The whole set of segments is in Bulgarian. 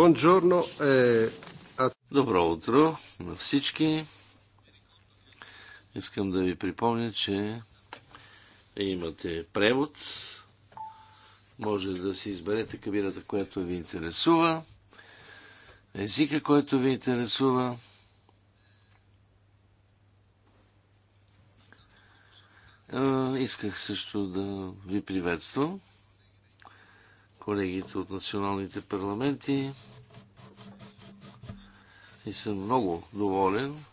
E Добро утро на всички. Искам да ви припомня, че имате превод. Може да си изберете кабината, която ви интересува, езика, който ви интересува. Исках също да ви приветствам колегите от националните парламенти, и съм много доволен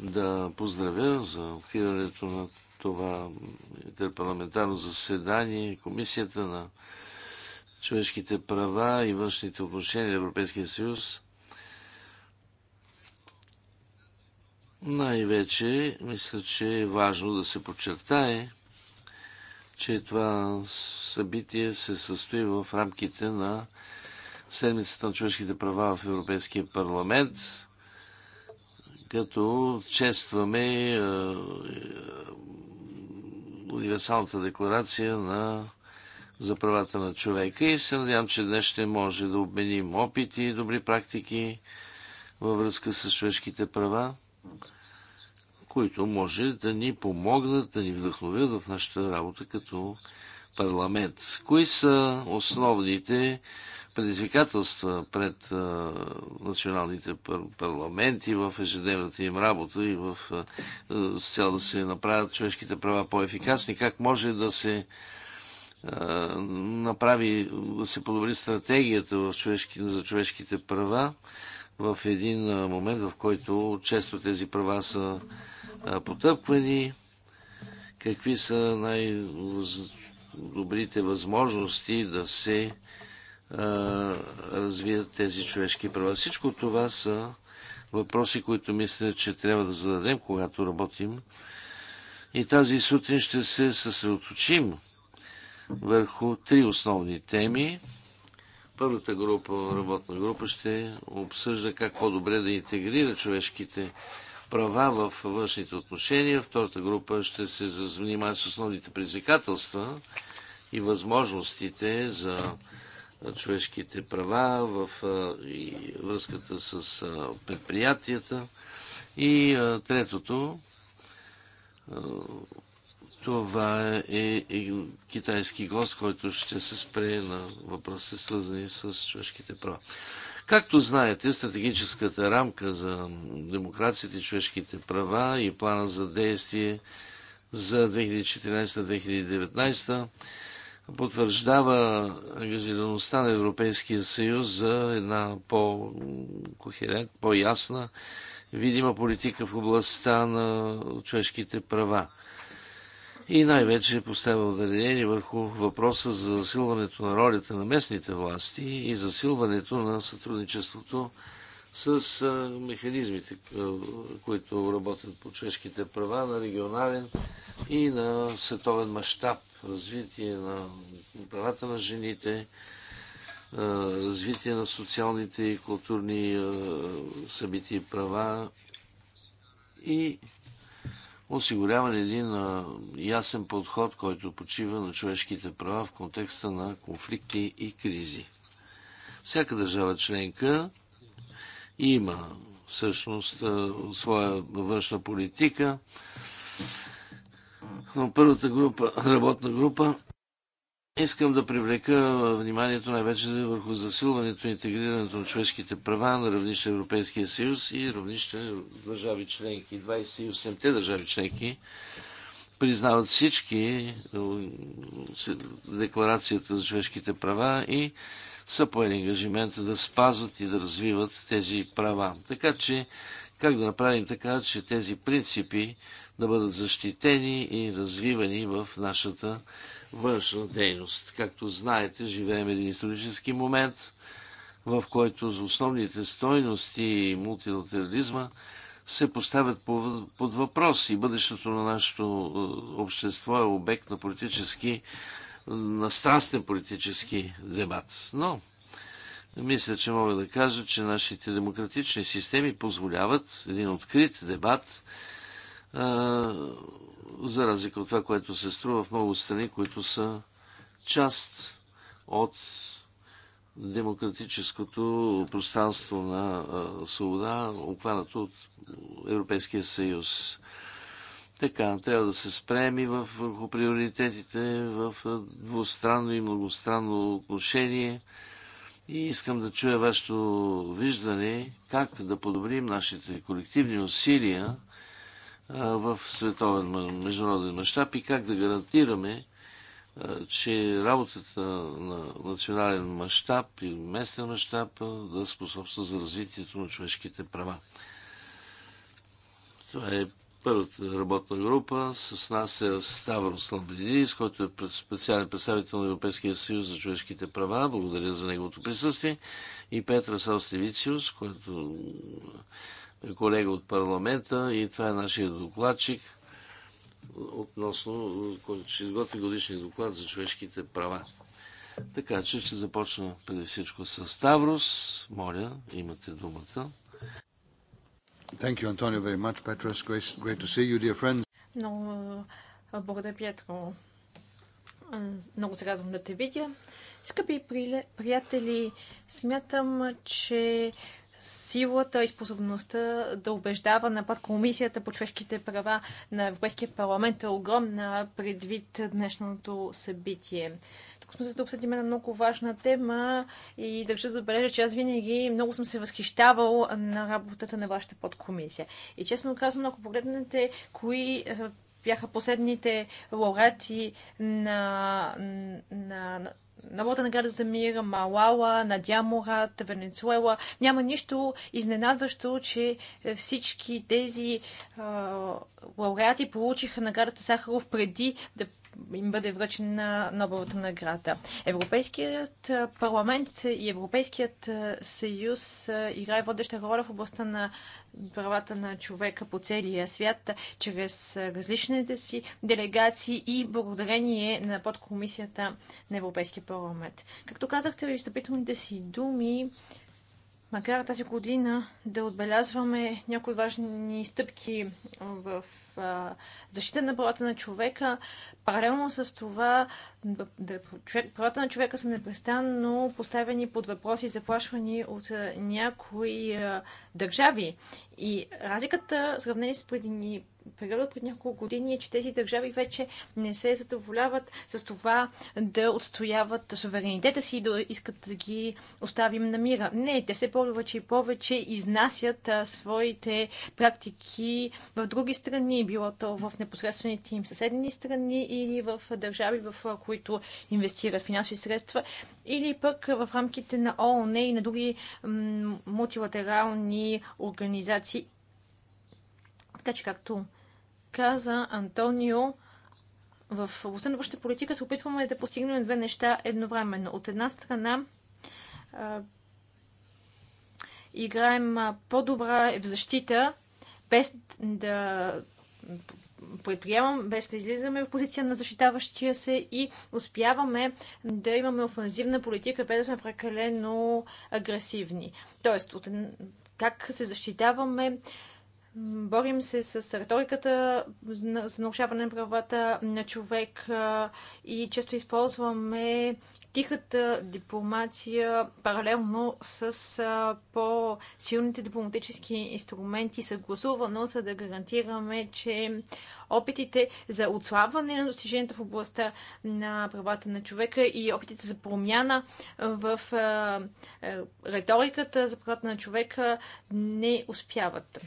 да поздравя за откриването на това интерпарламентарно заседание, Комисията на човешките права и външните отношения на Европейския съюз. Най-вече мисля, че е важно да се подчертае, че това събитие се състои в рамките на седмицата на човешките права в Европейския парламент, като честваме е, е, универсалната декларация на, за правата на човека и се надявам, че днес ще може да обменим опити и добри практики във връзка с човешките права, които може да ни помогнат, да ни вдъхновят в нашата работа като парламент. Кои са основните предизвикателства пред националните парламенти в ежедневната им работа и в, с цел да се направят човешките права по-ефикасни, как може да се направи, да се подобри стратегията в човешки, за човешките права в един момент, в който често тези права са потъпквани, какви са най-добрите възможности да се развият тези човешки права. Всичко това са въпроси, които мисля, че трябва да зададем, когато работим. И тази сутрин ще се съсредоточим върху три основни теми. Първата група, работна група, ще обсъжда как по-добре да интегрира човешките права в външните отношения. Втората група ще се занимава с основните предизвикателства и възможностите за човешките права, в връзката с предприятията. И третото, това е, е китайски гост, който ще се спре на въпроси, свързани с човешките права. Както знаете, стратегическата рамка за демокрацията и човешките права и плана за действие за 2014-2019 потвърждава ангажираността на Европейския съюз за една по-кохерент, по-ясна, видима политика в областта на човешките права. И най-вече поставя ударение върху въпроса за засилването на ролята на местните власти и засилването на сътрудничеството с механизмите, които работят по човешките права на регионален и на световен мащаб развитие на правата на жените, развитие на социалните и културни събития и права и осигуряване един ясен подход, който почива на човешките права в контекста на конфликти и кризи. Всяка държава членка има всъщност своя външна политика, на първата група, работна група, искам да привлека вниманието най-вече върху засилването и интегрирането на човешките права на равнище Европейския съюз и равнище държави членки. 28-те държави членки признават всички декларацията за човешките права и са поели ангажимента да спазват и да развиват тези права. Така че, как да направим така, че тези принципи да бъдат защитени и развивани в нашата външна дейност. Както знаете, живеем един исторически момент, в който за основните стойности и мултилатерализма се поставят под въпрос и бъдещето на нашето е, общество е обект на политически, на страстен политически дебат. Но, мисля, че мога да кажа, че нашите демократични системи позволяват един открит дебат за разлика от това, което се струва в много страни, които са част от демократическото пространство на свобода, обхванато от Европейския съюз. Така, трябва да се спрем и върху приоритетите в двустранно и многостранно отношение. И искам да чуя вашето виждане как да подобрим нашите колективни усилия в световен международен мащаб и как да гарантираме, че работата на национален мащаб и местен мащаб да способства за развитието на човешките права. Това е първата работна група. С нас е Ставрос Ламбридис, който е специален представител на Европейския съюз за човешките права. Благодаря за неговото присъствие. И Петра Салстевициус, който колега от парламента и това е нашия докладчик относно, който ще изготви годишния доклад за човешките права. Така че ще започна преди всичко с Ставрос. Моля, имате думата. Thank you, Antonio, very much, Great to see you, dear friends. Много благодаря, Петро. Много се радвам да те видя. Скъпи приятели, смятам, че силата и способността да убеждава на път Комисията по човешките права на Европейския парламент е огромна предвид днешното събитие. Тук сме за да обсъдим една много важна тема и държа да отбележа, че аз винаги много съм се възхищавал на работата на вашата подкомисия. И честно казвам, ако погледнете кои е, бяха последните лауреати на, на, на Новата награда за мир, Малала, Надя Мурат, Венецуела. Няма нищо изненадващо, че е, всички тези а, лауреати получиха наградата Сахаров преди да им бъде връчена Нобеловата награда. Европейският парламент и Европейският съюз играе водеща роля в областта на правата на човека по целия свят, чрез различните си делегации и благодарение на подкомисията на Европейския парламент. Както казахте в встъпителните си думи, макар тази година да отбелязваме някои важни стъпки в защита на правата на човека. Паралелно с това, правата на човека са непрестанно поставени под въпроси и заплашвани от някои държави. И разликата, сравнени с преди периода от няколко години е, че тези държави вече не се задоволяват с това да отстояват суверенитета си и да искат да ги оставим на мира. Не, те все повече и повече изнасят своите практики в други страни, било то в непосредствените им съседни страни или в държави, в които инвестират финансови средства, или пък в рамките на ООН и на други мултилатерални организации. Така че, както каза Антонио, в областта на външната политика се опитваме да постигнем две неща едновременно. От една страна, играем по-добра в защита, без да предприемам, без да излизаме в позиция на защитаващия се и успяваме да имаме офанзивна политика, без да сме прекалено агресивни. Тоест, от, как се защитаваме, борим се с риториката за нарушаване на правата на човек и често използваме тихата дипломация паралелно с по-силните дипломатически инструменти съгласувано, за да гарантираме, че опитите за отслабване на достиженията в областта на правата на човека и опитите за промяна в риториката за правата на човека не успяват.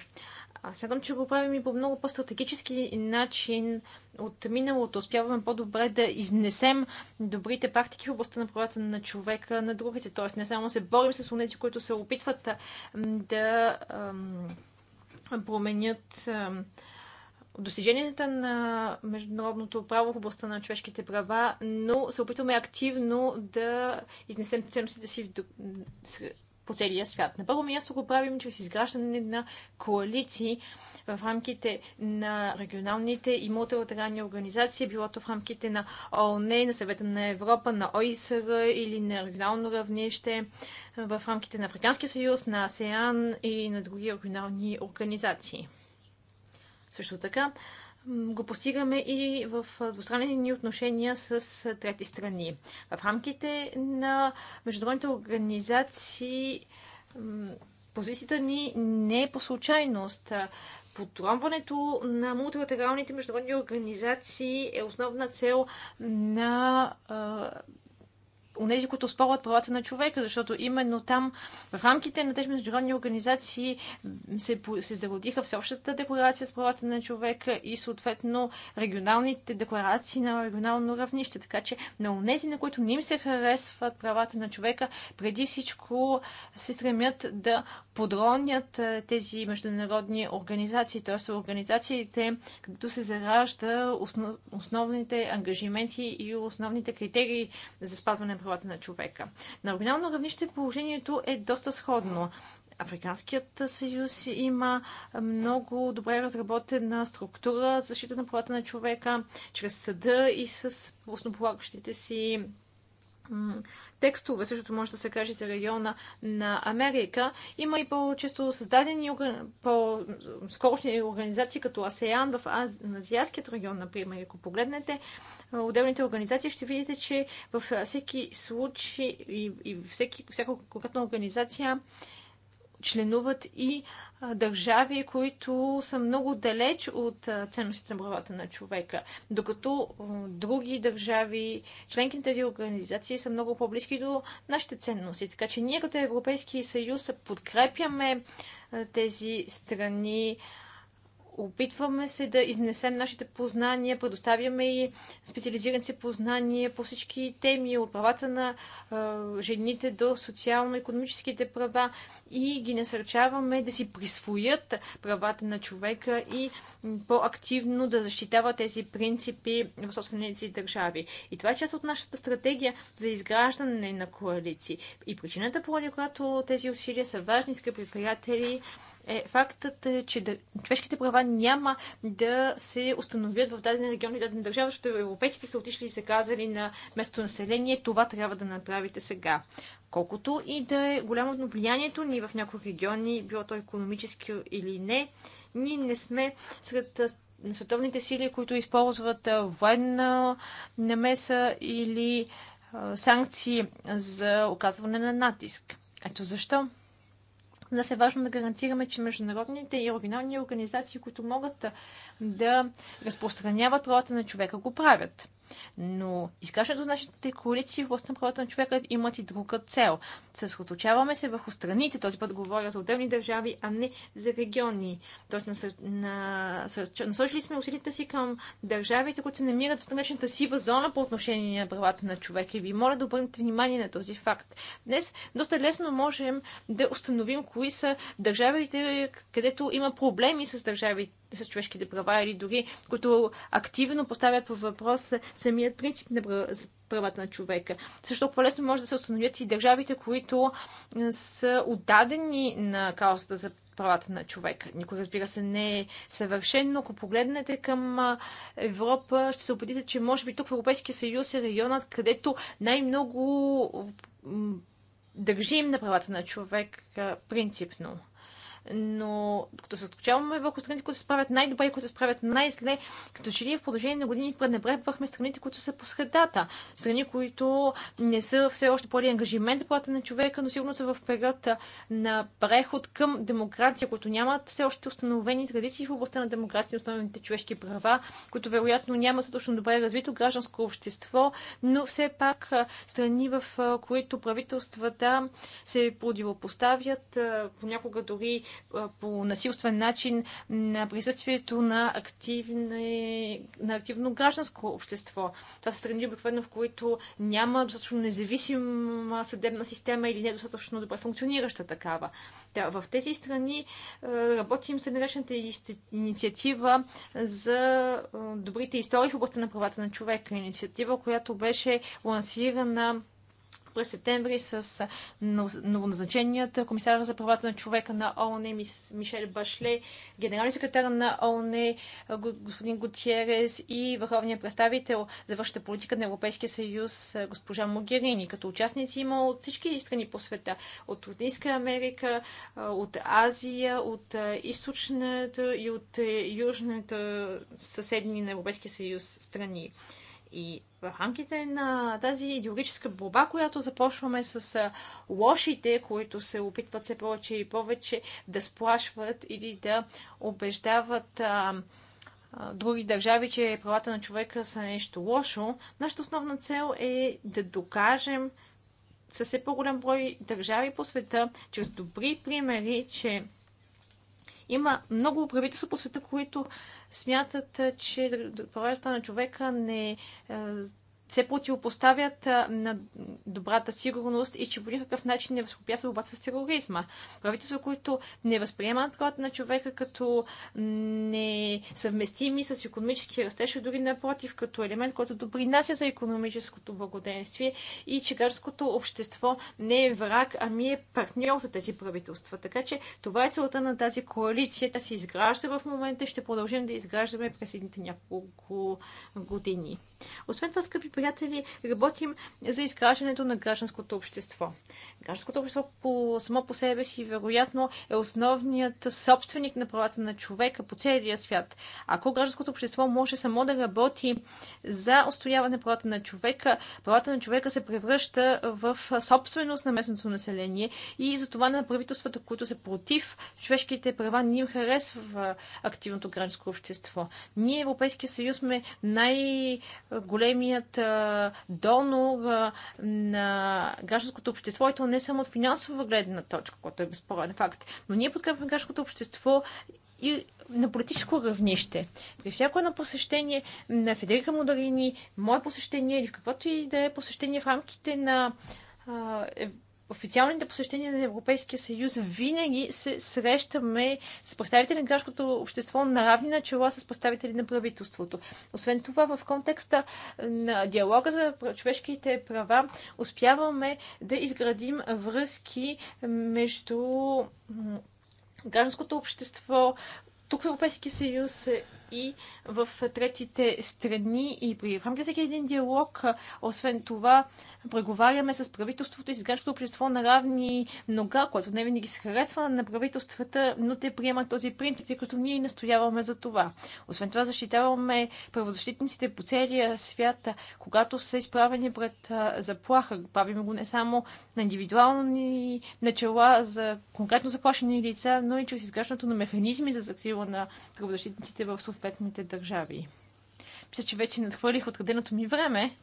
Аз смятам, че го правим и по много по-стратегически начин от миналото. Успяваме по-добре да изнесем добрите практики в областта на правата на човека на другите. Тоест не само се борим с унети, които се опитват да променят достиженията на международното право в областта на човешките права, но се опитваме активно да изнесем ценностите си в по целия свят. На първо място го правим чрез изграждане на коалиции в рамките на регионалните и мултилатерални организации, било то в рамките на ООН, на Съвета на Европа, на ОИСР или на регионално равнище, в рамките на Африканския съюз, на АСЕАН и на други регионални организации. Също така, го постигаме и в двустранни ни отношения с трети страни. В рамките на международните организации позицията ни не е по случайност. Подромването на мултилатералните международни организации е основна цел на онези, които спорват правата на човека, защото именно там, в рамките на тези международни организации, се, се зародиха всеобщата декларация с правата на човека и съответно регионалните декларации на регионално равнище. Така че на онези, на които не им се харесват правата на човека, преди всичко се стремят да подронят тези международни организации, т.е. организациите, където се заражда основ, основните ангажименти и основните критерии за спазване на правата на човека. На оригинално равнище положението е доста сходно. Африканският съюз има много добре разработена структура за защита на правата на човека чрез съда и с основополагащите си текстове, същото може да се каже за региона на Америка. Има и по-често създадени по-скорочни организации, като АСЕАН в Азиатският регион, например. Ако погледнете отделните организации, ще видите, че във всеки случай и, и всеки, всяка конкретна организация членуват и държави, които са много далеч от ценностите на правата на човека, докато други държави, членки на тези организации, са много по-близки до нашите ценности. Така че ние като Европейски съюз подкрепяме тези страни Опитваме се да изнесем нашите познания, предоставяме и специализирани се познания по всички теми, от правата на е, жените до социално-економическите права и ги насърчаваме да си присвоят правата на човека и по-активно да защитава тези принципи в собствените си държави. И това е част от нашата стратегия за изграждане на коалиции. И причината, поради която тези усилия са важни, скъпи приятели, е фактът, е, че човешките права няма да се установят в даден регион и дадена държава, защото европейците са отишли и са казали на местото население, това трябва да направите сега. Колкото и да е голямо влиянието ни в някои региони, било то економически или не, ние не сме сред световните сили, които използват военна намеса или санкции за оказване на натиск. Ето защо за нас е важно да гарантираме, че международните и оригинални организации, които могат да разпространяват ролята на човека, го правят. Но изграждането на нашите коалиции в областта на правата на човека имат и друга цел. Съсредоточаваме се върху страните, този път говоря за отделни държави, а не за региони. Тоест, насочили сме усилията си към държавите, които се намират в наречената сива зона по отношение на правата на човека. И ви моля да обърнете внимание на този факт. Днес доста лесно можем да установим кои са държавите, където има проблеми с държавите с човешките права или дори, които активно поставят по въпрос самият принцип на правата на човека. Също толкова лесно може да се установят и държавите, които са отдадени на каузата за правата на човека. Никой, разбира се, не е съвършен, но ако погледнете към Европа, ще се убедите, че може би тук в Европейския съюз е районът, където най-много държим на правата на човек принципно но като се отключаваме върху страните, които се справят най-добре и които се справят най-зле, като че ли в продължение на години пренебрегвахме страните, които са по средата. Страни, които не са все още поели ангажимент за плата на човека, но сигурно са в период на преход към демокрация, които нямат все още установени традиции в областта на демокрация и основните човешки права, които вероятно нямат точно добре развито гражданско общество, но все пак страни, в които правителствата се противопоставят, понякога дори по насилствен начин на присъствието на, активни, на активно гражданско общество. Това са страни обикновено, в които няма достатъчно независима съдебна система или недостатъчно е добре функционираща такава. Да, в тези страни работим с наречената инициатива за добрите истории в областта на правата на човека. Инициатива, която беше лансирана през септември с новоназначеният комисар за правата на човека на ООН Мишел Башле, генерален секретар на ООН господин Гутиерес и върховният представител за вършата политика на Европейския съюз госпожа Могерини. Като участници има от всички страни по света. От Латинска Америка, от Азия, от източната и от е, южната съседни на Европейския съюз страни. И в рамките на тази идеологическа борба, която започваме с лошите, които се опитват все повече и повече да сплашват или да убеждават а, а, други държави, че правата на човека са нещо лошо, нашата основна цел е да докажем със все по-голям брой държави по света, чрез добри примери, че има много правителства по света, които смятат, че правата на човека не се противопоставят на добрата сигурност и че по никакъв начин не възпрепятства борбата с тероризма. Правителства, които не възприемат правата на човека като несъвместими с економически растеж, дори напротив, като елемент, който допринася за економическото благоденствие и че гражданското общество не е враг, ами е партньор за тези правителства. Така че това е целта на тази коалиция. Тя се изгражда в момента и ще продължим да изграждаме през едните няколко години. Освен това, скъпи приятели, работим за изграждането на гражданското общество. Гражданското общество по, само по себе си, вероятно, е основният собственик на правата на човека по целия свят. Ако гражданското общество може само да работи за устояване на правата на човека, правата на човека се превръща в собственост на местното население и за това на правителствата, които са против човешките права, ни им харесва активното гражданско общество. Ние, Европейския съюз, сме най- големият донор на гражданското общество, и то не само от финансова гледна точка, което е безспорен факт, но ние подкрепяме гражданското общество и на политическо равнище. При всяко едно посещение на Федерика Модарини, мое посещение или каквото и да е посещение в рамките на официалните посещения на Европейския съюз винаги се срещаме с представители на гражданското общество на равни начала с представители на правителството. Освен това, в контекста на диалога за човешките права успяваме да изградим връзки между гражданското общество, тук в Европейския съюз и в третите страни. И при в рамките всеки един диалог, освен това, преговаряме с правителството и с гражданското общество на равни нога, което не винаги се харесва на правителствата, но те приемат този принцип, тъй като ние настояваме за това. Освен това, защитаваме правозащитниците по целия свят, когато са изправени пред заплаха. Правим го не само на индивидуални начала за конкретно заплашени лица, но и чрез изграждането на механизми за закрила на правозащитниците в съответните държави. Мисля, че вече надхвърлих откъденото ми време.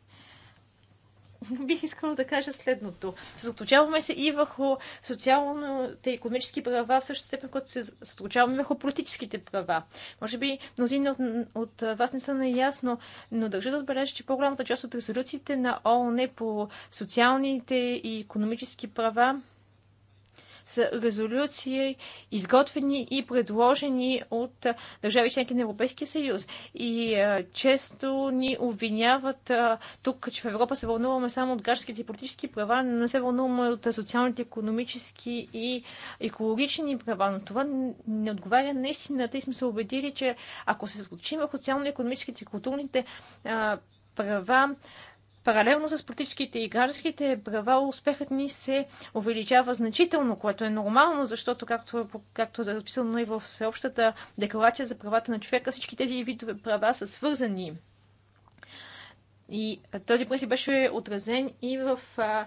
Бих искала да кажа следното. Съсредоточаваме се и върху социалните и економически права, в същата степен, когато се съсредоточаваме върху политическите права. Може би мнозина от, от вас не са наясно, но държа да отбележа, че по-голямата част от резолюциите на ООН е по социалните и економически права са резолюции, изготвени и предложени от държави членки на Европейския съюз. И е, често ни обвиняват е, тук, че в Европа се вълнуваме само от гражданските и политически права, но не се вълнуваме от социалните, економически и екологични права. Но това не отговаря на истината и сме се убедили, че ако се случим в социално-економическите и културните е, права, Паралелно с политическите и гражданските права, успехът ни се увеличава значително, което е нормално, защото, както, е както е записано и в Всеобщата декларация за правата на човека, всички тези видове права са свързани. И този принцип беше отразен и в а,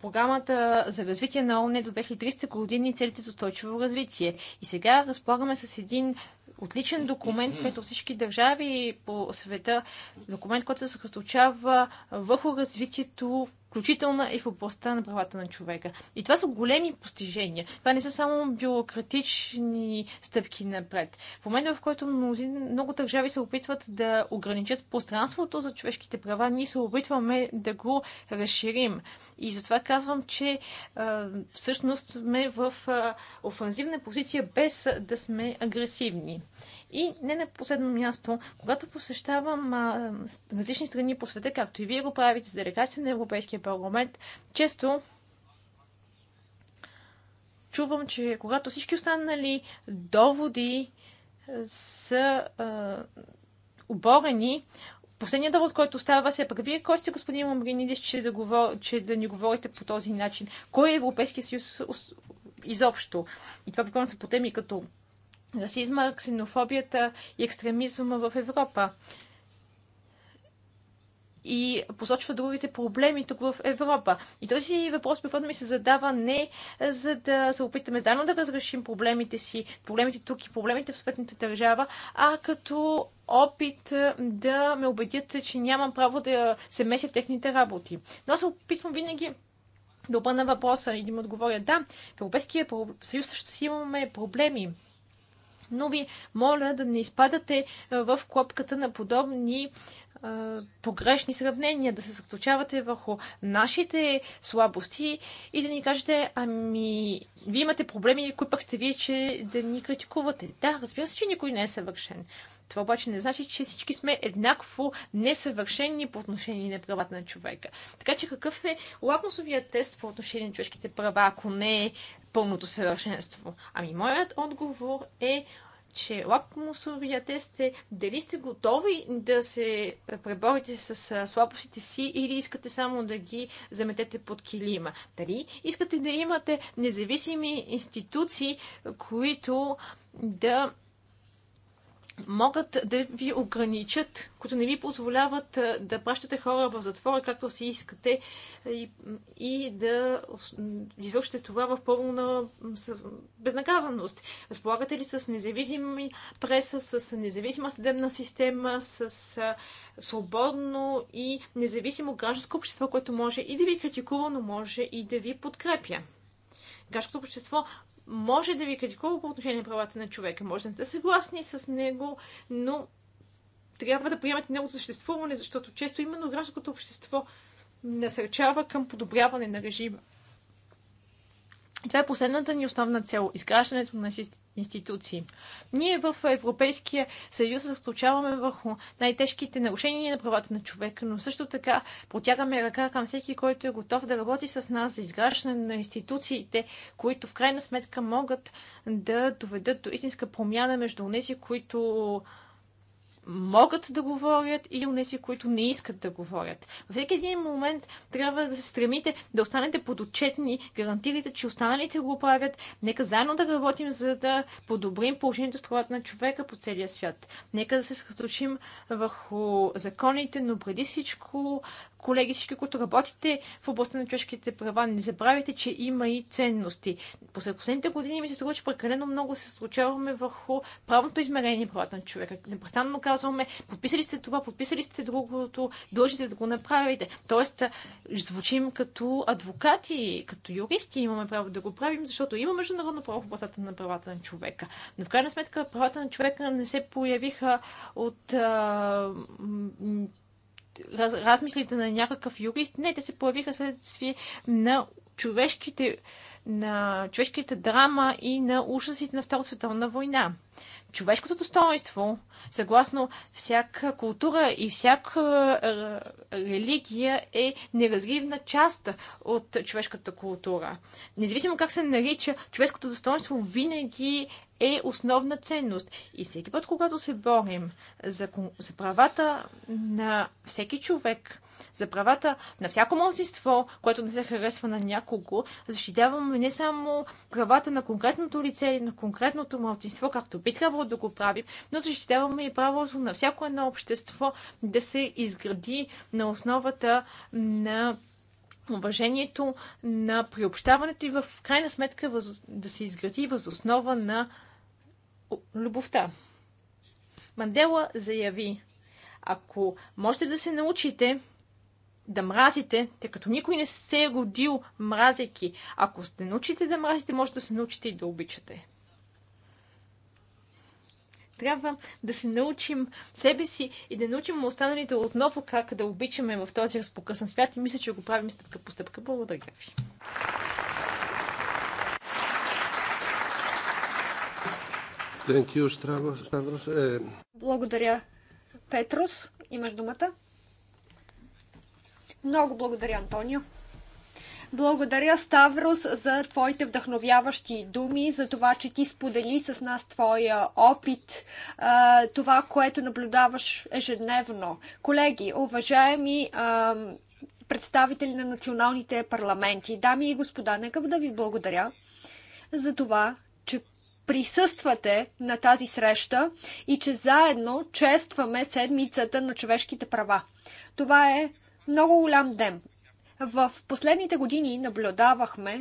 програмата за развитие на ОНЕ до 2300 години и целите за устойчиво развитие. И сега разполагаме с един отличен документ, който всички държави по света, документ, който се съсредоточава върху развитието включително и в областта на правата на човека. И това са големи постижения. Това не са само бюрократични стъпки напред. В момента, в който много държави се опитват да ограничат пространството за човешките права, ние се опитваме да го разширим. И затова казвам, че а, всъщност сме в а, офанзивна позиция без да сме агресивни. И не на последно място, когато посещавам а, различни страни по света, както и вие го правите с делегация на Европейския парламент, често чувам, че когато всички останали доводи са а, оборени, последният довод, който става, се пък вие кой сте, господин Ламбринидис, че, да говор... че да ни говорите по този начин? Кой е Европейския съюз изобщо? И това прикольно са по теми като расизма, ксенофобията и екстремизма в Европа. И посочва другите проблеми тук в Европа. И този въпрос предварително ми се задава не за да се опитаме заедно да разрешим проблемите си, проблемите тук и проблемите в съответната държава, а като опит да ме убедят, че нямам право да се меся в техните работи. Но аз се опитвам винаги да обърна въпроса и да ми отговоря да, в Европейския съюз също си имаме проблеми но ви моля да не изпадате е, в клопката на подобни е, погрешни сравнения, да се заключавате върху нашите слабости и да ни кажете, ами, вие имате проблеми, кои пък сте вие, че да ни критикувате. Да, разбира се, че никой не е съвършен. Това обаче не значи, че всички сме еднакво несъвършени по отношение на правата на човека. Така че какъв е лакмусовият тест по отношение на човешките права, ако не е пълното съвършенство? Ами моят отговор е че лакмусовия тест е дали сте готови да се преборите с слабостите си или искате само да ги заметете под килима. Дали искате да имате независими институции, които да могат да ви ограничат, които не ви позволяват да пращате хора в затвора както си искате и, и да извършите това в пълна безнаказаност. Разполагате ли с независими преса, с независима съдебна система, с свободно и независимо гражданско общество, което може и да ви критикува, но може и да ви подкрепя гражданското общество може да ви критикува по отношение на правата на човека, може да не сте съгласни с него, но трябва да приемате неговото съществуване, защото често именно гражданското общество насърчава към подобряване на режима. И това е последната ни основна цел изграждането на институции. Ние в Европейския съюз се случаваме върху най-тежките нарушения на правата на човека, но също така протягаме ръка към всеки, който е готов да работи с нас за изграждане на институциите, които в крайна сметка могат да доведат до истинска промяна между тези, които могат да говорят или унеси, които не искат да говорят. Във всеки един момент трябва да се стремите да останете подотчетни, гарантирайте, че останалите го правят. Нека заедно да работим, за да подобрим положението с правата на човека по целия свят. Нека да се съсредоточим върху законите, но преди всичко, колеги, всички, които работите в областта на човешките права, не забравяйте, че има и ценности. После последните години ми се случва че прекалено много се случаваме върху правното измерение правата на човека. Непрестанно казваме, подписали сте това, подписали сте другото, дължи да го направите. Тоест, е, звучим като адвокати, като юристи, имаме право да го правим, защото има международно право в областта на правата на човека. Но в крайна сметка правата на човека не се появиха от а, раз, размислите на някакъв юрист. Не, те се появиха следствие на човешките на човешката драма и на ужасите на Втората световна война. Човешкото достоинство, съгласно всяка култура и всяка е, религия, е неразривна част от човешката култура. Независимо как се нарича, човешкото достоинство винаги е основна ценност. И всеки път, когато се борим за, за правата на всеки човек, за правата на всяко младсинство, което не се харесва на някого, защитаваме не само правата на конкретното лице или на конкретното младсинство, както би трябвало да го правим, но защитаваме и правото на всяко едно общество да се изгради на основата на уважението на приобщаването и в крайна сметка въз... да се изгради въз основа на любовта. Мандела заяви, ако можете да се научите да мразите, тъй като никой не се е родил мразейки, ако сте научите да мразите, може да се научите и да обичате трябва да се научим себе си и да научим останалите отново как да обичаме в този разпокъсан свят и мисля, че го правим стъпка по стъпка. Благодаря ви. Е. Благодаря, Петрус. Имаш думата. Много благодаря, Антонио. Благодаря, Ставрос, за твоите вдъхновяващи думи, за това, че ти сподели с нас твоя опит, това, което наблюдаваш ежедневно. Колеги, уважаеми представители на националните парламенти, дами и господа, нека да ви благодаря за това, че присъствате на тази среща и че заедно честваме седмицата на човешките права. Това е много голям ден, в последните години наблюдавахме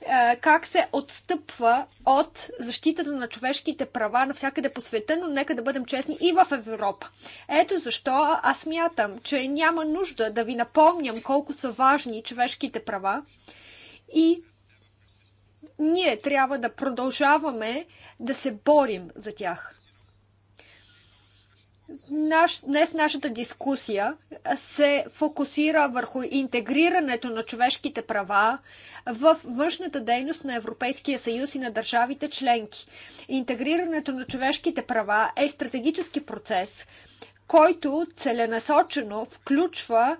е, как се отстъпва от защитата на човешките права навсякъде по света, но нека да бъдем честни и в Европа. Ето защо аз мятам, че няма нужда да ви напомням колко са важни човешките права и ние трябва да продължаваме да се борим за тях наш, днес нашата дискусия се фокусира върху интегрирането на човешките права в външната дейност на Европейския съюз и на държавите членки. Интегрирането на човешките права е стратегически процес, който целенасочено включва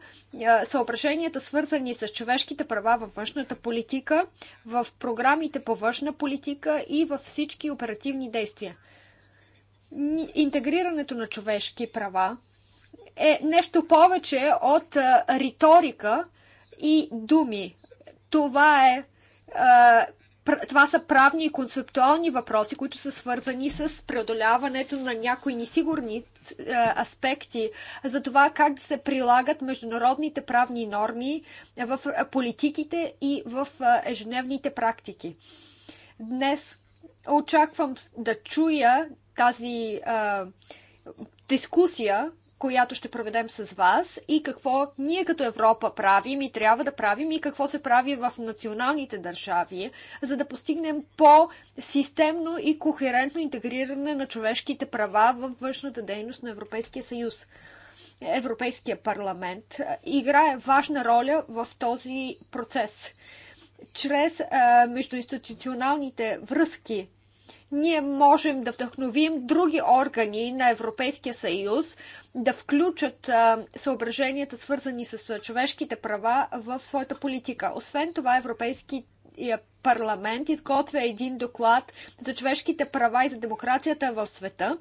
съображенията, свързани с човешките права във външната политика, в програмите по външна политика и във всички оперативни действия интегрирането на човешки права е нещо повече от а, риторика и думи. Това е а, това са правни и концептуални въпроси, които са свързани с преодоляването на някои несигурни аспекти за това как да се прилагат международните правни норми в политиките и в ежедневните практики. Днес очаквам да чуя тази а, дискусия, която ще проведем с вас и какво ние като Европа правим и трябва да правим и какво се прави в националните държави, за да постигнем по-системно и кохерентно интегриране на човешките права във външната дейност на Европейския съюз. Европейския парламент играе важна роля в този процес. Чрез а, междуинституционалните връзки ние можем да вдъхновим други органи на Европейския съюз да включат съображенията, свързани с човешките права в своята политика. Освен това, Европейски парламент изготвя един доклад за човешките права и за демокрацията в света.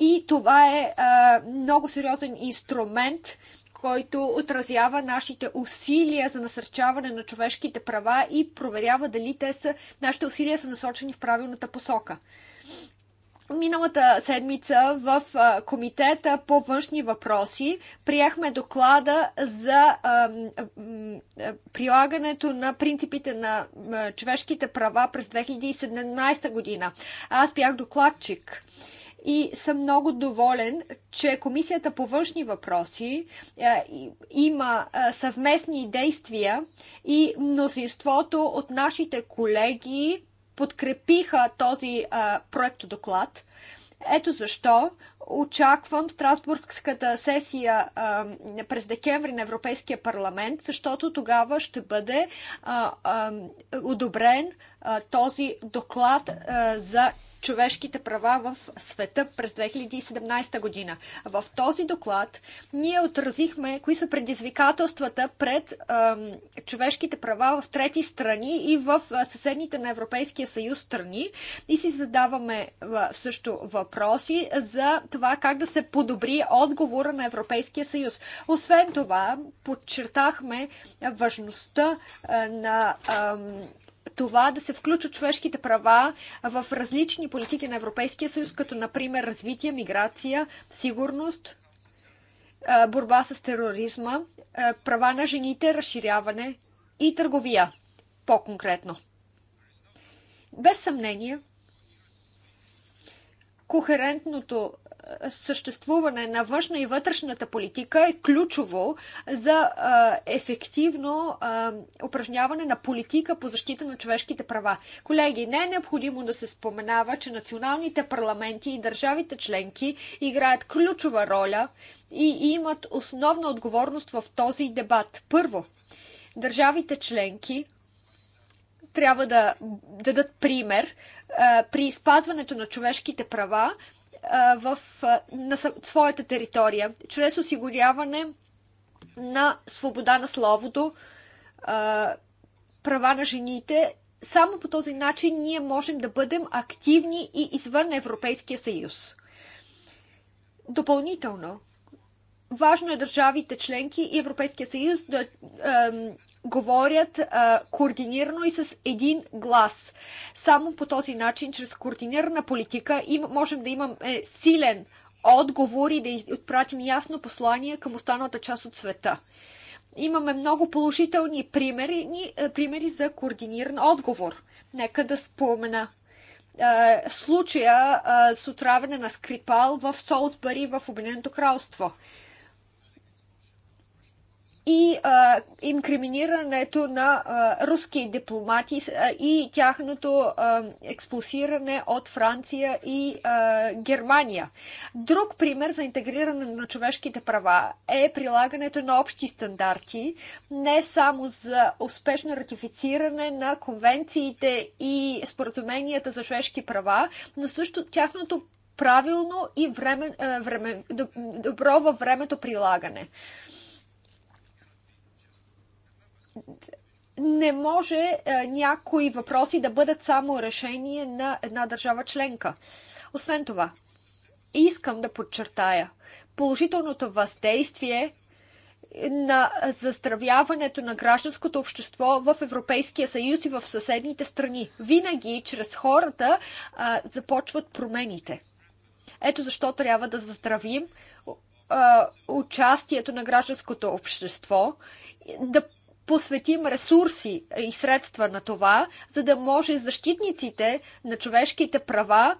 И това е а, много сериозен инструмент който отразява нашите усилия за насърчаване на човешките права и проверява дали те са, нашите усилия са насочени в правилната посока. Миналата седмица в Комитета по външни въпроси приехме доклада за прилагането на принципите на човешките права през 2017 година. Аз бях докладчик и съм много доволен, че Комисията по външни въпроси е, има е, съвместни действия и мнозинството от нашите колеги подкрепиха този е, проект доклад. Ето защо очаквам Страсбургската сесия а, е, през декември на Европейския парламент, защото тогава ще бъде а, е, а, одобрен а, този доклад а, за човешките права в света през 2017 година. В този доклад ние отразихме кои са предизвикателствата пред ем, човешките права в трети страни и в съседните на Европейския съюз страни и си задаваме също въпроси за това как да се подобри отговора на Европейския съюз. Освен това, подчертахме важността на ем, това да се включат човешките права в различни политики на Европейския съюз, като например развитие, миграция, сигурност, борба с тероризма, права на жените, разширяване и търговия по-конкретно. Без съмнение, кохерентното съществуване на външна и вътрешната политика е ключово за ефективно упражняване на политика по защита на човешките права. Колеги, не е необходимо да се споменава, че националните парламенти и държавите членки играят ключова роля и имат основна отговорност в този дебат. Първо, държавите членки трябва да дадат пример при спазването на човешките права в, на своята територия, чрез осигуряване на свобода на словото, права на жените. Само по този начин ние можем да бъдем активни и извън Европейския съюз. Допълнително, важно е държавите членки и Европейския съюз да говорят а, координирано и с един глас. Само по този начин, чрез координирана политика, им, можем да имаме силен отговор и да отпратим ясно послание към останалата част от света. Имаме много положителни примери, е, примери за координиран отговор. Нека да спомена е, случая е, с отравяне на Скрипал в Солсбъри в Обединеното кралство – и а, инкриминирането на а, руски дипломати а, и тяхното а, експулсиране от Франция и а, Германия. Друг пример за интегриране на човешките права е прилагането на общи стандарти, не само за успешно ратифициране на конвенциите и споразуменията за човешки права, но също тяхното правилно и време, време, добро във времето прилагане не може е, някои въпроси да бъдат само решение на една държава членка. Освен това, искам да подчертая положителното въздействие на заздравяването на гражданското общество в Европейския съюз и в съседните страни. Винаги чрез хората е, започват промените. Ето защо трябва да заздравим е, участието на гражданското общество, да посветим ресурси и средства на това, за да може защитниците на човешките права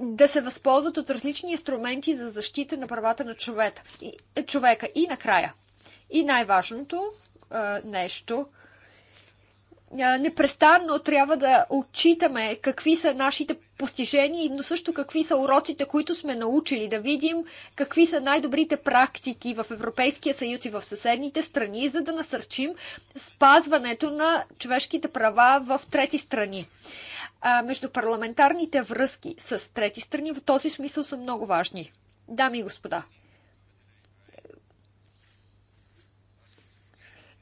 да се възползват от различни инструменти за защита на правата на човека. И накрая. И най-важното нещо – непрестанно трябва да отчитаме какви са нашите постижения, но също какви са уроците, които сме научили, да видим какви са най-добрите практики в Европейския съюз и в съседните страни, за да насърчим спазването на човешките права в трети страни. А, междупарламентарните връзки с трети страни в този смисъл са много важни. Дами и господа,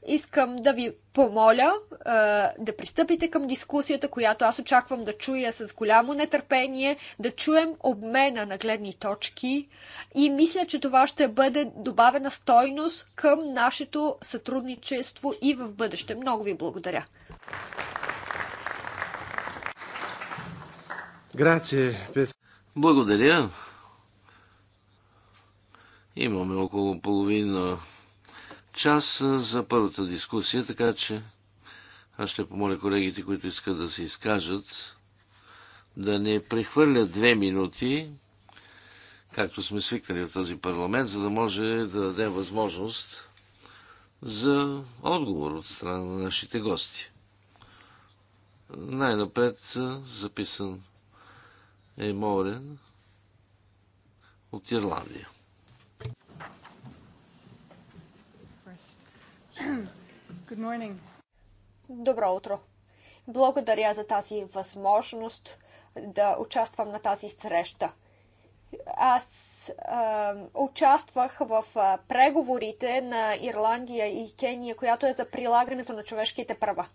Искам да ви помоля а, да пристъпите към дискусията, която аз очаквам да чуя с голямо нетърпение, да чуем обмена на гледни точки и мисля, че това ще бъде добавена стойност към нашето сътрудничество и в бъдеще. Много ви благодаря. Благодаря. Имаме около половина час за първата дискусия, така че аз ще помоля колегите, които искат да се изкажат, да не прехвърлят две минути, както сме свикнали в този парламент, за да може да дадем възможност за отговор от страна на нашите гости. Най-напред записан е Морен от Ирландия. Good morning. Добро утро. Благодаря за тази възможност да участвам на тази среща. Аз а, участвах в а, преговорите на Ирландия и Кения, която е за прилагането на човешките права.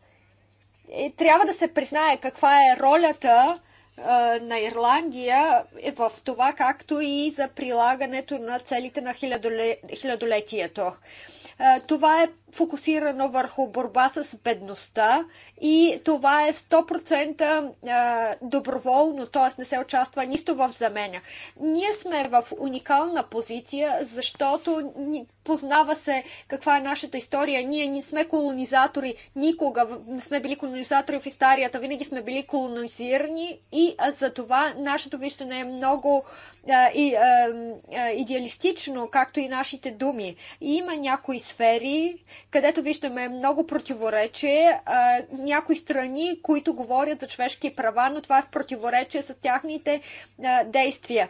И трябва да се признае каква е ролята а, на Ирландия е в това, както и за прилагането на целите на хилядолетието. Е, това е фокусирано върху борба с бедността и това е 100% е, доброволно, т.е. не се участва нищо в заменя. Ние сме в уникална позиция, защото познава се каква е нашата история. Ние не сме колонизатори, никога не сме били колонизатори в историята, винаги сме били колонизирани и за това нашето виждане е много а, и, а, идеалистично, както и нашите думи. И има някои сфери, където виждаме много противоречие, а, някои страни, които говорят за човешки права, но това е в противоречие с тяхните а, действия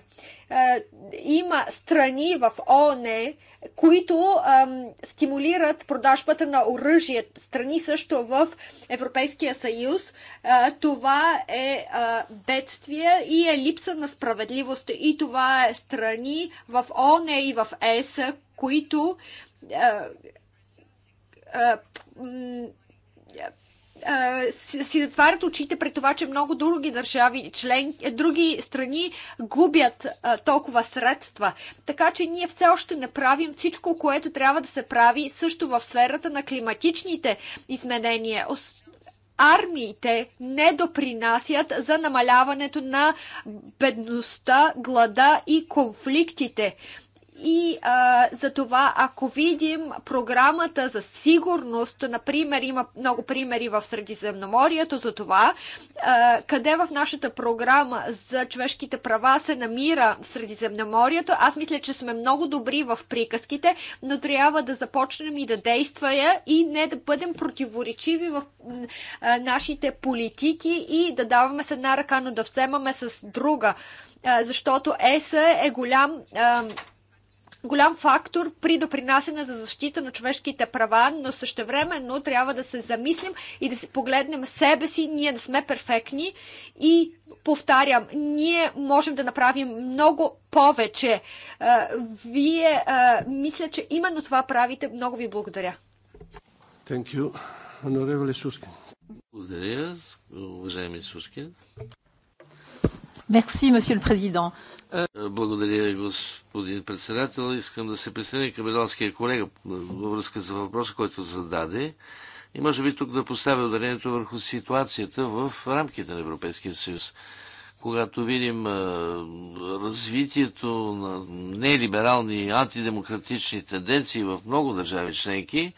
има страни в ООН, които ам, стимулират продажбата на оръжие. Страни също в Европейския съюз. А, това е а, бедствие и е липса на справедливост. И това е страни в ООН и в ЕС, които а, а, си затварят очите пред това, че много други държави, член, други страни губят толкова средства. Така че ние все още не правим всичко, което трябва да се прави също в сферата на климатичните изменения армиите не допринасят за намаляването на бедността, глада и конфликтите. И а, за това, ако видим програмата за сигурност, например, има много примери в Средиземноморието за това, а, къде в нашата програма за човешките права се намира Средиземноморието, аз мисля, че сме много добри в приказките, но трябва да започнем и да действаме и не да бъдем противоречиви в а, нашите политики и да даваме с една ръка, но да вземаме с друга. А, защото ЕС е голям. А, голям фактор при допринасяне за защита на човешките права, но същевременно трябва да се замислим и да си погледнем себе си, ние да сме перфектни и повтарям, ние можем да направим много повече. Е, вие е, мисля, че именно това правите. Много ви благодаря. Thank you. Honorable Благодаря, уважаеми Суски. Merci, monsieur le président. Благодаря, господин председател. Искам да се присъединя към ирландския колега във връзка за въпроса, който зададе. И може би тук да поставя ударението върху ситуацията в рамките на Европейския съюз. Когато видим развитието на нелиберални антидемократични тенденции в много държави членки,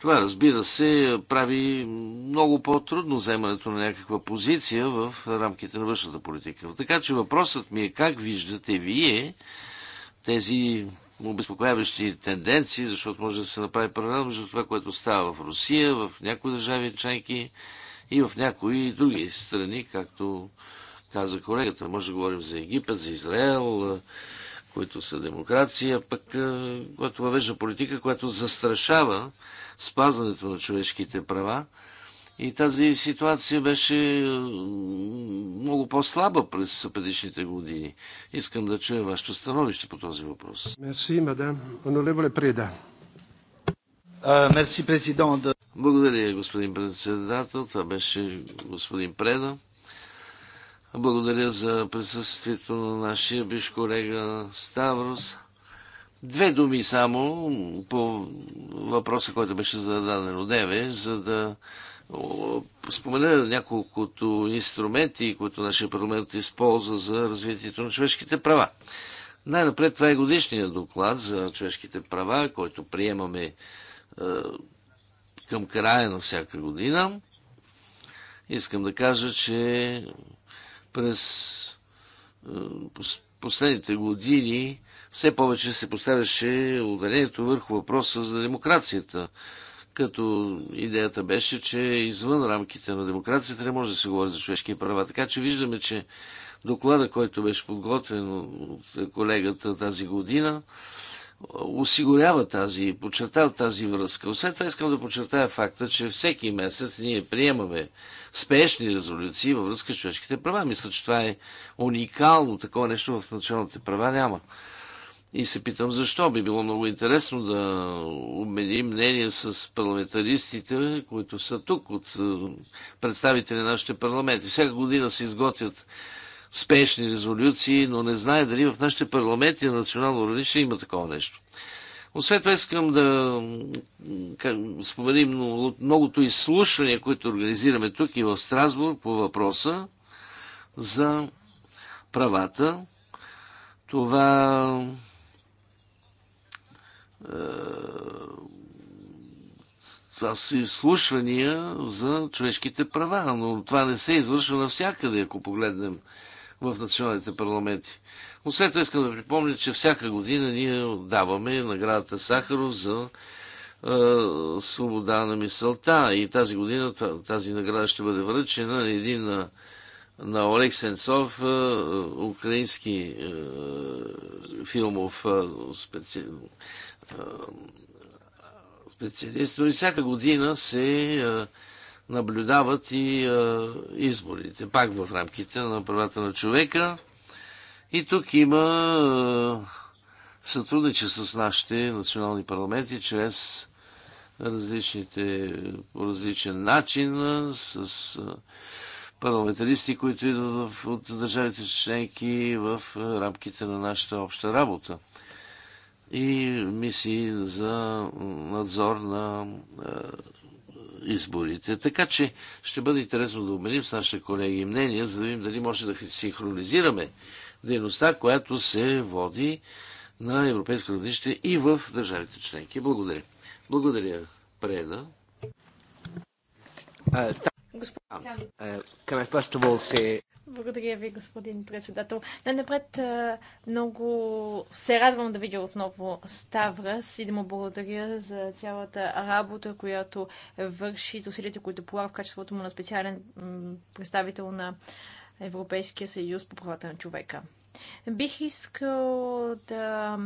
това, разбира се, прави много по-трудно вземането на някаква позиция в рамките на външната политика. Така че въпросът ми е как виждате вие тези обезпокояващи тенденции, защото може да се направи паралел между това, което става в Русия, в някои държави членки и в някои други страни, както каза колегата. Може да говорим за Египет, за Израел, които са демокрация, пък когато въвежда политика, която застрашава спазването на човешките права. И тази ситуация беше много по-слаба през предишните години. Искам да чуя вашето становище по този въпрос. Мерси, мадам. Онолевале преда. Мерси, президент. Благодаря, господин председател. Това беше господин Преда. Благодаря за присъствието на нашия биш колега Ставрос. Две думи само по въпроса, който беше зададен от Деве, за да спомена няколкото инструменти, които нашия парламент използва за развитието на човешките права. Най-напред това е годишния доклад за човешките права, който приемаме е, към края на всяка година. Искам да кажа, че през е, последните години все повече се поставяше ударението върху въпроса за демокрацията. Като идеята беше, че извън рамките на демокрацията не може да се говори за човешки права. Така че виждаме, че доклада, който беше подготвен от колегата тази година, осигурява тази, подчертава тази връзка. Освен това искам да подчертая факта, че всеки месец ние приемаме спешни резолюции във връзка с човешките права. Мисля, че това е уникално. Такова нещо в националните права няма. И се питам защо. Би било много интересно да обменим мнение с парламентаристите, които са тук от е, представители на нашите парламенти. Всяка година се изготвят спешни резолюции, но не знае дали в нашите парламенти на национално ще има такова нещо. Освен това искам да споменим многото изслушвания, които организираме тук и в Страсбург по въпроса за правата. Това е, това са изслушвания за човешките права, но това не се извършва навсякъде, ако погледнем в националните парламенти. Но след това искам да припомня, че всяка година ние отдаваме наградата Сахаров за е, свобода на мисълта. И тази година тази награда ще бъде връчена на един на, е, на Олег Сенцов, е, украински е, филмов е, специалист е, е, специалист, но и всяка година се е, наблюдават и изборите, пак в рамките на правата на човека. И тук има сътрудничество с нашите национални парламенти чрез различните, по различен начин с парламентаристи, които идват от държавите членки в рамките на нашата обща работа и мисии за надзор на е, изборите. Така че ще бъде интересно да обменим с нашите колеги мнения, за да видим дали може да синхронизираме дейността, която се води на европейско равнище и в държавите членки. Благодаря. Благодаря, Преда. Uh, Господин... Um, uh, благодаря ви, господин председател. Най-напред много се радвам да видя отново Ставрас и да му благодаря за цялата работа, която върши, за усилията, които полага в качеството му на специален представител на Европейския съюз по правата на човека. Бих искал да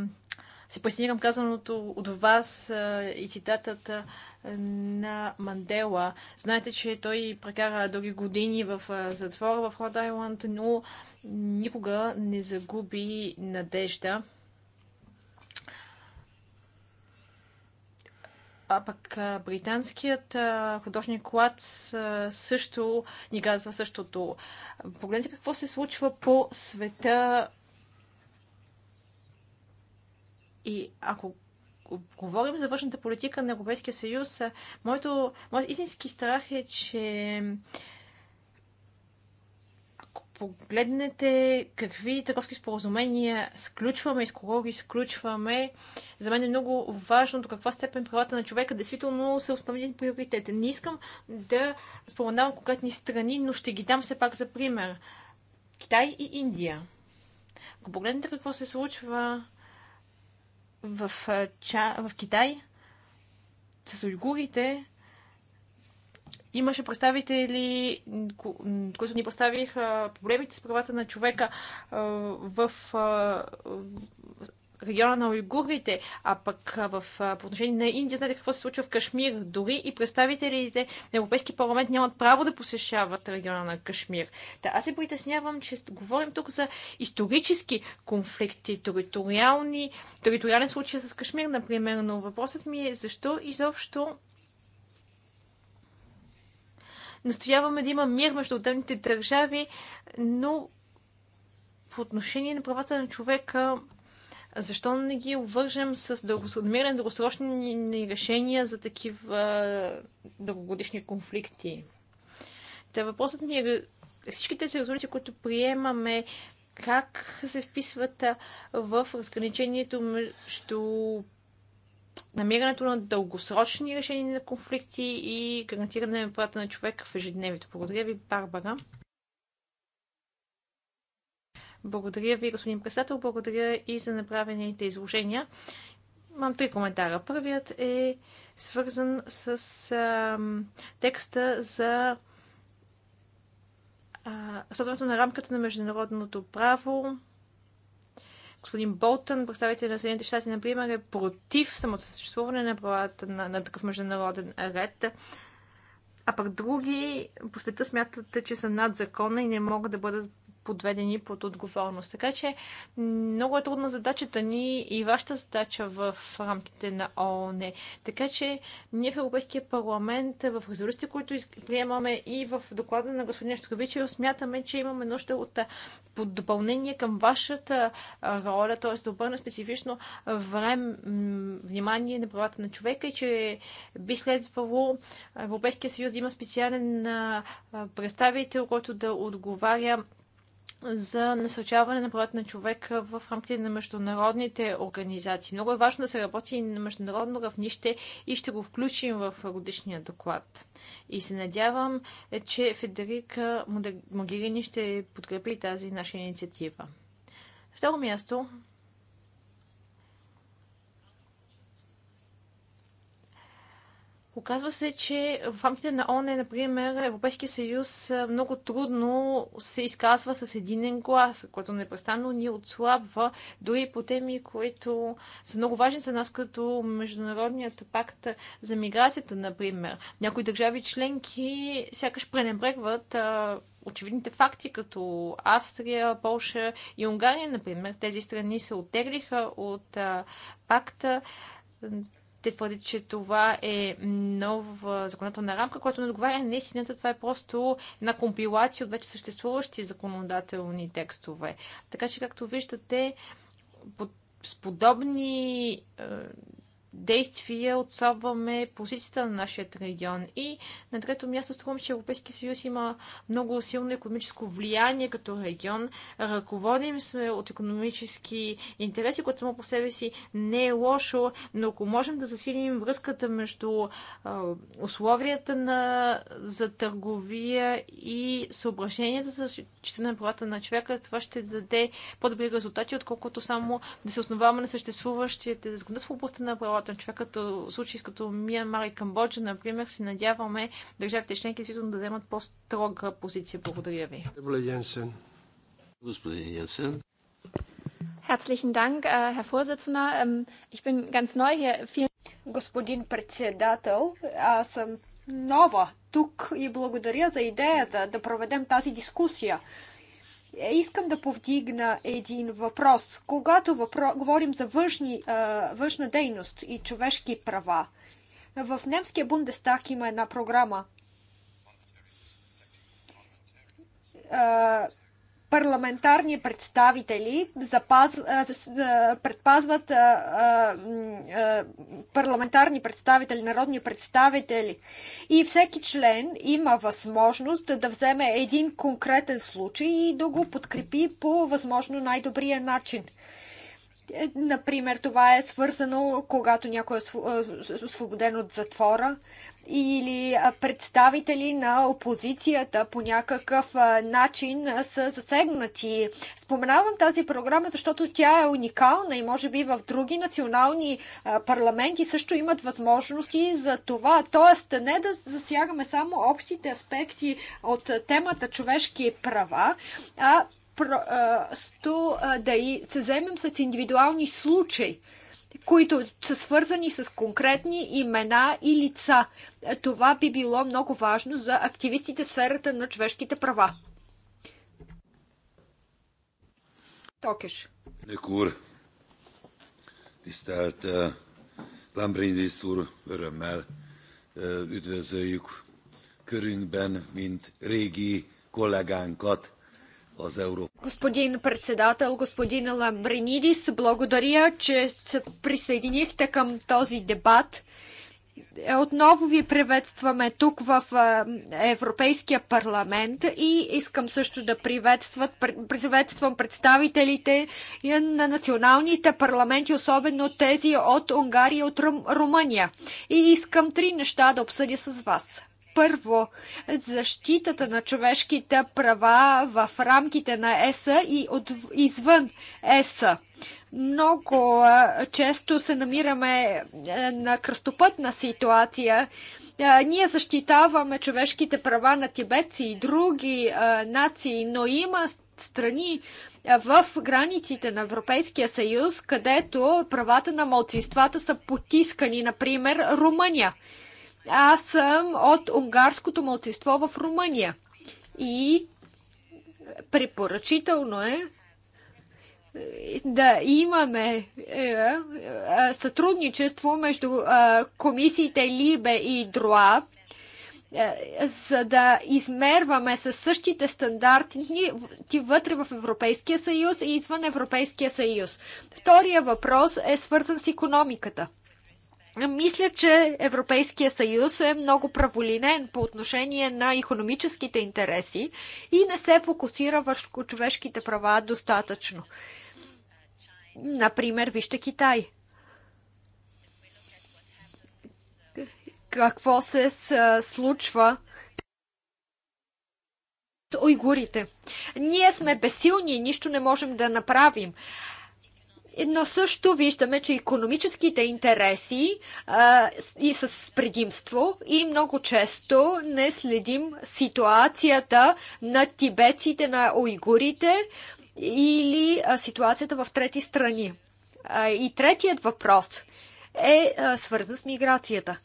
се присъединявам казаното от вас и цитатата на Мандела. Знаете, че той прекара дълги години в затвора в Род Айланд, но никога не загуби надежда. А пък британският художник Клац също ни казва същото. Погледнете какво се случва по света и ако говорим за външната политика на Европейския съюз, моето, моят истински страх е, че ако погледнете какви търговски споразумения сключваме и с кого ги сключваме, за мен е много важно до каква степен правата на човека действително са основни приоритет. Не искам да споменавам конкретни страни, но ще ги дам все пак за пример. Китай и Индия. Ако погледнете какво се случва в, Ча... в Китай с уйгурите имаше представители, които ни представиха проблемите с правата на човека в региона на уйгурите, а пък в, по отношение на Индия, знаете какво се случва в Кашмир. Дори и представителите на Европейски парламент нямат право да посещават региона на Кашмир. Та аз се притеснявам, че говорим тук за исторически конфликти, териториални, териториален случай с Кашмир, например, но въпросът ми е защо изобщо настояваме да има мир между отделните държави, но по отношение на правата на човека защо не ги обвържем с дългосъдмирен, дългосрочни решения за такива дългогодишни конфликти? Та въпросът ми е, е всички тези резолюции, които приемаме, как се вписват в разграничението между намирането на дългосрочни решения на конфликти и гарантиране на правата на човека в ежедневието. Благодаря ви, Барбара. Благодаря ви, господин председател. Благодаря и за направените изложения. Имам три коментара. Първият е свързан с а, текста за свързването на рамката на международното право. Господин Болтън, представител на Съединените щати, например, е против самото съществуване на правата на, на такъв международен ред. А пък други по света смятат, че са над закона и не могат да бъдат подведени под отговорност. Така че много е трудна задачата ни и вашата задача в рамките на ООН. Така че ние в Европейския парламент, в резолюциите, които приемаме и в доклада на господин Штровичев, смятаме, че имаме нужда от допълнение към вашата роля, т.е. да обърна специфично време, внимание на правата на човека и че би следвало Европейския съюз да има специален представител, който да отговаря за насърчаване на правата на човека в рамките на международните организации. Много е важно да се работи на международно равнище и ще го включим в годишния доклад. И се надявам, е, че Федерика Могерини ще подкрепи тази наша инициатива. Второ място, Оказва се, че в рамките на ОНЕ, например, Европейския съюз много трудно се изказва с единен глас, който непрестанно ни отслабва, дори по теми, които са много важни за нас, като Международният пакт за миграцията, например. Някои държави членки сякаш пренебрегват очевидните факти, като Австрия, Полша и Унгария, например. Тези страни се оттеглиха от пакта те твърдят, че това е нова законодателна рамка, която не отговаря на истината. Това е просто една компилация от вече съществуващи законодателни текстове. Така че, както виждате, под с подобни е, действия отслабваме позицията на нашия регион. И на трето място струвам, че Европейския съюз има много силно економическо влияние като регион. Ръководим сме от економически интереси, което само по себе си не е лошо, но ако можем да засилим връзката между условията на, за търговия и съображенията за защита на правата на човека, това ще даде по-добри резултати, отколкото само да се основаваме на съществуващите законодателство в областта на правата правата човек, човека, като случаи като Миянмар и Камбоджа, например, се надяваме държавите членки действително да вземат по-строга позиция. Благодаря ви. Господин Янсен. Herzlichen Dank, äh, Herr Vorsitzender. Ähm, ich bin ganz neu hier. Vielen... Господин председател, аз съм нова тук и благодаря за идеята да проведем тази дискусия. Искам да повдигна един въпрос. Когато въпро... говорим за външни, външна дейност и човешки права, в немския Бундестаг има една програма парламентарни представители запаз, предпазват парламентарни представители, народни представители. И всеки член има възможност да вземе един конкретен случай и да го подкрепи по възможно най-добрия начин. Е, например, това е свързано, когато някой е освободен от затвора или представители на опозицията по някакъв начин са засегнати. Споменавам тази програма, защото тя е уникална и може би в други национални парламенти също имат възможности за това. Тоест, не да засягаме само общите аспекти от темата човешки права, а просто да и се вземем с индивидуални случаи които са свързани с конкретни имена и лица. Това би било много важно за активистите в сферата на човешките права. Токеш. Nekúr, tisztelt Ламбриндисур úr, örömmel üdvözöljük körünkben, mint régi kollégánkat, Господин председател, господин Ламбринидис, благодаря, че се присъединихте към този дебат. Отново ви приветстваме тук в Европейския парламент и искам също да приветствам представителите на националните парламенти, особено тези от Унгария и от Румъния. И искам три неща да обсъдя с вас първо защитата на човешките права в рамките на ЕСА и от, извън ЕС Много често се намираме на кръстопътна ситуация ние защитаваме човешките права на тибетци и други нации, но има страни в границите на Европейския съюз, където правата на младсинствата са потискани, например Румъния. Аз съм от унгарското младсинство в Румъния. И препоръчително е, е да имаме е, е, сътрудничество между комисиите Либе и Друа, за да измерваме със същите стандарти вътре в Европейския съюз и извън Европейския съюз. Втория въпрос е свързан с економиката. Мисля, че Европейския съюз е много праволинен по отношение на економическите интереси и не се фокусира върху човешките права достатъчно. Например, вижте Китай. Какво се случва с уйгурите? Ние сме безсилни, нищо не можем да направим но също виждаме, че економическите интереси а, и с предимство и много често не следим ситуацията на тибетците, на уйгурите или а, ситуацията в трети страни. А, и третият въпрос е а, свързан с миграцията.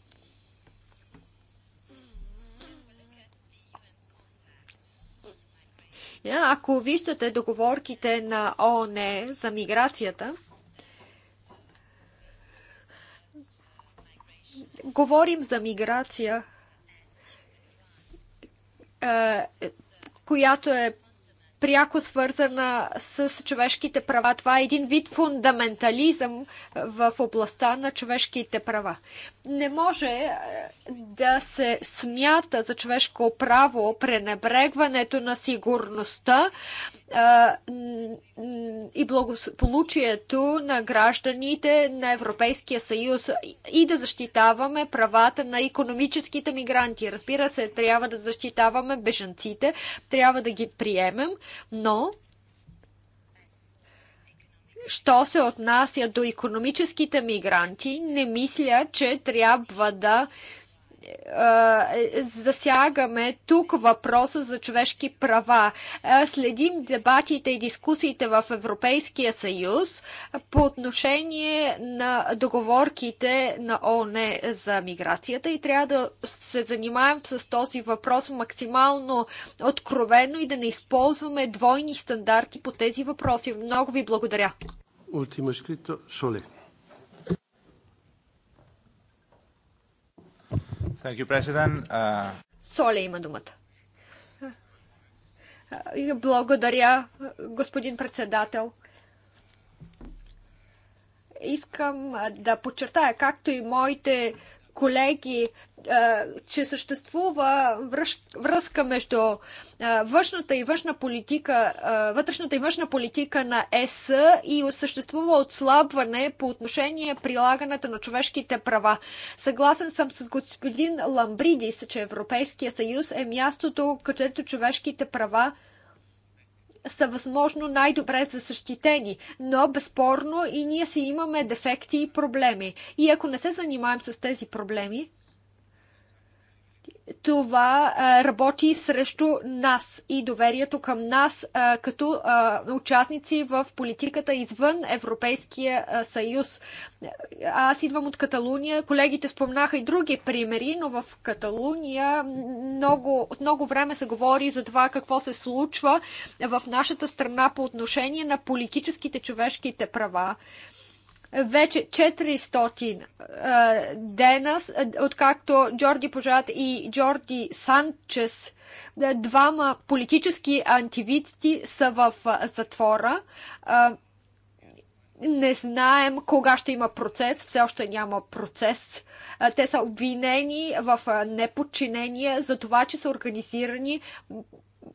Е, ако виждате договорките на ООН за миграцията, говорим за миграция, е, която е пряко свързана с човешките права. Това е един вид фундаментализъм в областта на човешките права. Не може е, да се смята за човешко право пренебрегването на сигурността е, и благополучието на гражданите на Европейския съюз и да защитаваме правата на економическите мигранти. Разбира се, трябва да защитаваме бежанците, трябва да ги приемем но що се отнася до економическите мигранти, не мисля, че трябва да засягаме тук въпроса за човешки права. Следим дебатите и дискусиите в Европейския съюз по отношение на договорките на ООН за миграцията и трябва да се занимаем с този въпрос максимално откровено и да не използваме двойни стандарти по тези въпроси. Много ви благодаря. Ултима Шоле. Thank you, President. Uh... Соле има думата. Благодаря, господин председател. Искам да подчертая, както и моите колеги, че съществува връзка между външната и външна политика, вътрешната и външна политика на ЕС и съществува отслабване по отношение прилагането на човешките права. Съгласен съм с господин Ламбридис, че Европейския съюз е мястото, където човешките права са възможно най-добре за защитени, но безспорно и ние си имаме дефекти и проблеми. И ако не се занимаем с тези проблеми, това работи срещу нас и доверието към нас като участници в политиката извън Европейския съюз. Аз идвам от Каталуния. Колегите спомнаха и други примери, но в Каталуния много, от много време се говори за това какво се случва в нашата страна по отношение на политическите човешките права вече 400 а, дена, откакто Джорди Пожат и Джорди Санчес, двама политически антивисти, са в затвора. не знаем кога ще има процес, все още няма процес. Те са обвинени в неподчинение за това, че са организирани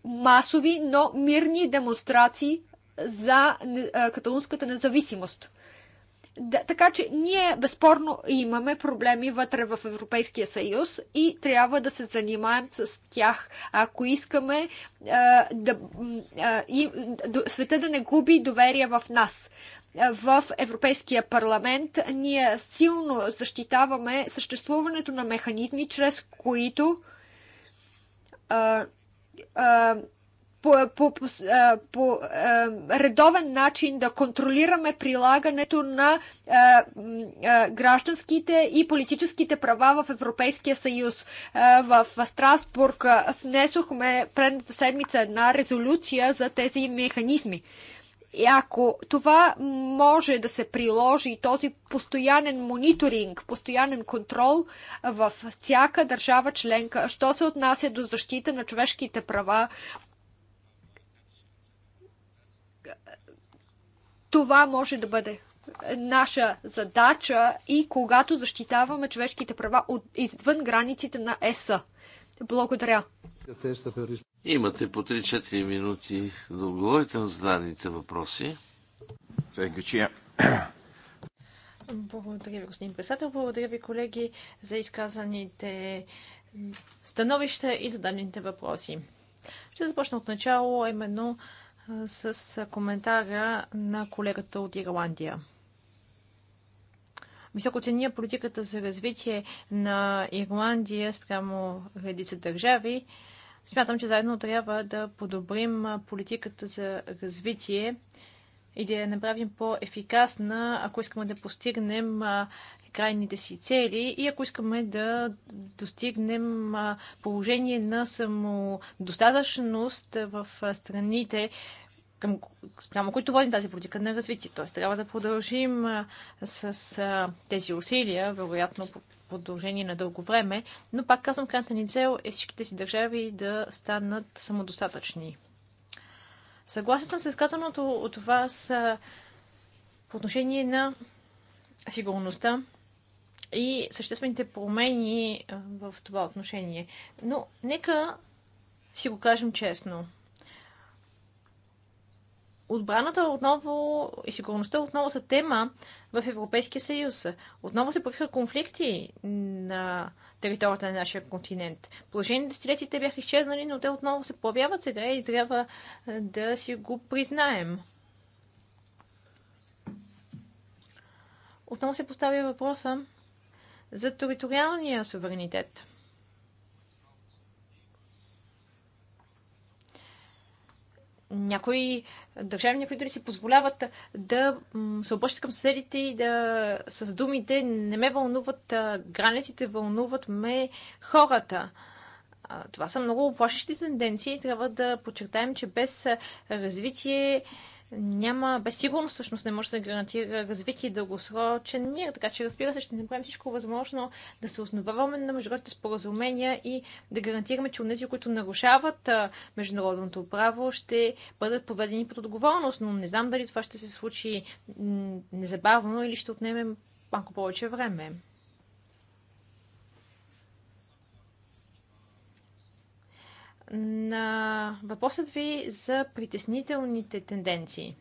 масови, но мирни демонстрации за каталунската независимост. Да, така че ние безспорно имаме проблеми вътре в Европейския съюз и трябва да се занимаем с тях, ако искаме а, да, а, и, до, света да не губи доверие в нас в Европейския парламент ние силно защитаваме съществуването на механизми, чрез които а, а, по, по, по, по редовен начин да контролираме прилагането на гражданските и политическите права в Европейския съюз. В Страсбург внесохме предната седмица една резолюция за тези механизми. И ако това може да се приложи, този постоянен мониторинг, постоянен контрол в всяка държава членка, що се отнася до защита на човешките права, Това може да бъде наша задача и когато защитаваме човешките права от, извън границите на ЕСА. Благодаря. Имате по 3-4 минути да отговорите на зададените въпроси. Благодаря ви, господин председател. Благодаря ви, колеги, за изказаните становища и зададените въпроси. Ще започна от начало, именно с коментара на колегата от Ирландия. Високо цения политиката за развитие на Ирландия спрямо редица държави. Смятам, че заедно трябва да подобрим политиката за развитие и да я направим по-ефикасна, ако искаме да постигнем крайните си цели и ако искаме да достигнем положение на самодостатъчност в страните, към, спрямо които водим тази политика на развитие. Т.е. трябва да продължим с тези усилия, вероятно по продължение на дълго време, но пак казвам, крайната ни цел е всичките си държави да станат самодостатъчни. Съгласен съм с казаното от вас по отношение на сигурността и съществените промени в това отношение. Но нека си го кажем честно. Отбраната отново и сигурността отново са тема в Европейския съюз. Отново се появиха конфликти на територията на нашия континент. Положение десетилетите бяха изчезнали, но те отново се появяват сега и трябва да си го признаем. Отново се поставя въпроса за териториалния суверенитет. Някои държави, някои дори си позволяват да се обръщат към съседите и да с думите не ме вълнуват границите, вълнуват ме хората. Това са много оплашещи тенденции трябва да подчертаем, че без развитие няма, без сигурност всъщност не може да се гарантира развитие и дългосрочен мир, така че разбира се ще направим всичко възможно да се основаваме на международните споразумения и да гарантираме, че унези, които нарушават международното право, ще бъдат поведени под отговорност, но не знам дали това ще се случи незабавно или ще отнеме малко повече време. на въпросът ви за притеснителните тенденции.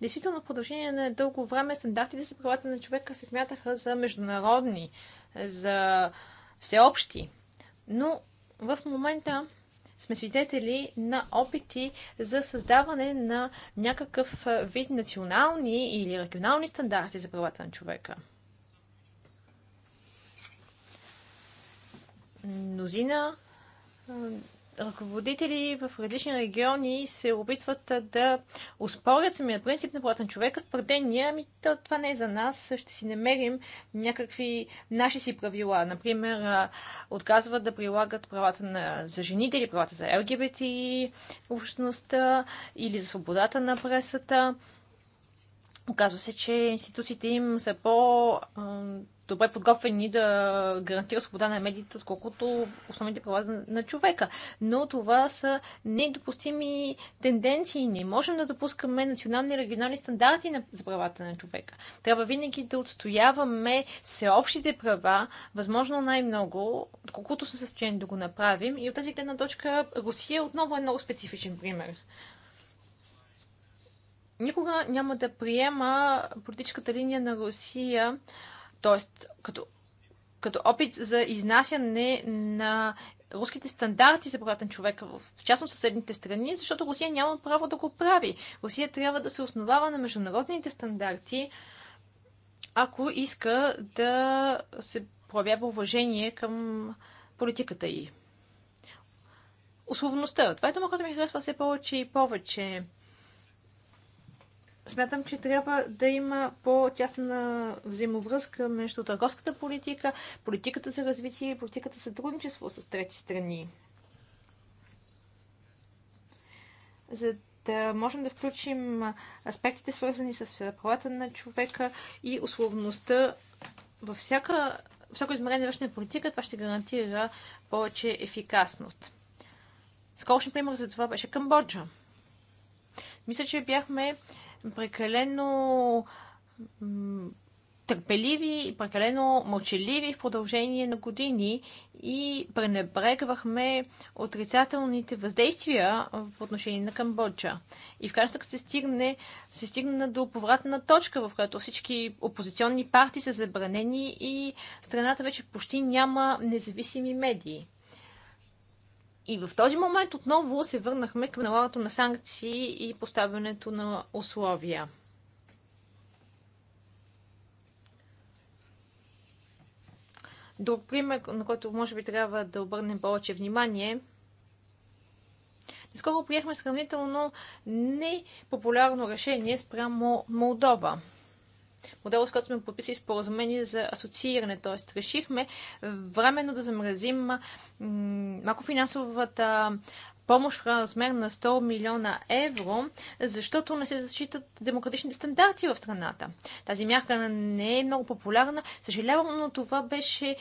Действително, в продължение на дълго време стандартите за правата на човека се смятаха за международни, за всеобщи. Но в момента сме свидетели на опити за създаване на някакъв вид национални или регионални стандарти за правата на човека. Мнозина ръководители в различни региони се опитват да успорят самия принцип на правата на човека с твърдения, ами то, това не е за нас, ще си намерим някакви наши си правила. Например, отказват да прилагат правата на, за жените или правата за ЛГБТ общността или за свободата на пресата. Оказва се, че институциите им са по добре подготвени да гарантира свобода на медиите, отколкото основните права на човека. Но това са недопустими тенденции. Не можем да допускаме национални и регионални стандарти за правата на човека. Трябва винаги да отстояваме всеобщите права, възможно най-много, отколкото сме състояние да го направим. И от тази гледна точка Русия е отново е много специфичен пример никога няма да приема политическата линия на Русия Тоест, като, като опит за изнасяне на руските стандарти за правата на човека, в частност съседните страни, защото Русия няма право да го прави. Русия трябва да се основава на международните стандарти, ако иска да се проявява уважение към политиката й. Условността. Това е дума, която ми харесва все повече и повече. Смятам, че трябва да има по-тясна взаимовръзка между търговската политика, политиката за развитие и политиката за сътрудничество с трети страни. За да можем да включим аспектите, свързани с правата на човека и условността във всяка, всяко измерение на външна политика, това ще гарантира повече ефикасност. Скорошен пример за това беше Камбоджа. Мисля, че бяхме прекалено търпеливи и прекалено мълчаливи в продължение на години и пренебрегвахме отрицателните въздействия по отношение на Камбоджа. И в крайна сметка се, стигне, се стигна до повратна точка, в която всички опозиционни партии са забранени и страната вече почти няма независими медии. И в този момент отново се върнахме към налагането на санкции и поставянето на условия. Друг пример, на който може би трябва да обърнем повече внимание, Скоро приехме сравнително непопулярно решение спрямо Молдова. Моделът, с който сме подписали споразумение за асоцииране. Т.е. решихме временно да замразим малко финансовата помощ в размер на 100 милиона евро, защото не се защитат демократичните стандарти в страната. Тази мярка не е много популярна. Съжалявам, но това беше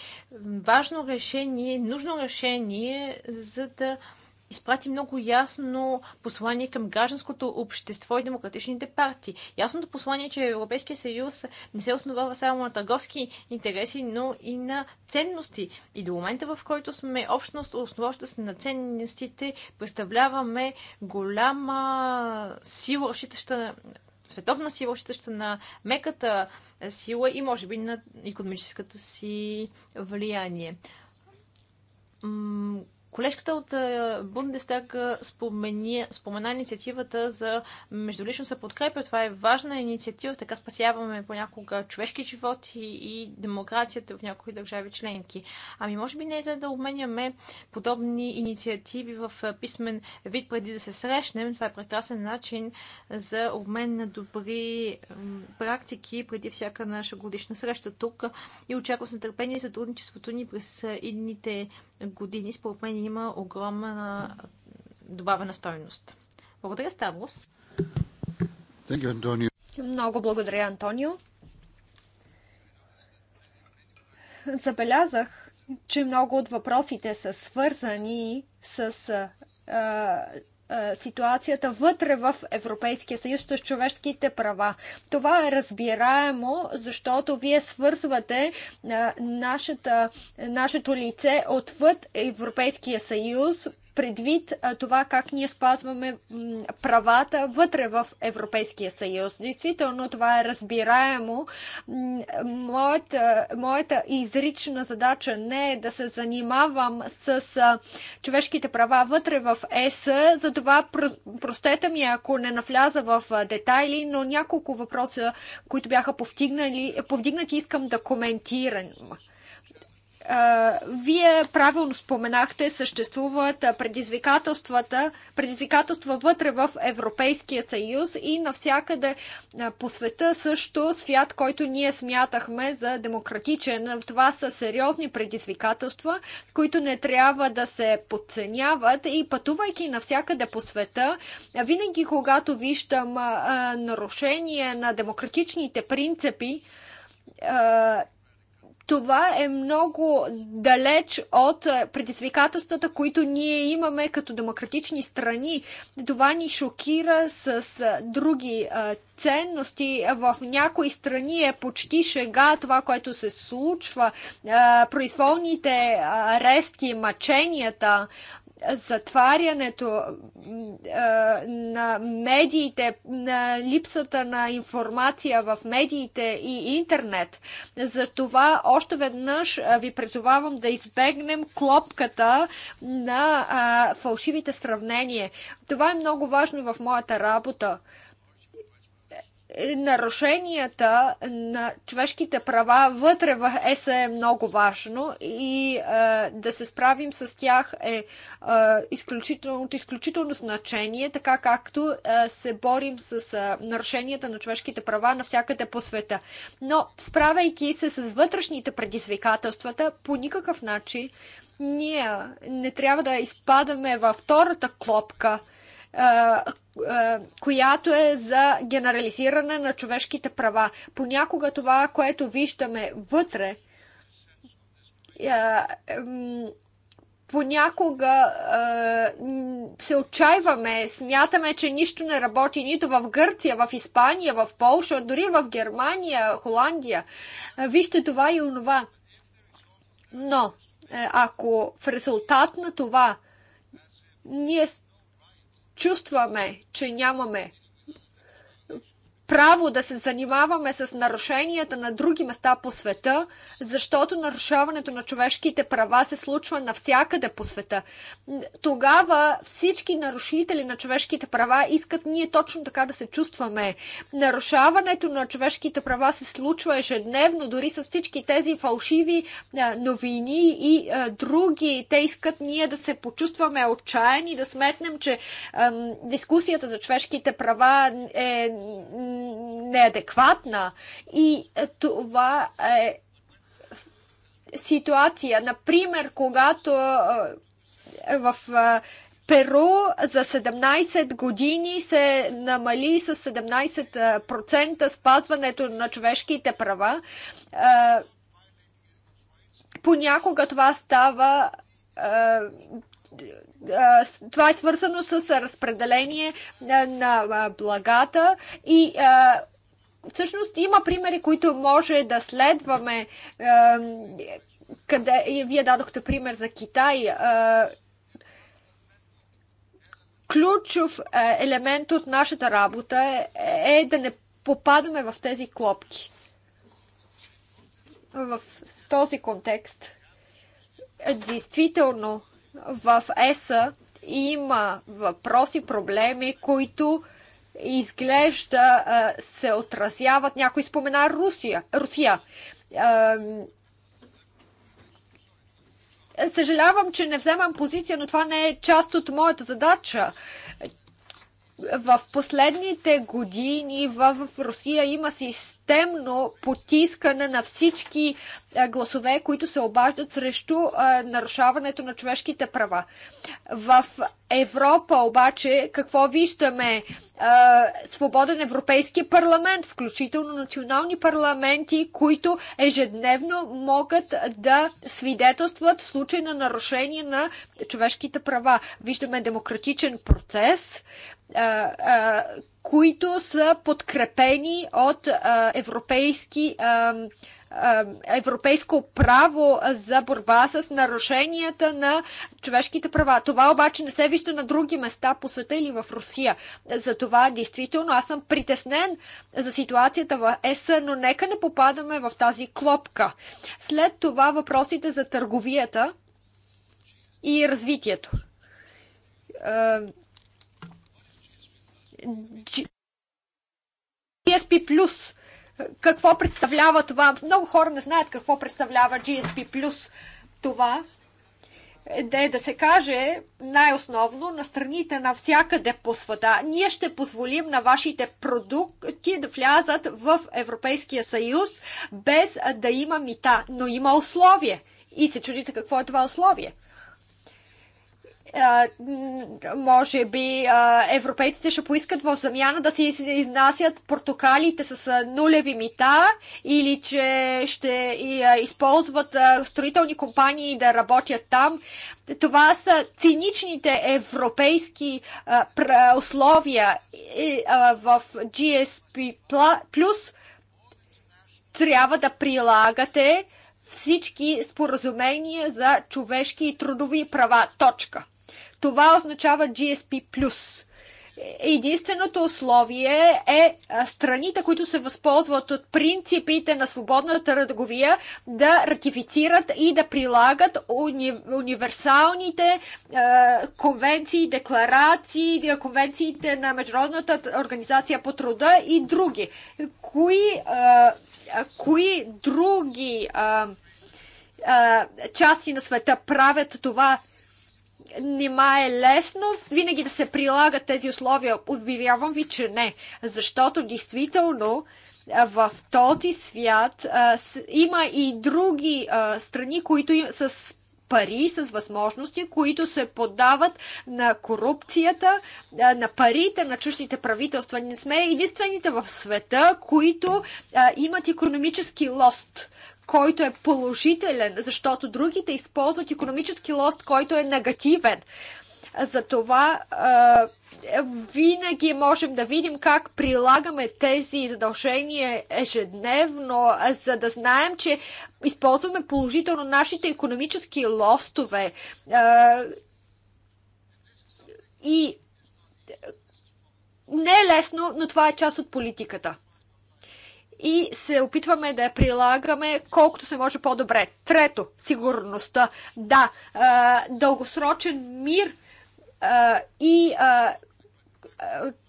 важно решение, нужно решение, за да изпрати много ясно послание към гражданското общество и демократичните партии. Ясното послание, е, че Европейския съюз не се основава само на търговски интереси, но и на ценности. И до момента, в който сме общност, основаща се на ценностите, представляваме голяма сила, разчитаща световна сила, считаща на меката сила и може би на економическата си влияние. Колежката от е, Бундестаг е, спомена инициативата за междулично се подкрепя. Това е важна инициатива, така спасяваме понякога човешки животи и демокрацията в някои държави членки. Ами може би не е за да обменяме подобни инициативи в е, писмен вид преди да се срещнем. Това е прекрасен начин за обмен на добри практики преди всяка наша годишна среща тук и очаквам с нетърпение сътрудничеството ни през идните години, според мен има огромна добавена стойност. Благодаря, Ставрос. Много благодаря, Антонио. Забелязах, че много от въпросите са свързани с а, е, ситуацията вътре в Европейския съюз с човешките права. Това е разбираемо, защото вие свързвате е, нашето лице отвъд Европейския съюз предвид това как ние спазваме правата вътре в Европейския съюз. Действително това е разбираемо. Моята, моята изрична задача не е да се занимавам с човешките права вътре в ЕС, затова простете ми, ако не навляза в детайли, но няколко въпроса, които бяха повдигнати, искам да коментирам. Вие правилно споменахте, съществуват предизвикателствата, предизвикателства вътре в Европейския съюз и навсякъде по света също свят, който ние смятахме за демократичен. Това са сериозни предизвикателства, които не трябва да се подценяват и пътувайки навсякъде по света, винаги когато виждам нарушение на демократичните принципи, това е много далеч от е, предизвикателствата, които ние имаме като демократични страни. Това ни шокира с е, други е, ценности. В някои страни е почти шега това, което се случва. Произволните арести, мъченията, затварянето на медиите, на липсата на информация в медиите и интернет. Затова още веднъж ви призовавам да избегнем клопката на фалшивите сравнения. Това е много важно в моята работа. Е, нарушенията на човешките права вътре в ЕС е много важно и а, е, да се справим с тях е а, е, изключително, от изключително значение, така както а, се борим с а, нарушенията на човешките права навсякъде по света. Но справяйки се с вътрешните предизвикателствата, по никакъв начин ние не трябва да изпадаме във втората клопка – която е за генерализиране на човешките права. Понякога това, което виждаме вътре, понякога се отчаиваме, смятаме, че нищо не работи нито в Гърция, в Испания, в Полша, дори в Германия, Холандия. Вижте това и онова. Но е, ако в резултат на това ние чувстваме, че нямаме право да се занимаваме с нарушенията на други места по света, защото нарушаването на човешките права се случва навсякъде по света. Тогава всички нарушители на човешките права искат ние точно така да се чувстваме. Нарушаването на човешките права се случва ежедневно, дори с всички тези фалшиви новини и други. Те искат ние да се почувстваме отчаяни, да сметнем, че дискусията за човешките права е неадекватна и е, това е ситуация. Например, когато е, в е, Перу за 17 години се намали с 17% спазването на човешките права. Понякога това става това е свързано с разпределение на благата и всъщност има примери, които може да следваме. Къде, вие дадохте пример за Китай ключов елемент от нашата работа е, е, е да не попадаме в тези клопки. В този контекст, действително, в ЕСА има въпроси, проблеми, които изглежда се отразяват. Някой спомена Русия. Русия. Съжалявам, че не вземам позиция, но това не е част от моята задача в последните години в Русия има системно потискане на всички е, гласове, които се обаждат срещу е, нарушаването на човешките права. В Европа обаче какво виждаме? Е, свободен Европейски парламент, включително национални парламенти, които ежедневно могат да свидетелстват в случай на нарушение на човешките права. Виждаме демократичен процес, които са подкрепени от европейски европейско право за борба с нарушенията на човешките права. Това обаче не се вижда на други места по света или в Русия. За това действително аз съм притеснен за ситуацията в ЕС, но нека не попадаме в тази клопка. След това въпросите за търговията и развитието е, GSP+. Какво представлява това? Много хора не знаят какво представлява GSP+. Това да е да се каже най-основно на страните навсякъде по света. Ние ще позволим на вашите продукти да влязат в Европейския съюз без да има мита, но има условие. И се чудите какво е това условие може би европейците ще поискат в замяна да си изнасят портокалите с нулеви мита или че ще използват строителни компании да работят там. Това са циничните европейски условия в GSP+. Трябва да прилагате всички споразумения за човешки и трудови права. Точка. Това означава GSP+. Единственото условие е страните, които се възползват от принципите на свободната търговия, да ратифицират и да прилагат уни, универсалните е, конвенции, декларации, конвенциите на Международната организация по труда и други. Кои, е, кои други е, части на света правят това Нема е лесно винаги да се прилагат тези условия? Уверявам ви, че не. Защото действително в този свят а, с, има и други а, страни, които им, с пари, с възможности, които се поддават на корупцията, а, на парите на чуждите правителства. Не сме единствените в света, които а, имат економически лост, който е положителен, защото другите използват економически лост, който е негативен. Затова е, винаги можем да видим как прилагаме тези задължения ежедневно, за да знаем, че използваме положително нашите економически лостове. Е, и не е лесно, но това е част от политиката и се опитваме да я прилагаме колкото се може по-добре. Трето, сигурността. Да, дългосрочен мир и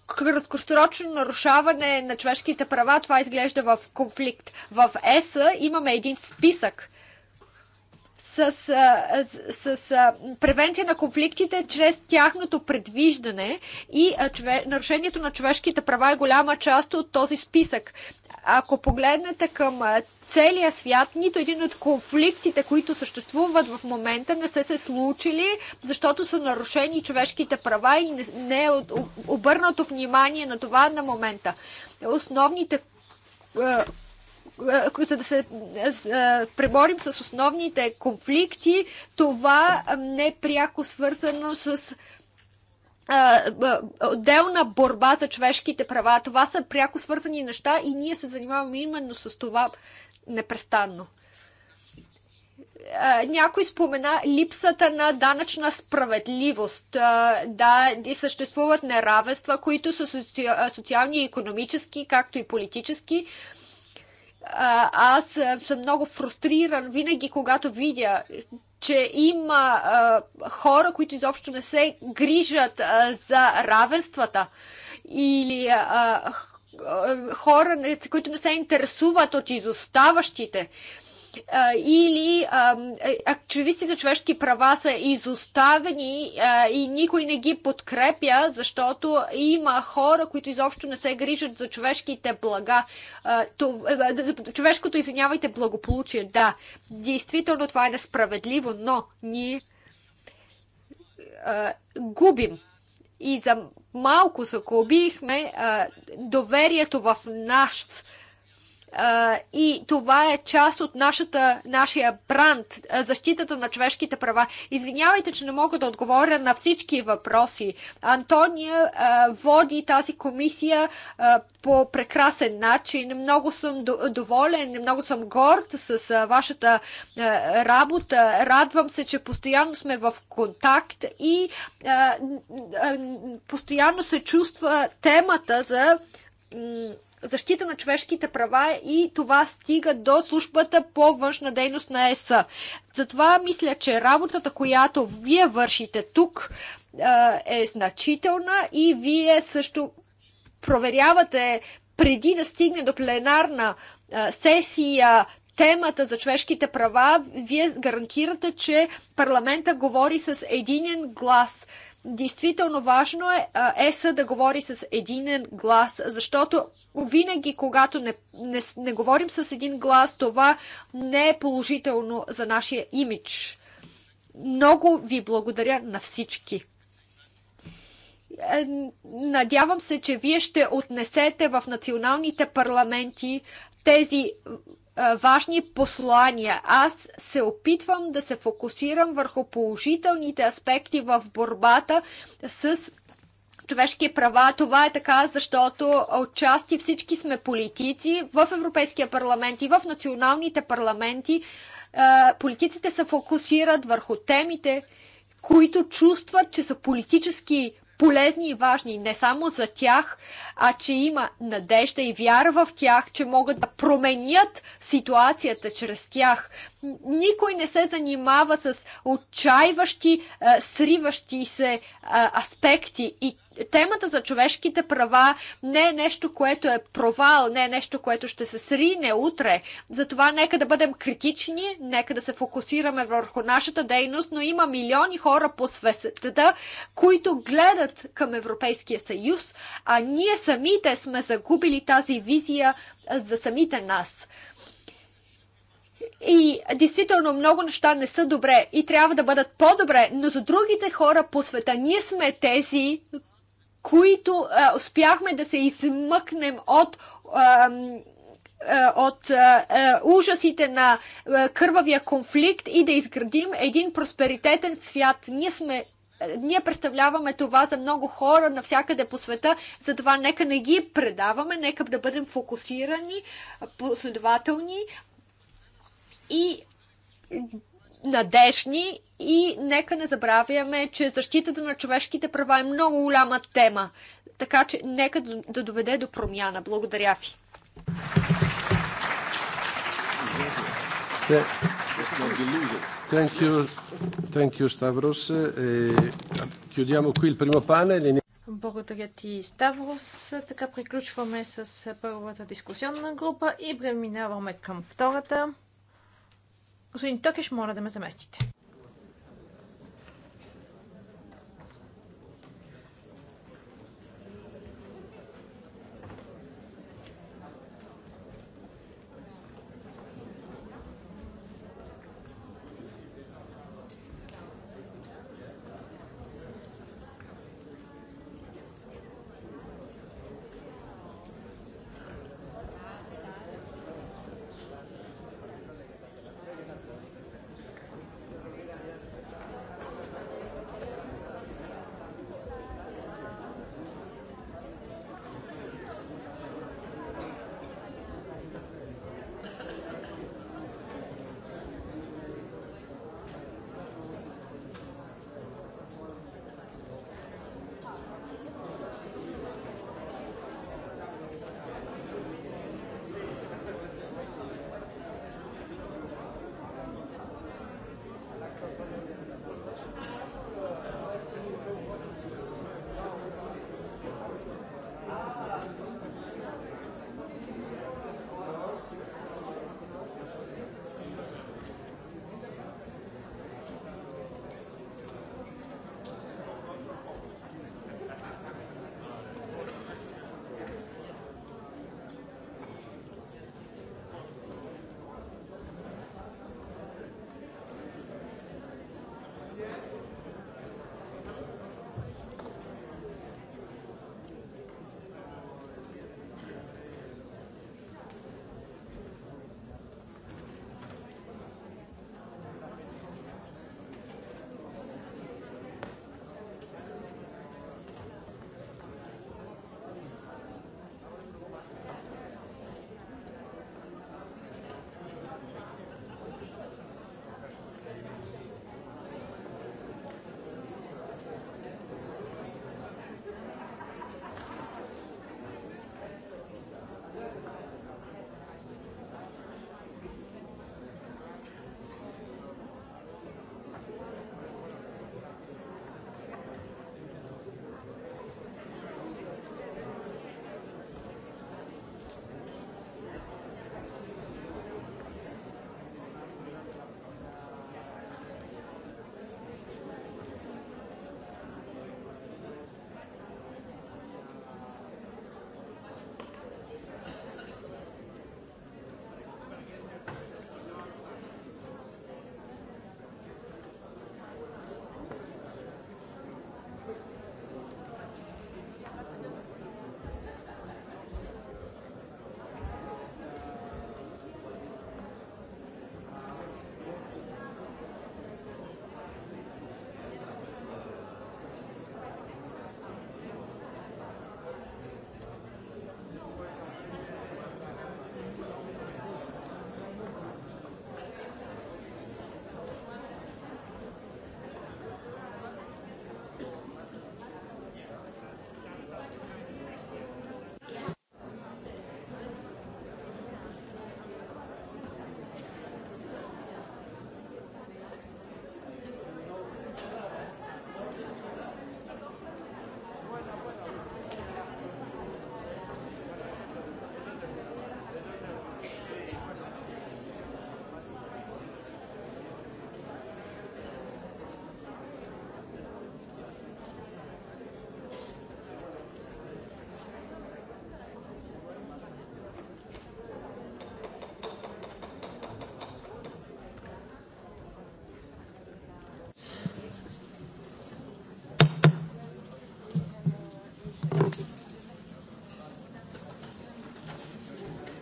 краткосрочно нарушаване на човешките права, това изглежда в конфликт. В ЕС имаме един списък с, с, с превенция на конфликтите чрез тяхното предвиждане и чове, нарушението на човешките права е голяма част от този списък. Ако погледнете към целия свят, нито един от конфликтите, които съществуват в момента, не са се случили, защото са нарушени човешките права и не, не е обърнато внимание на това на момента. Основните за да се преборим с основните конфликти, това не е пряко свързано с отделна борба за човешките права. Това са пряко свързани неща и ние се занимаваме именно с това непрестанно. Някой спомена липсата на данъчна справедливост. Да, и съществуват неравенства, които са социални и економически, както и политически аз е, съм много фрустриран винаги, когато видя, че има хора, които изобщо не се грижат за равенствата или хора, които не се интересуват от изоставащите или е, активисти за човешки права са изоставени и никой не ги подкрепя, защото има хора, които изобщо не се грижат за човешките блага. Е, е, за човешкото, извинявайте, благополучие. Да, действително това е несправедливо, но ние губим и за малко загубихме доверието в нашата и това е част от нашата, нашия бранд, защитата на човешките права. Извинявайте, че не мога да отговоря на всички въпроси. Антония води тази комисия по прекрасен начин. Много съм доволен, много съм горд с вашата работа. Радвам се, че постоянно сме в контакт и постоянно се чувства темата за защита на човешките права и това стига до службата по външна дейност на ЕС. Затова мисля, че работата, която вие вършите тук, е значителна и вие също проверявате преди да стигне до пленарна сесия темата за човешките права, вие гарантирате, че парламента говори с единен глас. Действително важно е ЕСА да говори с единен глас, защото винаги, когато не, не, не говорим с един глас, това не е положително за нашия имидж. Много ви благодаря на всички. Е, надявам се, че вие ще отнесете в националните парламенти тези важни послания. Аз се опитвам да се фокусирам върху положителните аспекти в борбата с човешки права. Това е така, защото отчасти всички сме политици в Европейския парламент и в националните парламенти. Политиците се фокусират върху темите, които чувстват, че са политически полезни и важни не само за тях, а че има надежда и вяра в тях, че могат да променят ситуацията чрез тях. Никой не се занимава с отчаиващи, сриващи се аспекти и темата за човешките права не е нещо, което е провал, не е нещо, което ще се срине утре. Затова нека да бъдем критични, нека да се фокусираме върху нашата дейност, но има милиони хора по света, които гледат към Европейския съюз, а ние самите сме загубили тази визия за самите нас. И действително много неща не са добре и трябва да бъдат по-добре, но за другите хора по света ние сме тези, които а, успяхме да се измъкнем от а, от а, ужасите на кървавия конфликт и да изградим един просперитетен свят. Ние сме ние представляваме това за много хора навсякъде по света, затова нека не ги предаваме, нека да бъдем фокусирани, последователни и надежни и нека не забравяме, че защитата на човешките права е много голяма тема. Така че нека да доведе до промяна. Благодаря ви. Thank you. Thank you, Stavros. Chiudiamo qui il primo panel. Благодаря ти, Ставрос. Така приключваме с първата дискусионна група и преминаваме към втората. Господин Токеш, моля да ме заместите.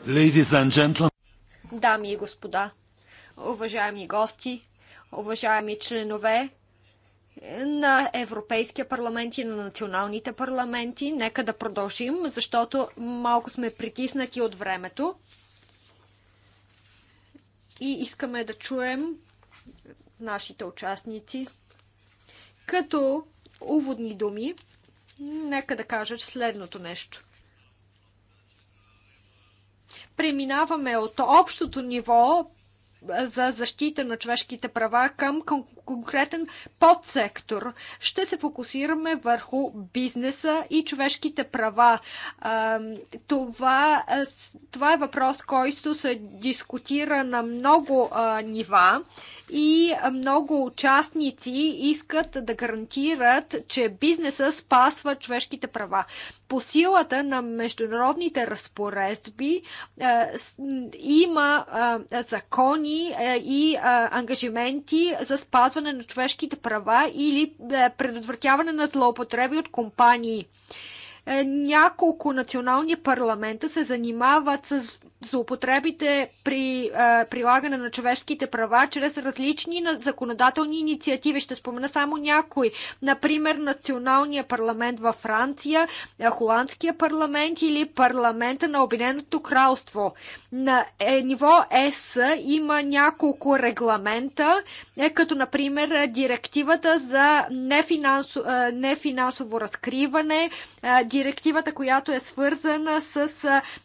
Ladies and gentlemen. Дами и господа, уважаеми гости, уважаеми членове на Европейския парламент и на националните парламенти, нека да продължим, защото малко сме притиснати от времето и искаме да чуем нашите участници. Като уводни думи, нека да кажа следното нещо – преминаваме от общото ниво за защита на човешките права към конкретен подсектор. Ще се фокусираме върху бизнеса и човешките права. Това, това е въпрос, който се дискутира на много нива и много участници искат да гарантират, че бизнеса спасва човешките права. По силата на международните разпоредби е, има е, закони е, и ангажименти за спазване на човешките права или предотвратяване на злоупотреби от компании няколко национални парламента се занимават с злоупотребите при а, прилагане на човешките права чрез различни законодателни инициативи. Ще спомена само някои. Например, Националния парламент във Франция, Холандския парламент или парламента на Обединеното кралство. На е, ниво ЕС има няколко регламента, е, като например директивата за нефинансо, е, нефинансово разкриване, е, директивата, която е свързана с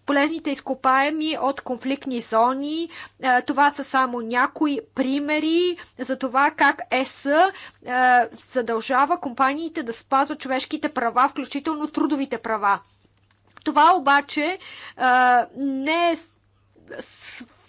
полезните изкопаеми от конфликтни зони. Е, това са само някои примери за това как ЕС е, задължава компаниите да спазват човешките права, включително трудовите права. Това обаче е, не е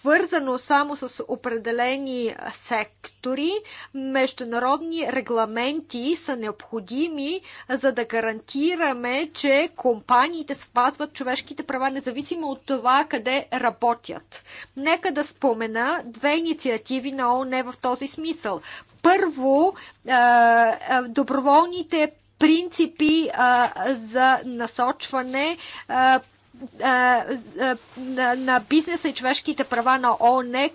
свързано само с определени сектори, международни регламенти са необходими, за да гарантираме, че компаниите спазват човешките права, независимо от това къде работят. Нека да спомена две инициативи на ООН в този смисъл. Първо, е, е, доброволните принципи а, е, за насочване а, на, на бизнеса и човешките права на ООН е,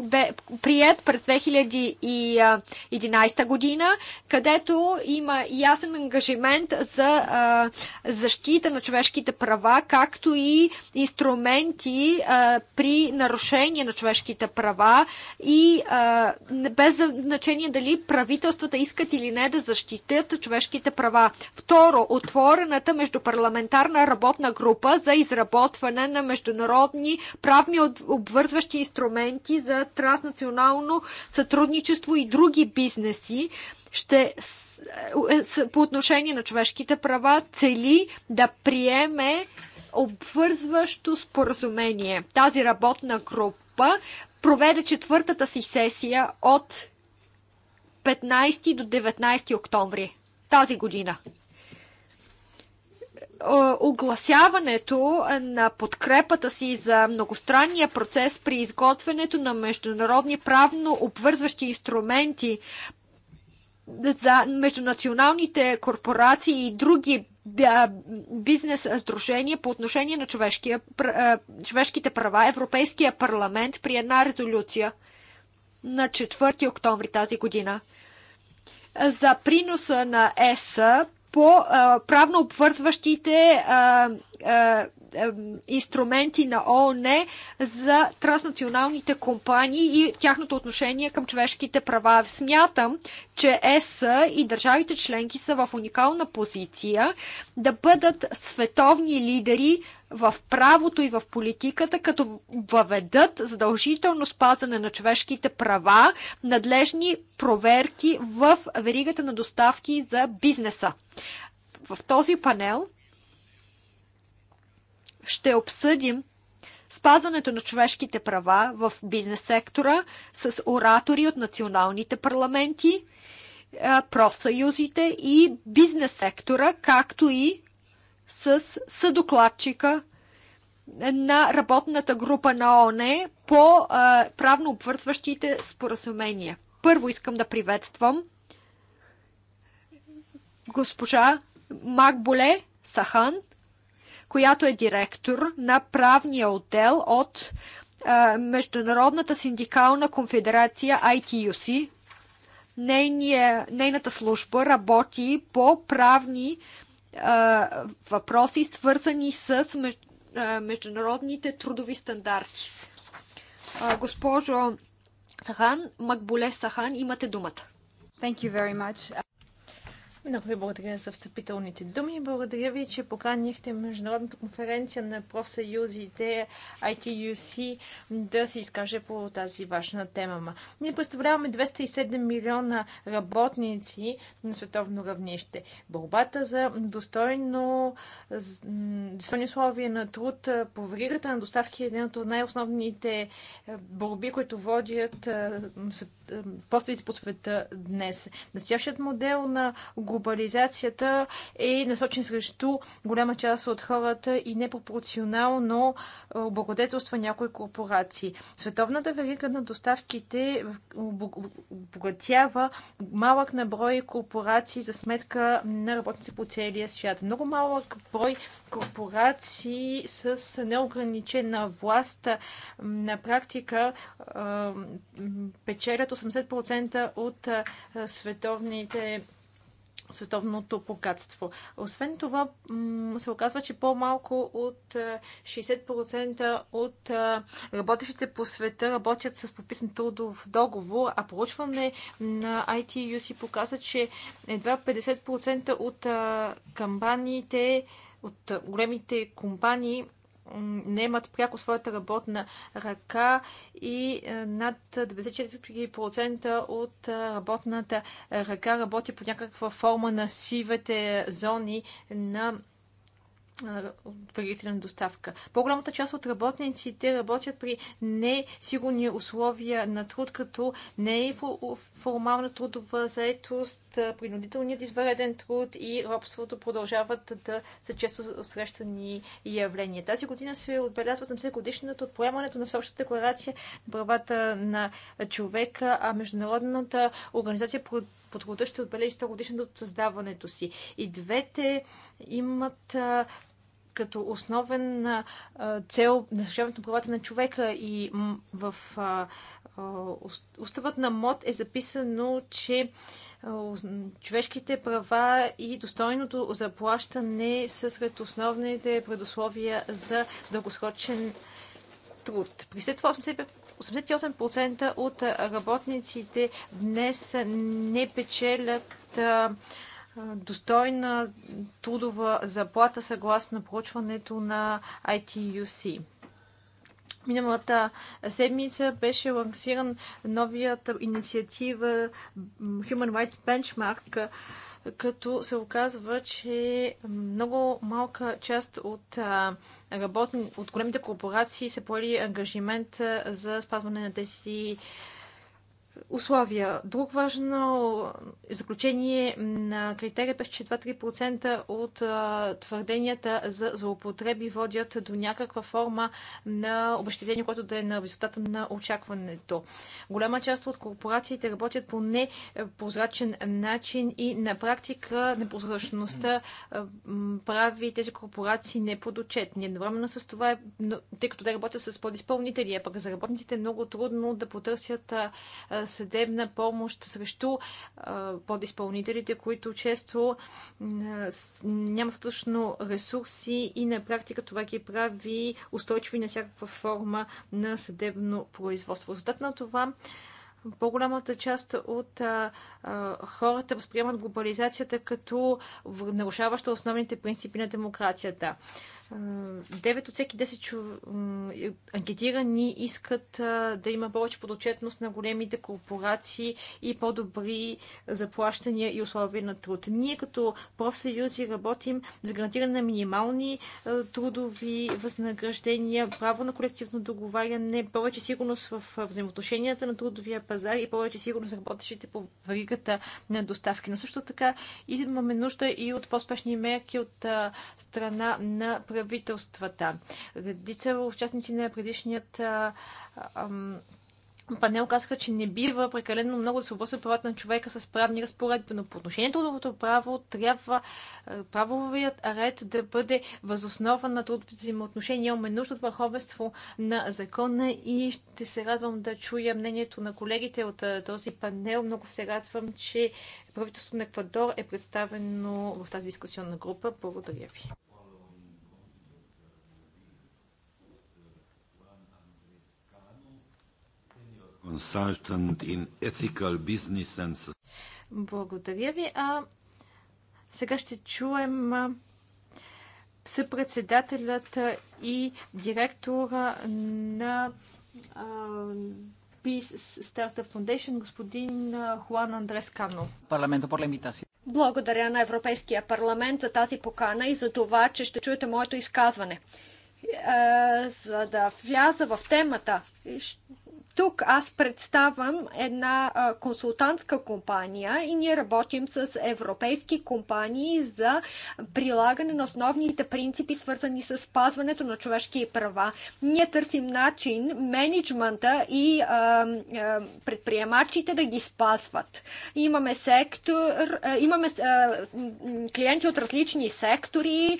бе прият през 2011 година, където има ясен ангажимент за а, защита на човешките права, както и инструменти а, при нарушение на човешките права и а, без значение дали правителствата искат или не да защитят човешките права. Второ, отворената междупарламентарна работна група за за изработване на международни правни обвързващи инструменти за транснационално сътрудничество и други бизнеси. Ще е, по отношение на човешките права цели да приеме обвързващо споразумение. Тази работна група проведе четвъртата си сесия от 15 до 19 октомври тази година. Е, огласяването е, на подкрепата си за многостранния процес при изготвянето на международни правно обвързващи инструменти за междунационалните корпорации и други бизнес сдружения по отношение на е, човешките права. Европейския парламент при една резолюция на 4 октомври тази година за приноса на ЕС по правно обвързващите инструменти на ООН за транснационалните компании и тяхното отношение към човешките права. Смятам, че ЕС и държавите членки са в уникална позиция да бъдат световни лидери в правото и в политиката, като въведат задължително спазване на човешките права, надлежни проверки в веригата на доставки за бизнеса. В този панел ще обсъдим спазването на човешките права в бизнес сектора с оратори от националните парламенти, профсъюзите и бизнес сектора, както и с съдокладчика на работната група на ОНЕ по а, правно обвързващите споразумения. Първо искам да приветствам госпожа Макболе Сахан, която е директор на правния отдел от а, Международната синдикална конфедерация ITUC. Нейния, нейната служба работи по правни въпроси, свързани с международните трудови стандарти. Госпожо Сахан, Макбуле Сахан, имате думата. Thank you very much. Много ви благодаря за встъпителните думи. Благодаря ви, че поканихте Международната конференция на профсъюзите ITUC да се изкаже по тази важна тема. Ние представляваме 207 милиона работници на световно равнище. Борбата за достойно, достойни условия на труд по на доставки е един от най-основните борби, които водят постовете по света днес. Настоящият модел на глобализацията е насочен срещу голяма част от хората и непропорционално облагодетелства някои корпорации. Световната верига на доставките обогатява малък наброй корпорации за сметка на работници по целия свят. Много малък брой корпорации с неограничена власт на практика печелят 80% от световните световното богатство. Освен това, се оказва, че по-малко от 60% от работещите по света работят с подписан трудов договор, а проучване на ITUC показва, че едва 50% от кампаниите, от големите компании имат пряко своята работна ръка и е, над 94% от е, работната ръка работи по някаква форма на сивете зони на предварителна доставка. По-голямата част от работниците работят при несигурни условия на труд, като не е формална трудова заетост, принудителният извареден труд и робството продължават да са често срещани явления. Тази година се отбелязва 70 годишната от поемането на Всеобщата декларация на правата на човека, а Международната организация Подходът ще отбележи 100 годишното от създаването си. И двете имат като основен цел на съжаването на правата на човека и в уставът на МОД е записано, че човешките права и достойното заплащане са сред основните предусловия за дългосрочен труд. При след това 88% от работниците днес не печелят достойна трудова заплата съгласно проучването на ITUC. Миналата седмица беше лансиран новият инициатива Human Rights Benchmark, като се оказва, че много малка част от работни, от големите корпорации са поели ангажимент за спазване на тези условия. Друг важно заключение на критерия беше, че 2-3% от а, твърденията за злоупотреби водят до някаква форма на обещетение, което да е на резултата на очакването. Голяма част от корпорациите работят по непрозрачен начин и на практика непрозрачността а, прави тези корпорации неподочетни. Едновременно с това, е, тъй като те работят с подизпълнители, а пък за работниците е много трудно да потърсят а, съдебна помощ срещу подизпълнителите, които често нямат точно ресурси и на практика това ги прави устойчиви на всякаква форма на съдебно производство. Резултат на това по-голямата част от а, а, хората възприемат глобализацията като нарушаваща основните принципи на демокрацията. 9 от всеки 10 чу... анкетирани искат да има повече подотчетност на големите корпорации и по-добри заплащания и условия на труд. Ние като профсъюзи работим за гарантиране на минимални трудови възнаграждения, право на колективно договаряне, повече сигурност в взаимоотношенията на трудовия пазар и повече сигурност работещите по варигата на доставки. Но също така имаме нужда и от по-спешни мерки от страна на правителството правителствата. Редица участници на предишният а, а, панел казаха, че не бива прекалено много да се обвързва правата на човека с правни разпоредби, но по отношение на трудовото право трябва правовият ред да бъде възоснован на трудовите взаимоотношения. Имаме нужда от върховенство на закона и ще се радвам да чуя мнението на колегите от този панел. Много се радвам, че правителството на Еквадор е представено в тази дискусионна група. Благодаря ви. consultant in ethical business and... Благодаря ви. А сега ще чуем съпредседателят и директора на Peace Startup Foundation, господин Хуан Андрес Кано. Парламента по лимитация. Благодаря на Европейския парламент за тази покана и за това, че ще чуете моето изказване. Е, за да вляза в темата, тук аз представам една консултантска компания и ние работим с европейски компании за прилагане на основните принципи, свързани с спазването на човешки права. Ние търсим начин менеджмента и а, а, предприемачите да ги спазват. Имаме сектор, а, имаме клиенти от различни сектори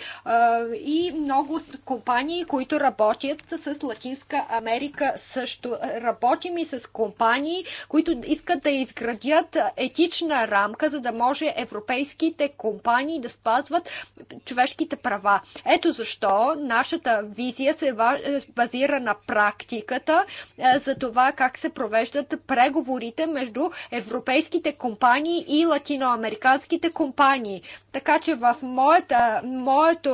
и много компании, които работят с Латинска Америка също работят работим и с компании, които искат да изградят етична рамка, за да може европейските компании да спазват човешките права. Ето защо нашата визия се е, базира на практиката е, за това как се провеждат преговорите между европейските компании и латиноамериканските компании. Така че в моята, моето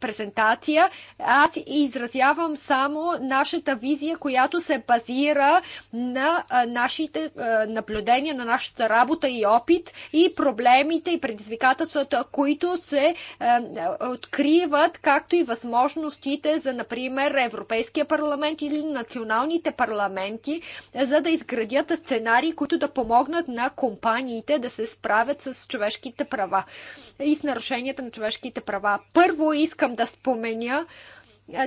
презентация аз изразявам само нашата визия, която се базира на нашите наблюдения, на нашата работа и опит и проблемите и предизвикателствата, които се откриват, както и възможностите за, например, Европейския парламент или националните парламенти, за да изградят сценарии, които да помогнат на компаниите да се справят с човешките права и с нарушенията на човешките права. Първо искам да споменя,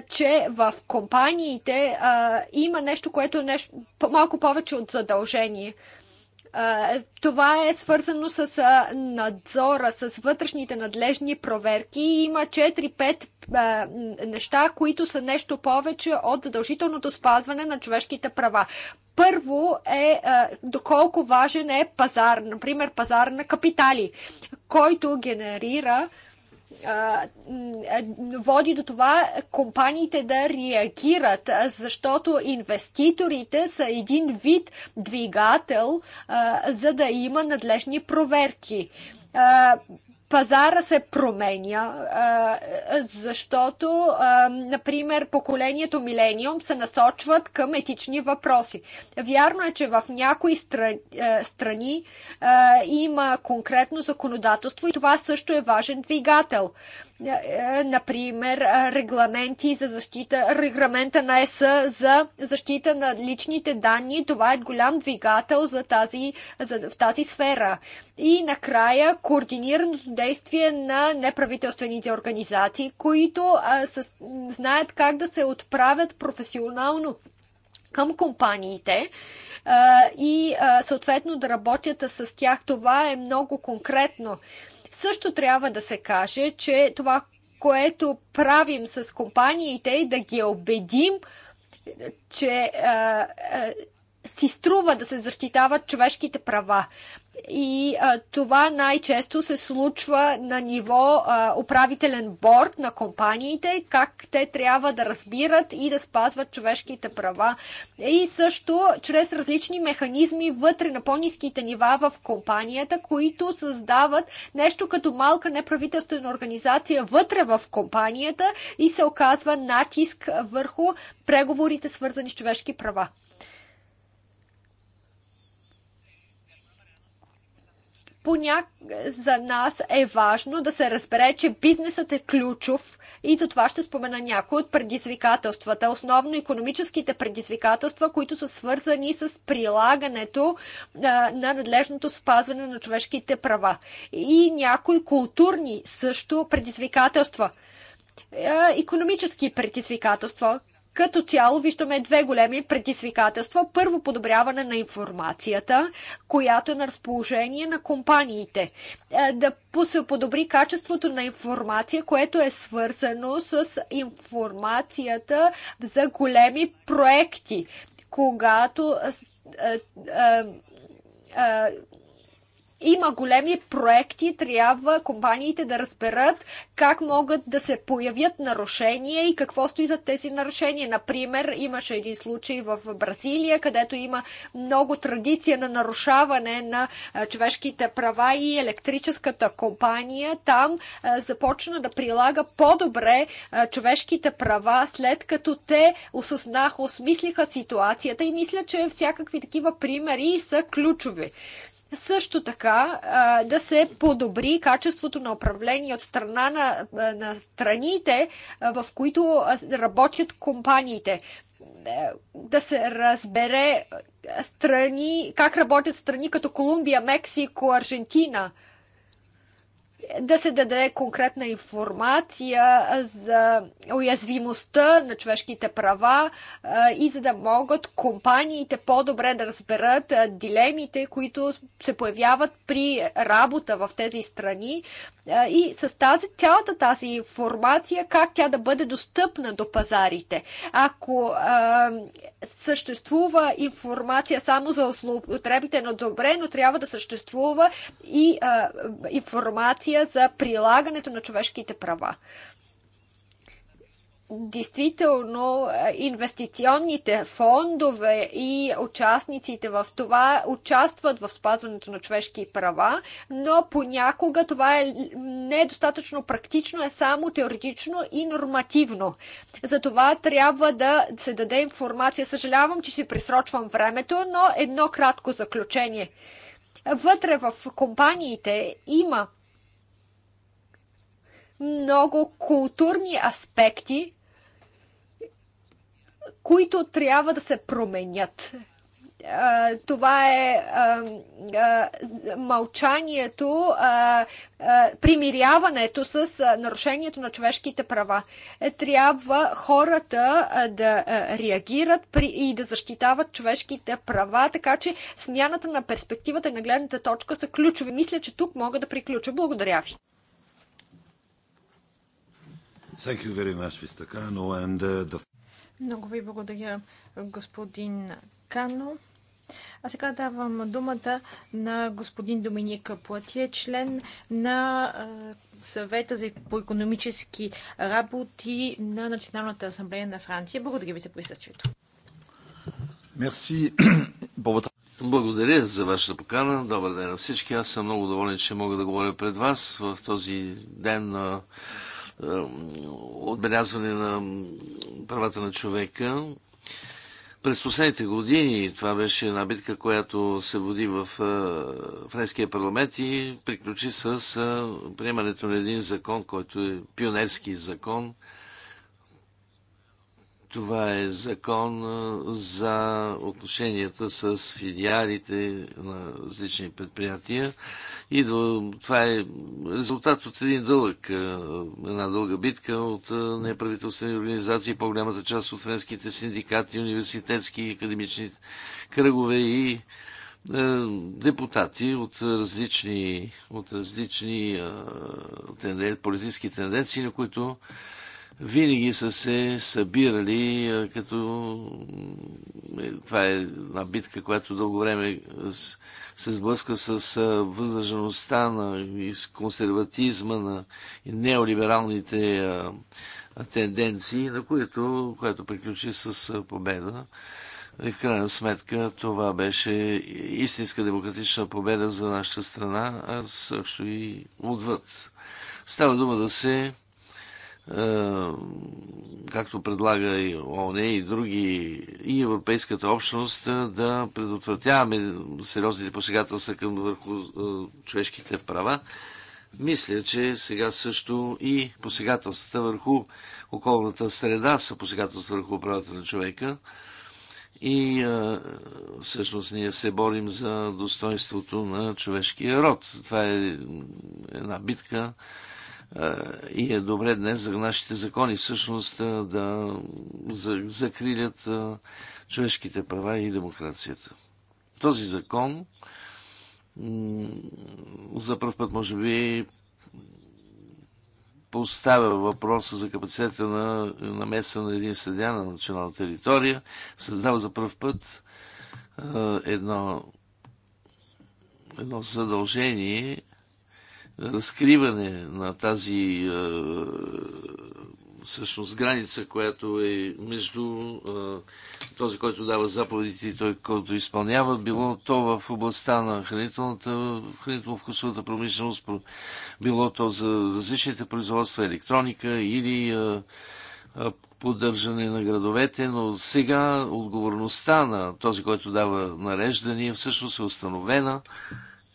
че в компаниите а, има нещо, което е нещо, малко повече от задължение. А, това е свързано с а, надзора, с вътрешните надлежни проверки. Има 4-5 неща, които са нещо повече от задължителното спазване на човешките права. Първо е а, доколко важен е пазар, например пазар на капитали, който генерира а, води до това компаниите да реагират, защото инвеститорите са един вид двигател, за да има надлежни проверки пазара се променя, защото, например, поколението милениум се насочват към етични въпроси. Вярно е, че в някои страни има конкретно законодателство и това също е важен двигател. Е, е, например, регламенти за защита, регламента на ЕС за защита на личните данни. Това е голям двигател за тази, за, в тази сфера. И накрая координирано действие на неправителствените организации, които а, с, знаят как да се отправят професионално към компаниите а, и а, съответно да работят с тях. Това е много конкретно. Също трябва да се каже, че това, което правим с компаниите и да ги убедим, че а, а, си струва да се защитават човешките права. И а, това най-често се случва на ниво а, управителен борт на компаниите, как те трябва да разбират и да спазват човешките права. И също чрез различни механизми вътре на по-низките нива в компанията, които създават нещо като малка неправителствена организация вътре в компанията и се оказва натиск върху преговорите, свързани с човешки права. поня... за нас е важно да се разбере, че бизнесът е ключов и за това ще спомена някои от предизвикателствата. Основно економическите предизвикателства, които са свързани с прилагането а, на надлежното спазване на човешките права. И някои културни също предизвикателства економически предизвикателства, като цяло виждаме две големи предизвикателства. Първо, подобряване на информацията, която е на разположение на компаниите. Е, да се подобри качеството на информация, което е свързано с информацията за големи проекти. Когато е, е, има големи проекти, трябва компаниите да разберат как могат да се появят нарушения и какво стои за тези нарушения. Например, имаше един случай в Бразилия, където има много традиция на нарушаване на човешките права и електрическата компания там започна да прилага по-добре човешките права, след като те осъзнаха, осмислиха ситуацията и мисля, че всякакви такива примери са ключови също така да се подобри качеството на управление от страна на, на страните, в които работят компаниите. Е, да се разбере страни, как работят страни като Колумбия, Мексико, Аржентина да се даде конкретна информация за уязвимостта на човешките права и за да могат компаниите по-добре да разберат дилемите, които се появяват при работа в тези страни и с тази, цялата тази информация, как тя да бъде достъпна до пазарите. Ако съществува информация само за злоупотребите на добре, но трябва да съществува и информация Конвенция за прилагането на човешките права. Действително, е, инвестиционните фондове и участниците в това участват в спазването на човешки права, но понякога това е недостатъчно практично, е само теоретично и нормативно. За това трябва да се даде информация. Съжалявам, че си присрочвам времето, но едно кратко заключение вътре в компаниите има много културни аспекти, които трябва да се променят. Това е мълчанието, примиряването с нарушението на човешките права. Е, трябва хората да реагират и да защитават човешките права, така че смяната на перспективата и на гледната точка са ключови. Мисля, че тук мога да приключа. Благодаря ви. Thank you very much, Mr. Kano. And, uh, the... Много ви благодаря, господин Кано. А сега давам думата на господин Доминик Платие, член на е, съвета за по економически работи на Националната асамблея на Франция. Благодаря ви за присъствието. Мерси. Благодаря за вашата покана. Добър ден на всички. Аз съм много доволен, че мога да говоря пред вас в този ден на отбелязване на правата на човека. През последните години това беше една битка, която се води в Френския парламент и приключи с приемането на един закон, който е пионерски закон. Това е закон за отношенията с филиалите на различни предприятия идва, това е резултат от един дълъг, е, една дълга битка от е, неправителствени организации, по-голямата част от френските синдикати, университетски, академични кръгове и е, депутати от различни, от различни тенденции, политически тенденции, на които винаги са се събирали като... Е, това е една битка, която дълго време е, се сблъска с въздържаността на с консерватизма на неолибералните тенденции, на което което приключи с победа. И в крайна сметка това беше истинска демократична победа за нашата страна, а също и отвъд. Става дума да се е, както предлага и ООН и други, и Европейската общност, е, да предотвратяваме сериозните посегателства към върху е, човешките права. Мисля, че сега също и посегателствата върху околната среда са посегателства върху правата на човека. И а, всъщност ние се борим за достоинството на човешкия род. Това е една битка, е, и е добре днес за нашите закони всъщност е, да закрилят е, човешките права и демокрацията. Този закон за първ път, може би, поставя въпроса за капацитета на намеса на един съдя на национална територия, създава за първ път едно, едно задължение разкриване на тази е, всъщност граница, която е между е, този, който дава заповедите и той, който изпълнява, било то в областта на хранителната, хранително-вкусовата промишленост, било то за различните производства, електроника или е, поддържане на градовете, но сега отговорността на този, който дава нареждания, всъщност е установена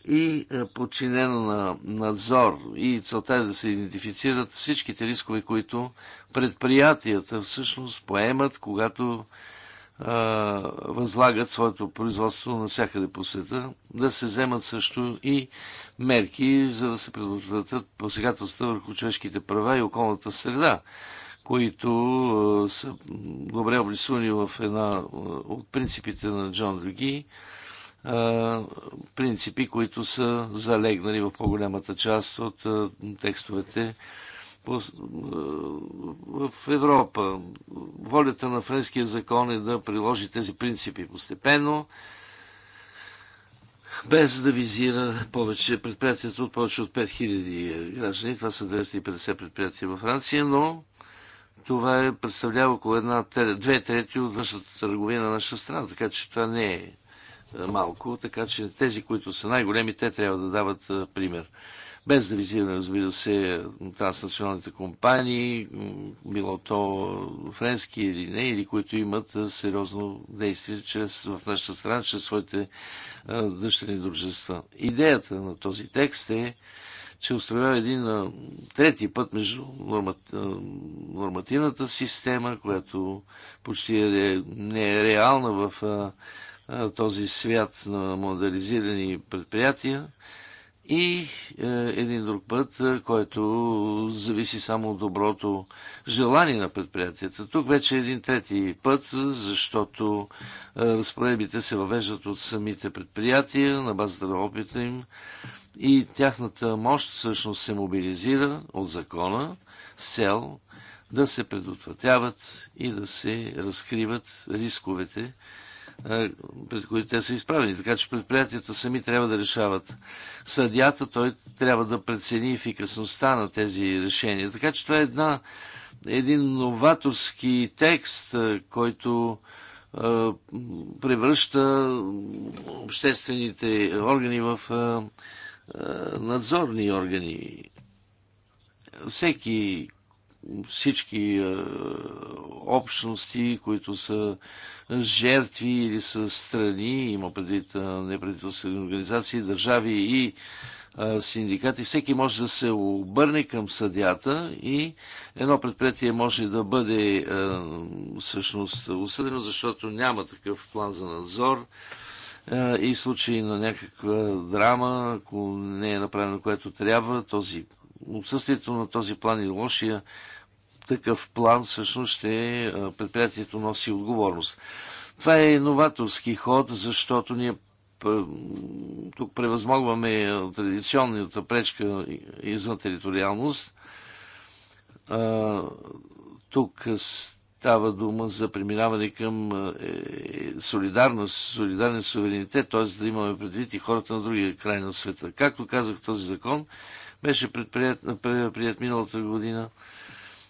и е, подчинена на надзор. И целта е да се идентифицират всичките рискове, които предприятията всъщност поемат, когато е, възлагат своето производство навсякъде по света, да се вземат също и мерки, за да се предотвратят посегателства върху човешките права и околната среда които е, са добре обрисувани в една от принципите на Джон Люги принципи, които са залегнали в по-голямата част от текстовете в Европа. Волята на френския закон е да приложи тези принципи постепенно, без да визира повече предприятията от повече от 5000 граждани. Това са 250 предприятия във Франция, но това е, представлява около една, две трети от външната търговия на нашата страна, така че това не е е, малко, така че тези, които са най-големи, те трябва да дават е, пример. Без да визираме, разбира се, транснационалните компании, било то френски или не, или които имат е, сериозно действие чрез, в нашата страна, чрез своите дъщерни дружества. Идеята на този текст е, че установява един трети път между нормативната система, която почти не е реална в този свят на модернизирани предприятия и е, един друг път, е, който зависи само от доброто желание на предприятията. Тук вече е един трети път, защото разпроебите разпоредбите се въвеждат от самите предприятия на базата на опита им и тяхната мощ всъщност се мобилизира от закона с цел да се предотвратяват и да се разкриват рисковете, е, пред които те са изправени. Така че предприятията сами трябва да решават. Съдята той трябва да прецени ефикасността на тези решения. Така че това е една, един новаторски текст, е, който е, превръща обществените органи в е, е, надзорни органи. Всеки, всички е, общности, които са жертви или с страни, има предвид неправителствени организации, държави и синдикати, всеки може да се обърне към съдята и едно предприятие може да бъде всъщност осъдено, защото няма такъв план за надзор и в случай на някаква драма, ако не е направено което трябва, този, отсъствието на този план и лошия такъв план всъщност ще предприятието носи отговорност. Това е новаторски ход, защото ние тук превъзмогваме традиционната пречка извън териториалност. Тук става дума за преминаване към е, солидарност, солидарен суверенитет, т.е. да имаме предвид и хората на другия край на света. Както казах, този закон беше предприят, предприят миналата година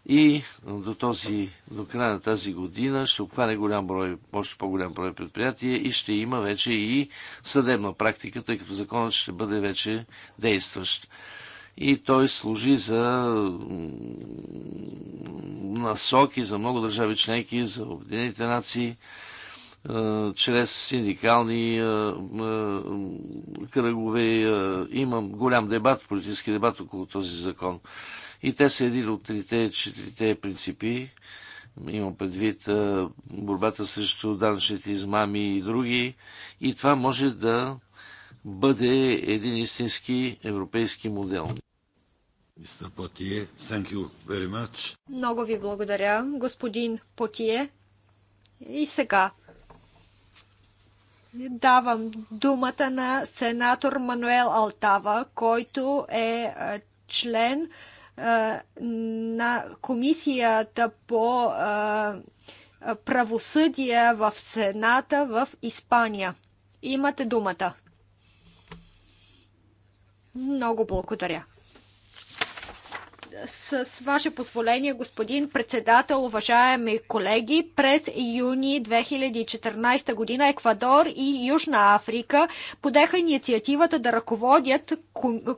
и до, този, до края на тази година ще обхване голям брой, още по-голям брой предприятия и ще има вече и съдебна практика, тъй като законът ще бъде вече действащ. И той служи за насоки за много държави членки, за Обединените нации, е, чрез синдикални е, е, кръгове. Имам голям дебат, политически дебат около този закон. И те са един от трите, четирите принципи. Имам предвид борбата срещу данъчните измами и други. И това може да бъде един истински европейски модел. Мистер Потие, thank you very much. Много ви благодаря, господин Потие. И сега давам думата на сенатор Мануел Алтава, който е член на комисията по правосъдие в Сената в Испания. Имате думата. Много благодаря с ваше позволение, господин председател, уважаеми колеги, през юни 2014 година Еквадор и Южна Африка подеха инициативата да ръководят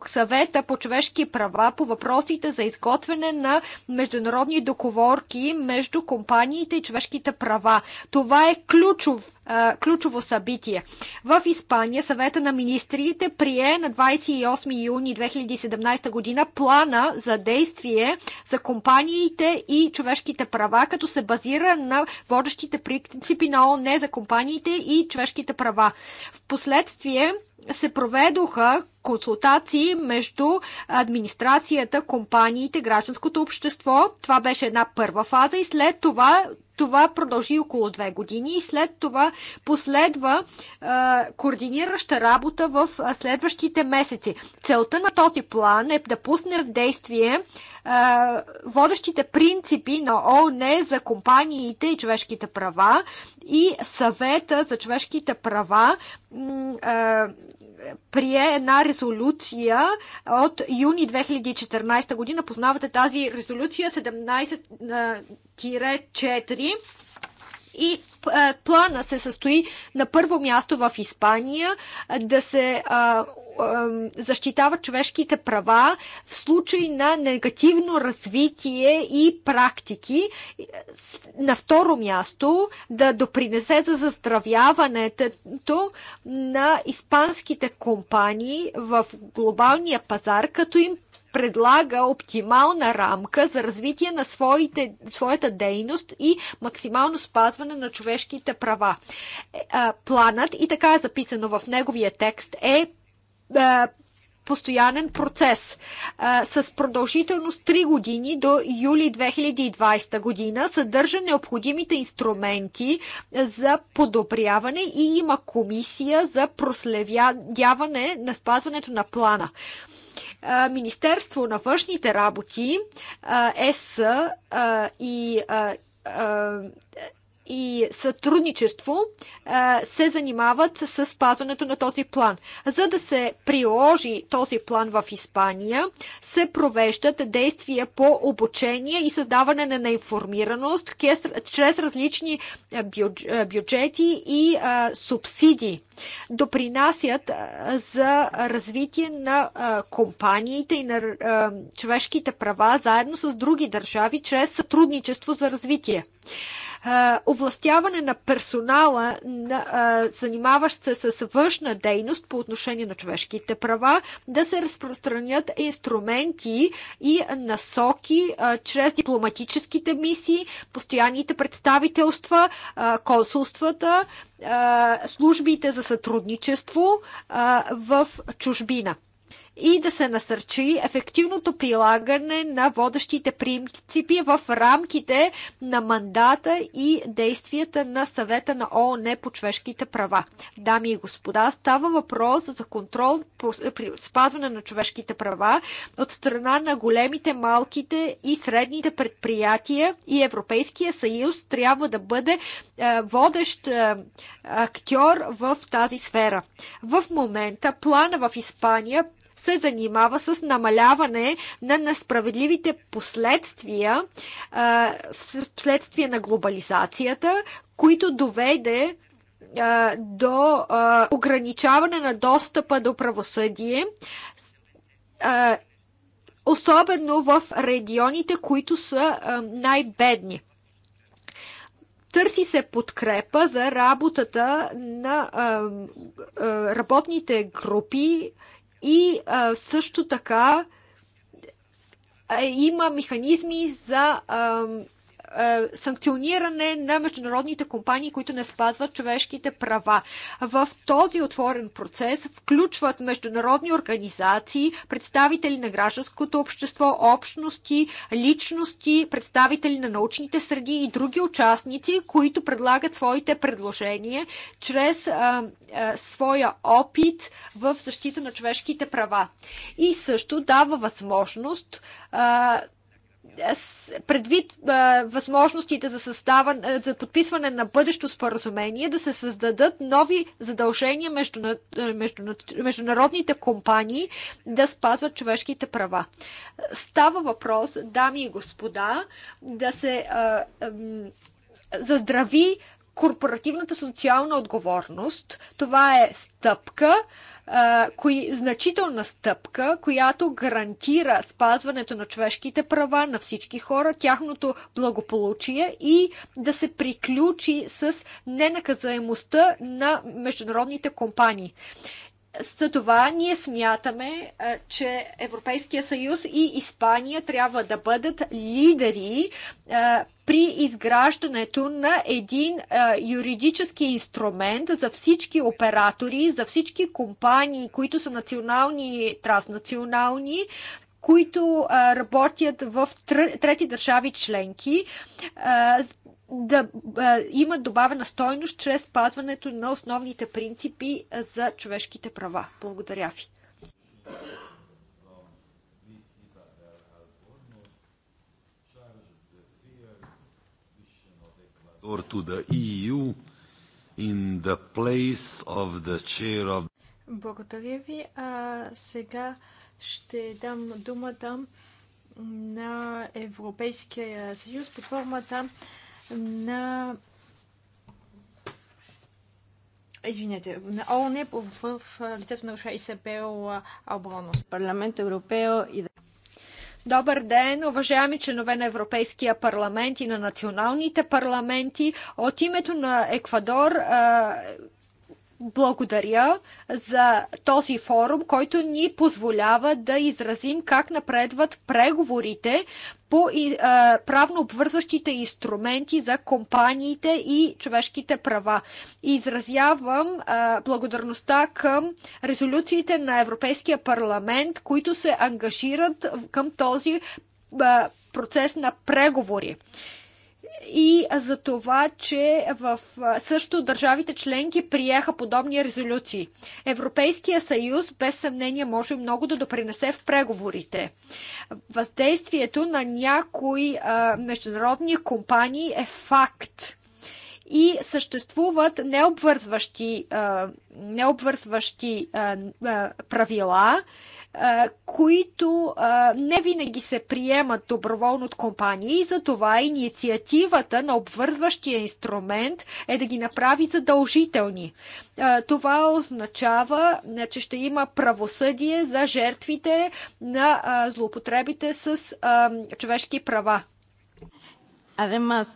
съвета по човешки права по въпросите за изготвяне на международни договорки между компаниите и човешките права. Това е ключов ключово събитие. В Испания съвета на министрите прие на 28 юни 2017 година плана за действие за компаниите и човешките права, като се базира на водещите принципи на ООН за компаниите и човешките права. В последствие се проведоха консултации между администрацията, компаниите, гражданското общество. Това беше една първа фаза и след това това продължи около две години и след това последва е, координираща работа в следващите месеци. Целта на този план е да пусне в действие е, водещите принципи на ООН за компаниите и човешките права и съвета за човешките права. Е, прие една резолюция от юни 2014 година. Познавате тази резолюция 17-4 и е, плана се състои на първо място в Испания е, да се е, защитават човешките права в случай на негативно развитие и практики. На второ място да допринесе за заздравяването на испанските компании в глобалния пазар, като им предлага оптимална рамка за развитие на своите, своята дейност и максимално спазване на човешките права. Е, планът, и така е записано в неговия текст, е, е постоянен процес а, е, с продължителност 3 години до юли 2020 година съдържа необходимите инструменти за подобряване и има комисия за прослевядяване на спазването на плана. Министерство на външните работи ЕС и и сътрудничество се занимават с спазването на този план. За да се приложи този план в Испания, се провеждат действия по обучение и създаване на информираност чрез различни бюджети и субсидии. Допринасят за развитие на компаниите и на човешките права заедно с други държави чрез сътрудничество за развитие овластяване на персонала, занимаващ се с външна дейност по отношение на човешките права, да се разпространят инструменти и насоки чрез дипломатическите мисии, постоянните представителства, консулствата, службите за сътрудничество в чужбина и да се насърчи ефективното прилагане на водещите принципи в рамките на мандата и действията на съвета на ООН по човешките права. Дами и господа, става въпрос за контрол при спазване на човешките права от страна на големите, малките и средните предприятия и Европейския съюз трябва да бъде е, водещ е, актьор в тази сфера. В момента плана в Испания се занимава с намаляване на несправедливите последствия вследствие на глобализацията, които доведе до ограничаване на достъпа до правосъдие, особено в регионите, които са най-бедни. Търси се подкрепа за работата на работните групи и а, също така а, има механизми за. А, е, санкциониране на международните компании, които не спазват човешките права. В този отворен процес включват международни организации, представители на гражданското общество, общности, личности, представители на научните среди и други участници, които предлагат своите предложения чрез а, е, а, е, своя опит в защита на човешките права. И също дава възможност а, предвид а, възможностите за, състава, а, за подписване на бъдещо споразумение, да се създадат нови задължения между, между, международните компании да спазват човешките права. Става въпрос, дами и господа, да се а, а, заздрави корпоративната социална отговорност. Това е стъпка. А, кои, значителна стъпка, която гарантира спазването на човешките права на всички хора, тяхното благополучие и да се приключи с ненаказаемостта на международните компании. За това ние смятаме, че Европейския съюз и Испания трябва да бъдат лидери при изграждането на един а, юридически инструмент за всички оператори, за всички компании, които са национални, и транснационални, които а, работят в трети държави членки, а, да а, има добавена стойност чрез спазването на основните принципи за човешките права. Благодаря ви. E Благодаря ви. А сега ще дам думата на Европейския съюз под формата на Извинете, на ООН е в, в, в лицето на госпожа Исабел е Албронос. Парламент Европео и Добър ден, уважаеми членове на Европейския парламент и на националните парламенти. От името на Еквадор благодаря за този форум, който ни позволява да изразим как напредват преговорите по правно обвързващите инструменти за компаниите и човешките права. Изразявам благодарността към резолюциите на Европейския парламент, които се ангажират към този процес на преговори и за това, че в също държавите членки приеха подобни резолюции. Европейския съюз без съмнение може много да допринесе в преговорите. Въздействието на някои международни компании е факт и съществуват необвързващи, необвързващи правила които не винаги се приемат доброволно от компании и за това инициативата на обвързващия инструмент е да ги направи задължителни. Това означава, че ще има правосъдие за жертвите на злоупотребите с човешки права. Además,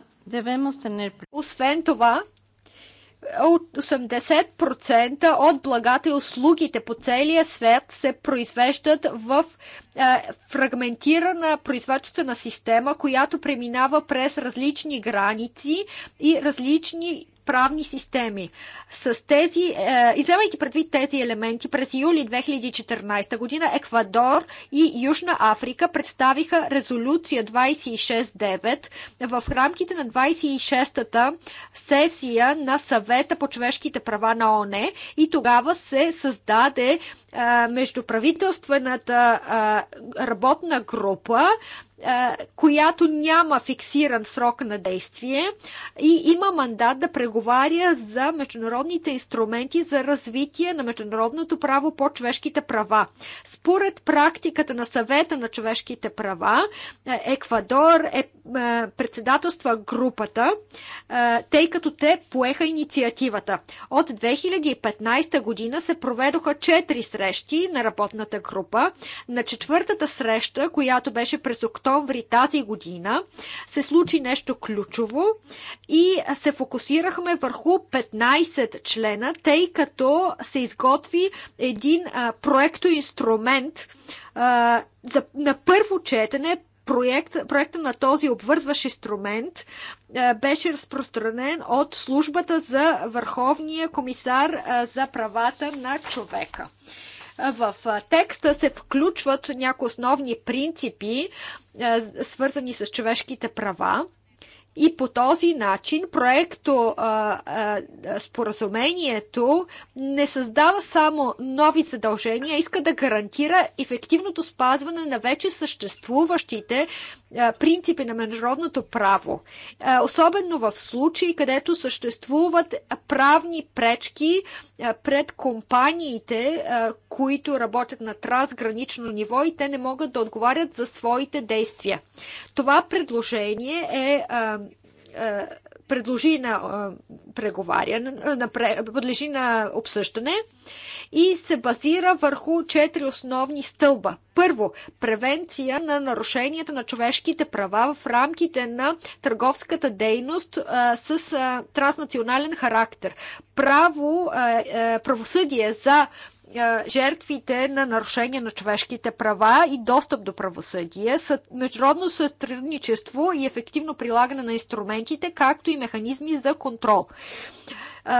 Освен това, 80% от благата и услугите по целия свят се произвеждат в е, фрагментирана производствена система, която преминава през различни граници и различни правни системи. С тези, е, изявайки предвид тези елементи, през юли 2014 година Еквадор и Южна Африка представиха резолюция 26.9 в рамките на 26-та сесия на съвета по човешките права на ОНЕ и тогава се създаде е, междуправителствената е, работна група е, която няма фиксиран срок на действие и има мандат да преговаря за международните инструменти за развитие на международното право по човешките права. Според практиката на съвета на човешките права, е, Еквадор е, е председателства групата, тъй като те поеха инициативата. От 2015 година се проведоха 4 срещи на работната група. На четвъртата среща, която беше през октомври, октомври тази година се случи нещо ключово и се фокусирахме върху 15 члена, тъй като се изготви един проектоинструмент на първо четене проект, проекта на този обвързващ инструмент беше разпространен от службата за Върховния комисар за правата на човека. В текста се включват някои основни принципи, свързани с човешките права. И по този начин проекто а, а, споразумението не създава само нови задължения, иска да гарантира ефективното спазване на вече съществуващите принципи на международното право, особено в случаи, където съществуват правни пречки пред компаниите, които работят на трансгранично ниво и те не могат да отговарят за своите действия. Това предложение е предложи на преговаряне, на, подлежи на обсъждане и се базира върху четири основни стълба. Първо, превенция на нарушенията на човешките права в рамките на търговската дейност а, с а, транснационален характер. Право, а, а, правосъдие за е, жертвите на нарушение на човешките права и достъп до правосъдие, международно сътрудничество и ефективно прилагане на инструментите, както и механизми за контрол. Е,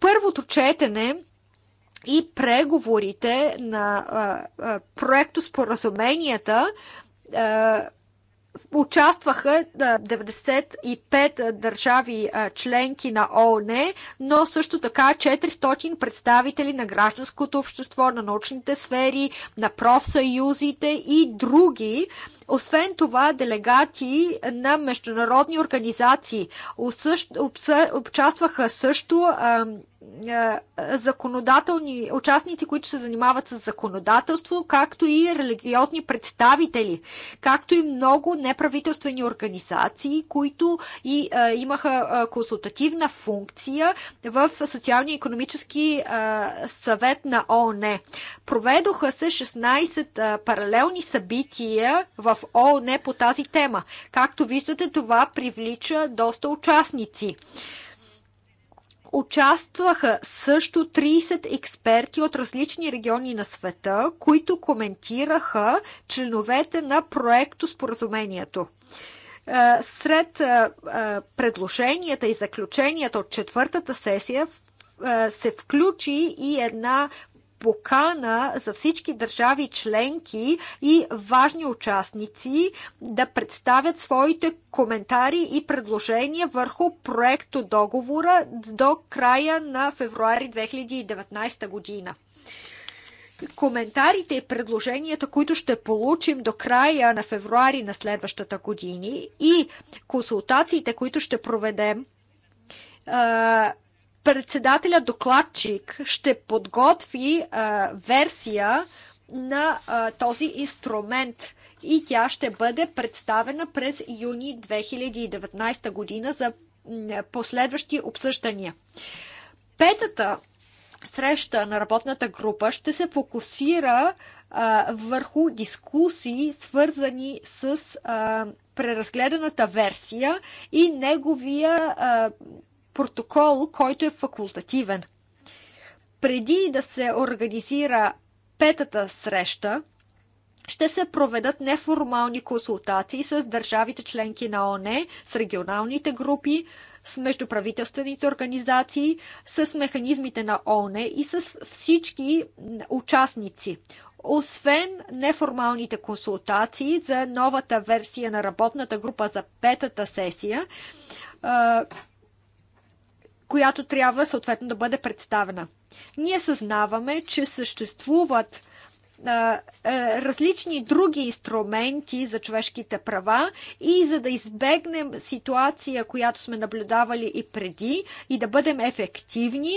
първото четене и преговорите на е, споразуменията. Участваха 95 държави членки на ООН, но също така 400 представители на гражданското общество, на научните сфери, на профсъюзите и други. Освен това, делегати на международни организации участваха също е, законодателни участници, които се занимават с законодателство, както и религиозни представители, както и много неправителствени организации, които и а, е, имаха а, е, консултативна функция в социалния и економически а, съвет на ООН. Проведоха се 16 а, паралелни събития в ООН по тази тема. Както виждате, това привлича доста участници. А, Участваха също 30 експерти от различни региони на света, които коментираха членовете на проекто споразумението. Е, сред е, е, предложенията и заключенията от четвъртата сесия се включи и една покана за всички държави членки и важни участници да представят своите коментари и предложения върху проекто договора до края на февруари 2019 година коментарите и предложенията, които ще получим до края на февруари на следващата години и консултациите, които ще проведем председателя докладчик ще подготви а, версия на а, този инструмент и тя ще бъде представена през юни 2019 година за последващи обсъждания. Петата среща на работната група ще се фокусира а, върху дискусии, свързани с а, преразгледаната версия и неговия а, протокол, който е факултативен. Преди да се организира петата среща, ще се проведат неформални консултации с държавите членки на ОНЕ, с регионалните групи, с междуправителствените организации, с механизмите на ОНЕ и с всички участници. Освен неформалните консултации за новата версия на работната група за петата сесия, която трябва съответно да бъде представена. Ние съзнаваме, че съществуват различни други инструменти за човешките права и за да избегнем ситуация, която сме наблюдавали и преди и да бъдем ефективни,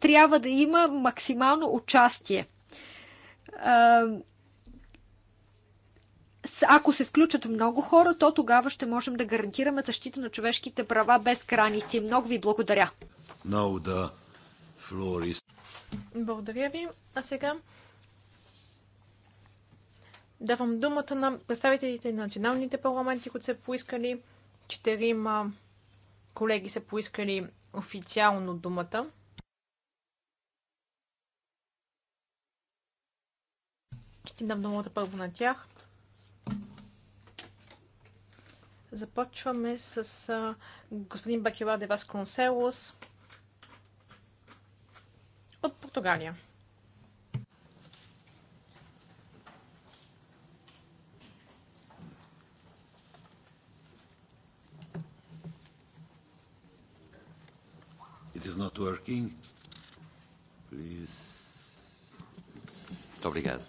трябва да има максимално участие ако се включат много хора, то тогава ще можем да гарантираме защита на човешките права без граници. Много ви благодаря. Благодаря ви. А сега давам думата на представителите на националните парламенти, които са поискали. Четирима колеги са поискали официално думата. Ще дам думата първо на тях. Започваме с а, господин Бакила де Васконселос от Португалия. It is not working. Please. Muito obrigado.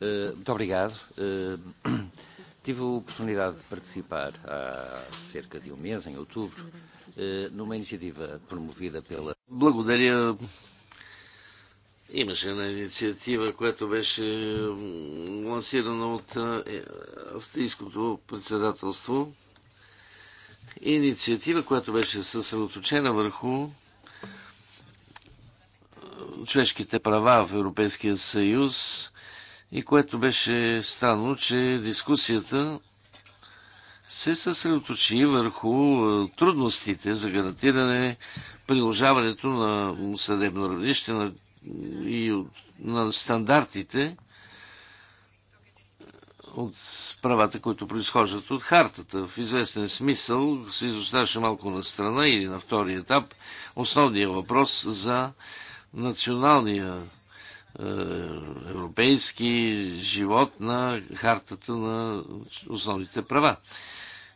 Uh, muito obrigado. Uh, Tive a oportunidade de participar há cerca de um mês, em outubro, eh, numa iniciativa promovida pela. Благодаря. Имаше една инициатива, която беше лансирана от е, австрийското председателство. Инициатива, която беше съсредоточена върху човешките права в Европейския съюз и което беше станало, че дискусията се съсредоточи върху трудностите за гарантиране приложаването на съдебно равнище и на стандартите от правата, които произхождат от хартата. В известен смисъл се изоставаше малко на страна или на втори етап основния въпрос за националния е, европейски живот на хартата на основните права.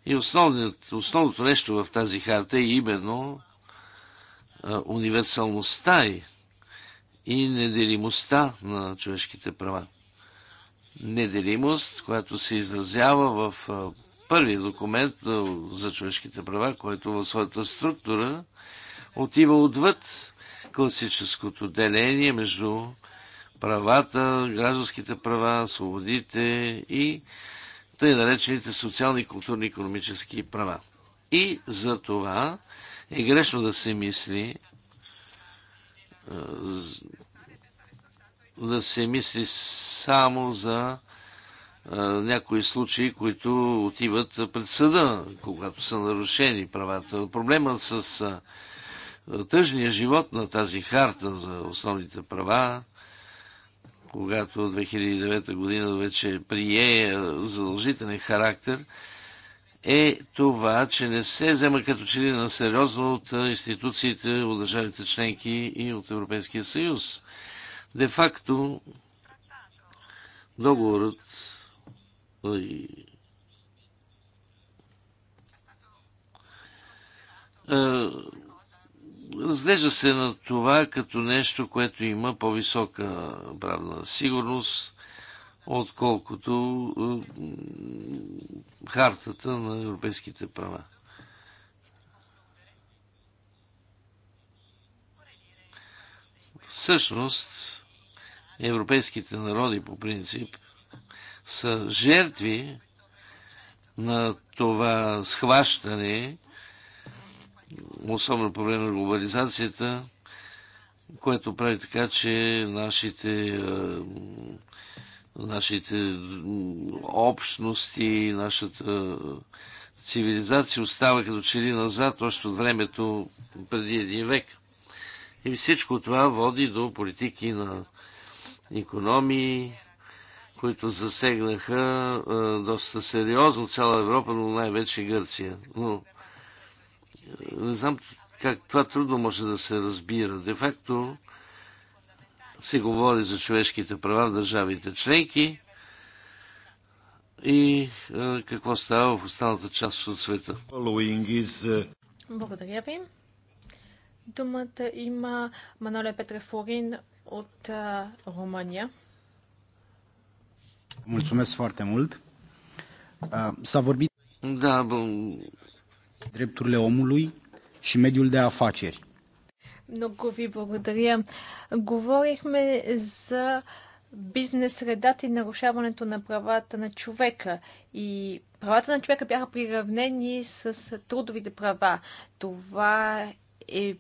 И основното нещо в тази харта е именно е, универсалността и, и неделимостта на човешките права. Неделимост, която се изразява в е, първия документ за човешките права, който в своята структура отива отвъд класическото деление между правата, гражданските права, свободите и тъй наречените социални, културни, економически права. И за това е грешно да се мисли да се мисли само за някои случаи, които отиват пред съда, когато са нарушени правата. Проблемът с тъжния живот на тази харта за основните права когато 2009 година вече прие задължителен характер, е това, че не се взема като че ли на сериозно от институциите, от държавите членки и от Европейския съюз. Де факто, договорът Разглежда се на това като нещо, което има по-висока правна сигурност, отколкото е, хартата на европейските права. Всъщност, европейските народи по принцип са жертви на това схващане, особено по време на глобализацията, което прави така, че нашите, нашите общности, нашата цивилизация остава като че ли назад, още от времето преди един век. И всичко това води до политики на економии, които засегнаха доста сериозно цяла Европа, но най-вече Гърция. Но не знам как това трудно може да се разбира. Де факто се говори за човешките права в държавите членки и какво става в останалата част от света. Е. Благодаря ви. Думата има Маноле Петрефорин от Румъния. Mulțumesc foarte mult. S-a vorbit... Da, drepturile omului și mediul de afaceri. Много ви благодаря. Говорихме за бизнес средата и нарушаването на правата на човека. И правата на човека бяха приравнени с трудовите права. Това е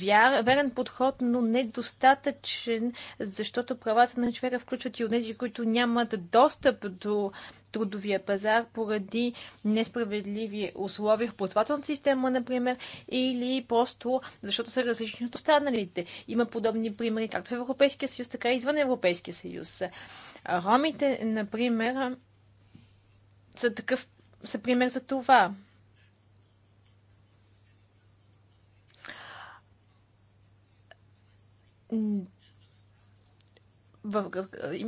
вяр, верен подход, но недостатъчен, защото правата на човека включват и от тези, които нямат достъп до трудовия пазар поради несправедливи условия в платвателната система, например, или просто защото са различни от останалите. Има подобни примери както в Европейския съюз, така и извън Европейския съюз. Ромите, например, са такъв са пример за това в,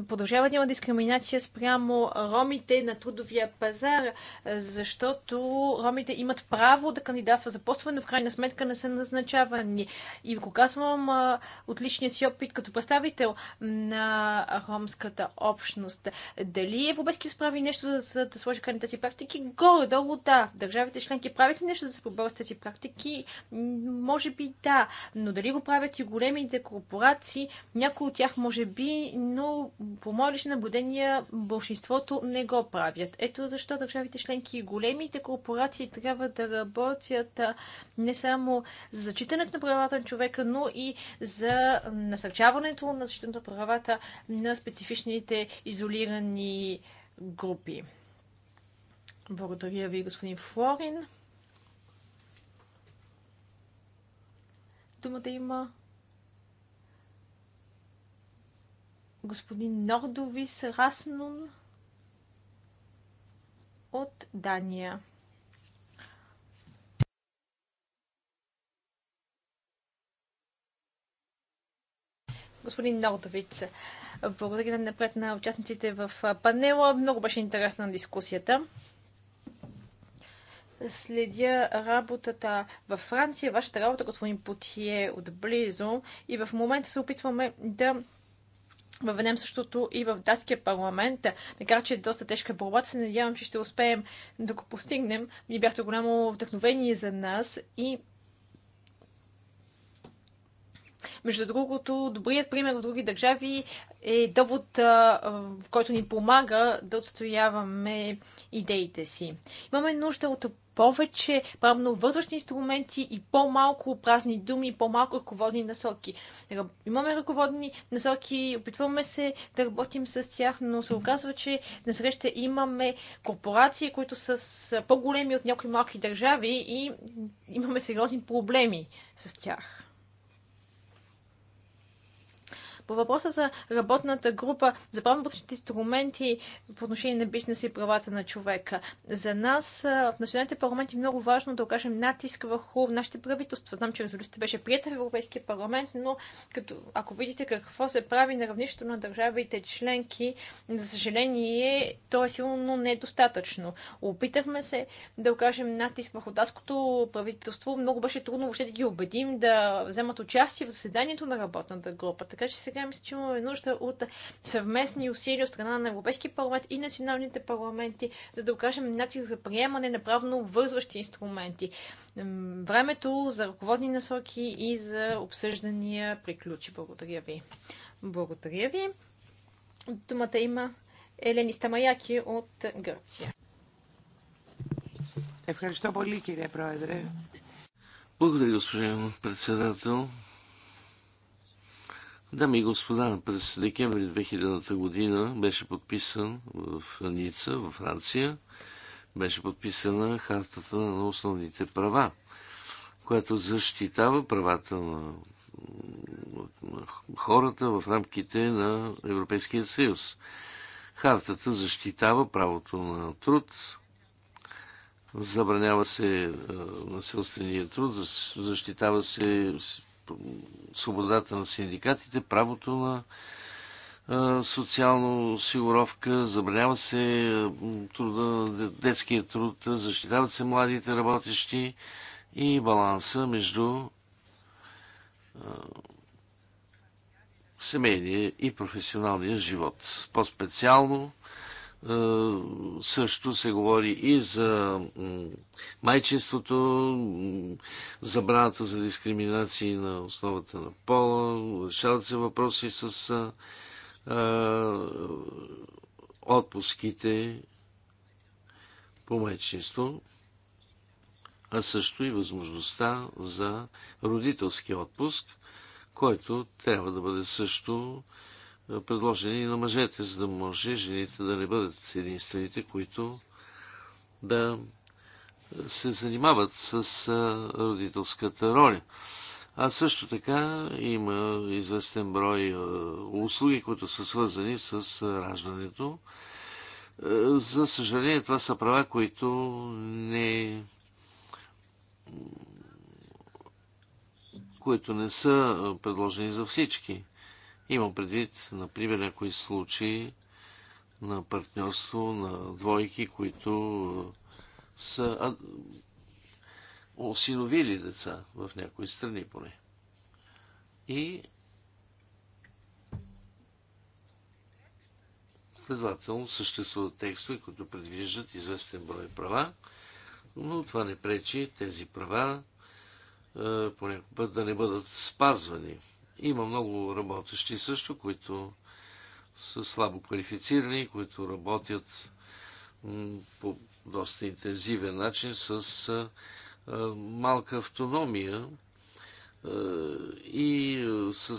продължава да има дискриминация спрямо ромите на трудовия пазар, защото ромите имат право да кандидатстват за постове, но в крайна сметка не са назначавани. И го казвам от личния си опит като представител на ромската общност. Дали Европейски справи нещо за, за да сложи край на тези практики? Горе-долу да. Държавите членки правят ли нещо да се поборят с тези практики? Може би да. Но дали го правят и големите корпорации? Някои от тях може би но по мое лично наблюдение большинството не го правят. Ето защо държавите членки и големите корпорации трябва да работят не само за зачитането на правата на човека, но и за насърчаването на защитането на правата на специфичните изолирани групи. Благодаря ви, господин Флорин. Думата да има господин Нордовис Раснун от Дания. господин Нордовиц. Благодаря напред на участниците в панела. Много беше интересна дискусията. Следя работата във Франция, вашата работа, господин Потие, отблизо. И в момента се опитваме да въведем същото и в датския парламент, макар че е доста тежка борба, се надявам, че ще успеем да го постигнем. Вие бяхте голямо вдъхновение за нас и между другото, добрият пример в други държави е довод, който ни помага да отстояваме идеите си. Имаме нужда от повече правно вързващи инструменти и по-малко празни думи, по-малко ръководни насоки. Имаме ръководни насоки, опитваме се да работим с тях, но се оказва, че на среща имаме корпорации, които са по-големи от някои малки държави и имаме сериозни проблеми с тях. По въпроса за работната група за правилните инструменти по отношение на бизнеса и правата на човека. За нас в националните парламенти е много важно да окажем натиск върху нашите правителства. Знам, че резолюцията беше прията в Европейския парламент, но като, ако видите какво се прави на равнището на държавите членки, за съжаление, то е силно недостатъчно. Опитахме се да окажем натиск върху датското правителство. Много беше трудно въобще да ги убедим да вземат участие в заседанието на работната група. Така че сега Надявам се, че имаме нужда от съвместни усилия от страна на Европейски парламент и националните парламенти, за да окажем натиск за приемане на правно вързващи инструменти. Времето за ръководни насоки и за обсъждания приключи. Благодаря ви. Благодаря ви. Думата има Елени Стамаяки от Гърция. Ευχαριστώ πολύ, κύριε Πρόεδρε. Благодаря, господин председател. Дами и господа, през декември 2000 година беше подписан в Ница, в Франция, беше подписана хартата на основните права, която защитава правата на хората в рамките на Европейския съюз. Хартата защитава правото на труд, забранява се насилствения труд, защитава се свободата на синдикатите, правото на социална осигуровка, забранява се труда, детския труд, защитават се младите работещи и баланса между семейния и професионалния живот. По-специално е, също се говори и за майчеството, забраната за дискриминации на основата на пола, решават се въпроси с е, е, отпуските по майчинство, а също и възможността за родителски отпуск, който трябва да бъде също е, предложени на мъжете, за да може жените да не бъдат единствените, които да се занимават с е, родителската роля. А също така има известен брой е, услуги, които са свързани с раждането. За съжаление, това са права, които не които не са предложени за всички. Имам предвид, например, някои случаи на партньорство на двойки, които е, са осиновили деца в някои страни поне. И следователно съществуват текстове, които предвиждат известен брой права, но това не пречи тези права е, понякога да не бъдат спазвани. Има много работещи също, които са слабо квалифицирани, които работят по доста интензивен начин с малка автономия и с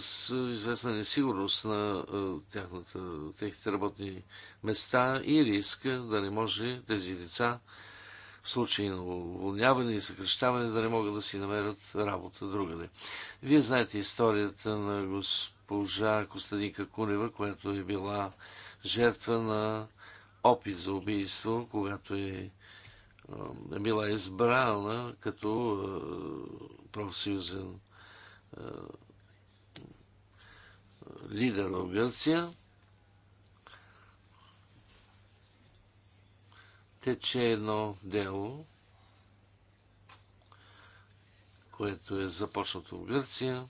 известна несигурност на тяхната, техните работни места и риска да не може тези лица в случай на уволняване и съкрещаване да не могат да си намерят работа другаде. Вие знаете историята на госпожа Костадинка Кунева, която е била жертва на опит за убийство, когато е, е била избрана като е, профсъюзен е, лидер в Гърция тече едно дело, което е започнато в Гърция,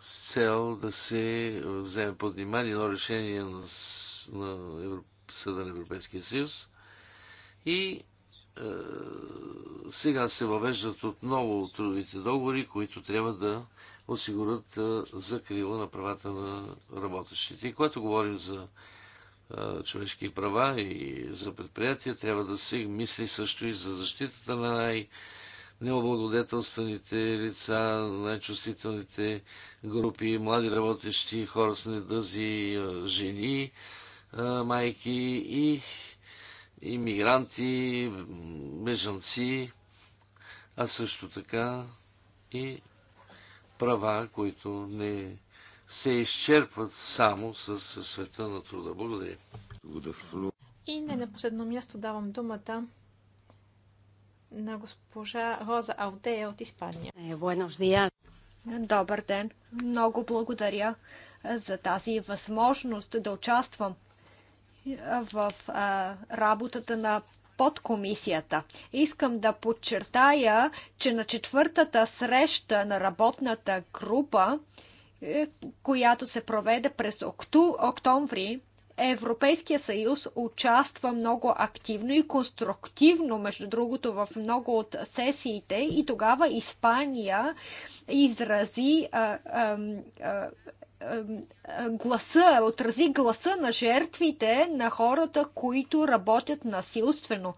с цел да се вземе под внимание едно решение на, на Съда на Европейския съюз и е, сега се въвеждат отново трудовите договори, които трябва да осигурят е, закрила на правата на работещите. И когато говорим за човешки права и за предприятия. Трябва да се мисли също и за защитата на най- необлагодетелстваните лица, най-чувствителните групи, млади работещи, хора с недъзи, жени, майки и иммигранти, бежанци, а също така и права, които не се изчерпват само с света на труда. Благодаря. И не на последно място давам думата на госпожа Роза Алдея от Испания. Е, Добър ден! Много благодаря за тази възможност да участвам в работата на подкомисията. Искам да подчертая, че на четвъртата среща на работната група е, която се проведе през окту, октомври, Европейския съюз участва много активно и конструктивно, между другото, в много от сесиите и тогава Испания изрази а, а, а, е, гласа, отрази гласа на жертвите, на хората, които работят насилствено.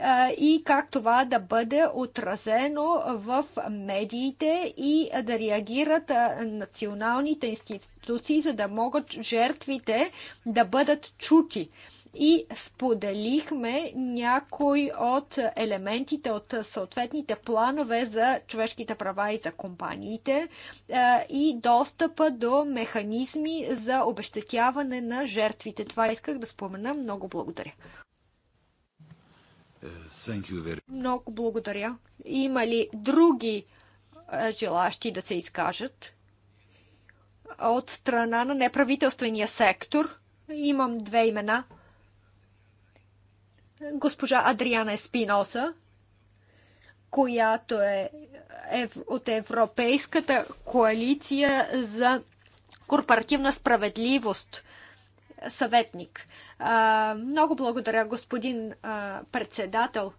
Е, и как това да бъде отразено в медиите и да реагират е, националните институции, за да могат жертвите да бъдат чути и споделихме някои от елементите от съответните планове за човешките права и за компаниите е, и достъпа до механизми за обещетяване на жертвите. Това исках да спомена. Много благодаря. Е, Много благодаря. Има ли други е, желащи да се изкажат? От страна на неправителствения сектор имам две имена – госпожа Адриана Еспиноса, която е от Европейската коалиция за корпоративна справедливост съветник. Много благодаря, господин председател.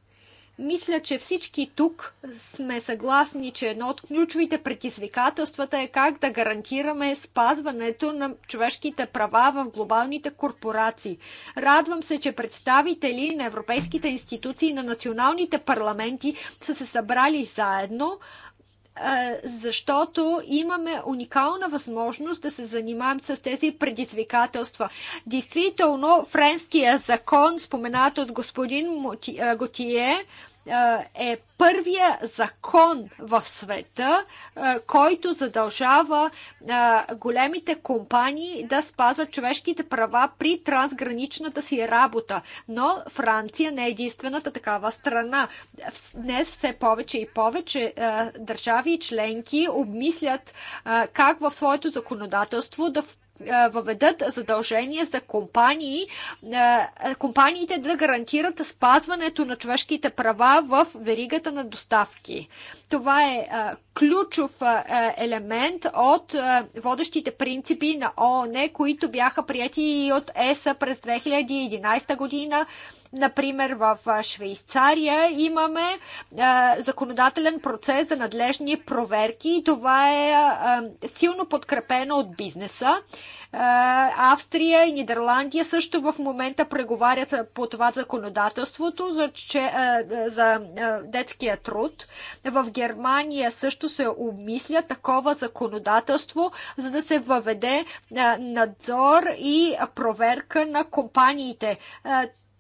Мисля, че всички тук сме съгласни, че едно от ключовите предизвикателствата е как да гарантираме спазването на човешките права в глобалните корпорации. Радвам се, че представители на европейските институции и на националните парламенти са се събрали заедно е, защото имаме уникална възможност да се занимаем с тези предизвикателства. Действително, френския закон, споменат от господин е, Готие, е, е първия закон в света, е, който задължава е, големите компании да спазват човешките права при трансграничната си работа. Но Франция не е единствената такава страна. Днес все повече и повече държави и членки обмислят как в своето законодателство да въведат задължения за компании, компаниите да гарантират спазването на човешките права в веригата на доставки. Това е ключов елемент от водещите принципи на ООН, които бяха прияти и от ЕСА през 2011 година Например, в Швейцария имаме законодателен процес за надлежни проверки и това е силно подкрепено от бизнеса. Австрия и Нидерландия също в момента преговарят по това законодателството за, че, за детския труд. В Германия също се обмисля такова законодателство, за да се въведе надзор и проверка на компаниите.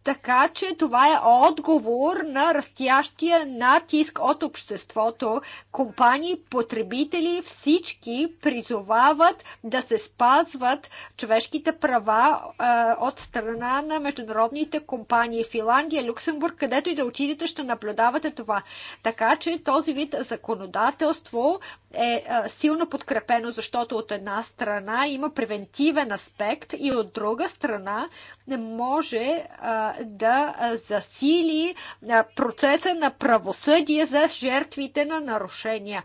Така че това е отговор на растящия натиск от обществото. Компании, потребители, всички призовават да се спазват човешките права е, от страна на международните компании. Финландия, Люксембург, където и да отидете, ще наблюдавате това. Така че този вид законодателство е, е силно подкрепено, защото от една страна има превентивен аспект и от друга страна не може. Е, да засили процеса на правосъдие за жертвите на нарушения.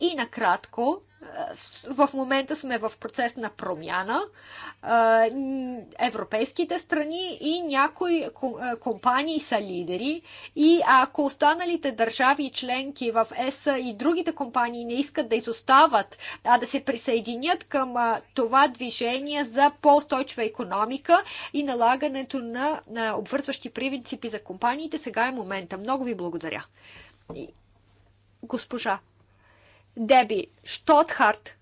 И накратко, в момента сме в процес на промяна. Европейските страни и някои компании са лидери и ако останалите държави членки в ЕС и другите компании не искат да изостават, а да се присъединят към това движение за по-устойчива економика и налагането на, на обвързващи принципи за компаниите, сега е момента. Много ви благодаря. Госпожа Деби Штотхарт,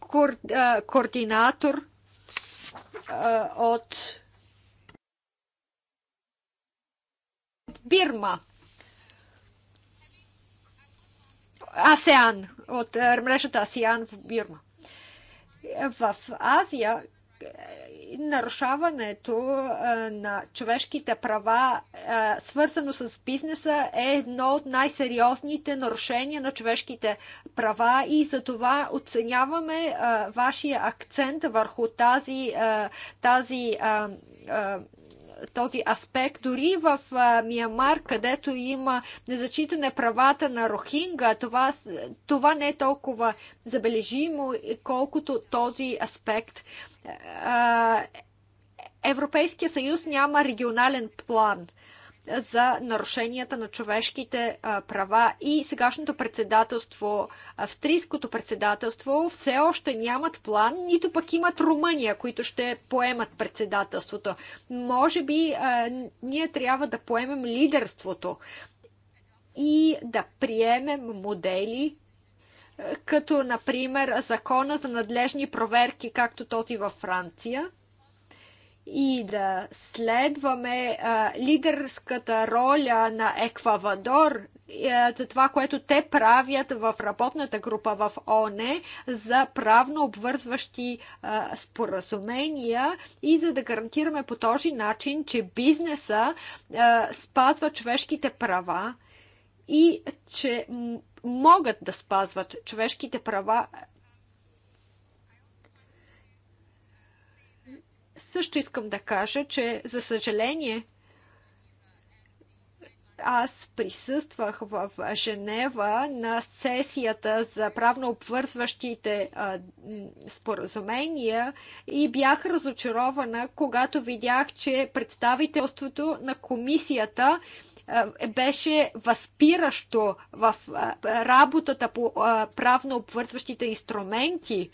координатор от Бирма. АСЕАН, от мрежата АСЕАН в Бирма. В Азия нарушаването на човешките права, свързано с бизнеса, е едно от най-сериозните нарушения на човешките права и за това оценяваме вашия акцент върху тази, тази този аспект. Дори в Миямар, където има незачитане правата на Рохинга, това, това не е толкова забележимо, колкото този аспект. Европейския съюз няма регионален план за нарушенията на човешките права и сегашното председателство, австрийското председателство, все още нямат план, нито пък имат Румъния, които ще поемат председателството. Може би ние трябва да поемем лидерството и да приемем модели като например закона за надлежни проверки, както този във Франция, и да следваме а, лидерската роля на Еквадор, е, това, което те правят в работната група в ОНЕ за правно обвързващи а, споразумения и за да гарантираме по този начин, че бизнеса а, спазва човешките права и че могат да спазват човешките права, също искам да кажа, че за съжаление аз присъствах в Женева на сесията за правно обвързващите а, споразумения и бях разочарована, когато видях, че представителството на комисията е, беше възпиращо в работата по правно обвързващите инструменти.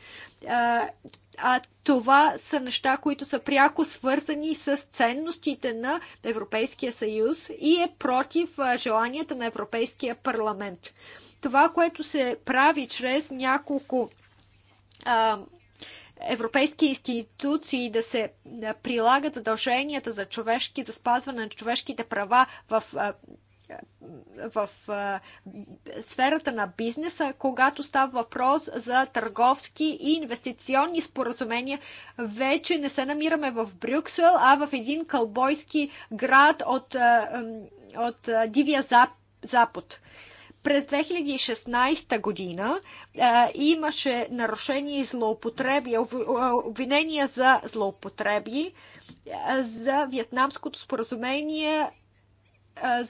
А това са неща, които са пряко свързани с ценностите на Европейския съюз и е против желанията на Европейския парламент. Това, което се прави чрез няколко европейски институции да се прилагат задълженията за човешки, за спазване на човешките права в в а, сферата на бизнеса, когато става въпрос за търговски и инвестиционни споразумения, вече не се намираме в Брюксел, а в един кълбойски град от, а, от а, Дивия Запад. През 2016 година а, имаше нарушение и злоупотреби, обвинения за злоупотреби за Вьетнамското споразумение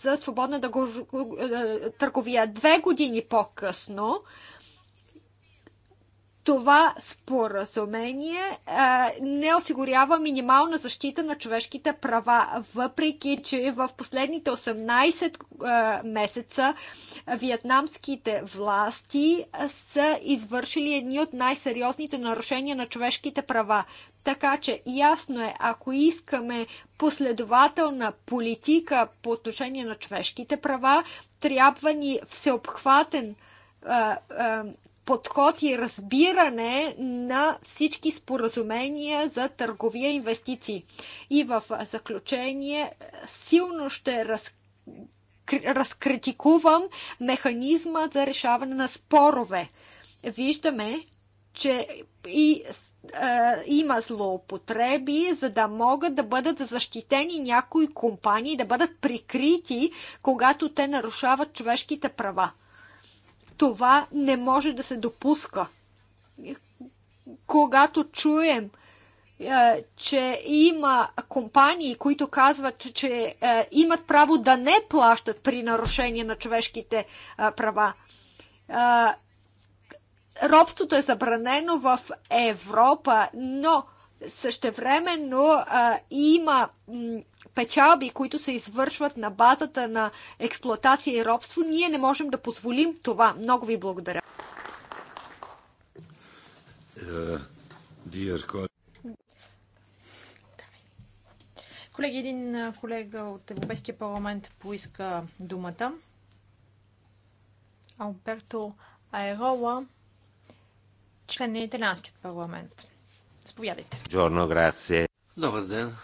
за свободна търговия. Две години по-късно това споразумение а, не осигурява минимална защита на човешките права, въпреки че в последните 18 а, месеца вьетнамските власти са извършили едни от най-сериозните нарушения на човешките права. Така че ясно е, ако искаме последователна политика по отношение на човешките права, трябва ни всеобхватен а, подход и разбиране на всички споразумения за търговия и инвестиции. И в заключение силно ще раз разкритикувам механизма за решаване на спорове. Виждаме, че и, е, има злоупотреби, за да могат да бъдат защитени някои компании, да бъдат прикрити, когато те нарушават човешките права. Това не може да се допуска. Когато чуем, е, че има компании, които казват, че е, имат право да не плащат при нарушение на човешките е, права. Робството е забранено в Европа, но същевременно а, има печалби, които се извършват на базата на експлоатация и робство, ние не можем да позволим това. Много ви благодаря. Колеги, един колега от Европейския парламент поиска думата. Алберто Аерола, член на Италианският парламент. Заповядайте. Добър ден.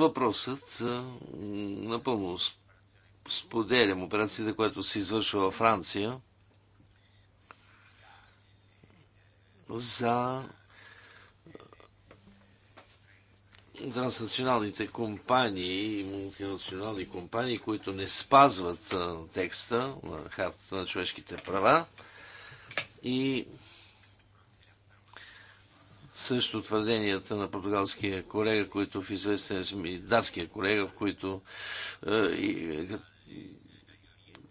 Въпросът напълно споделям операцията, която се извършва във Франция за транснационалните компании и мултинационални компании, които не спазват текста на Хартата на човешките права и също твърденията на португалския колега, които в известен и датския колега, в които, е,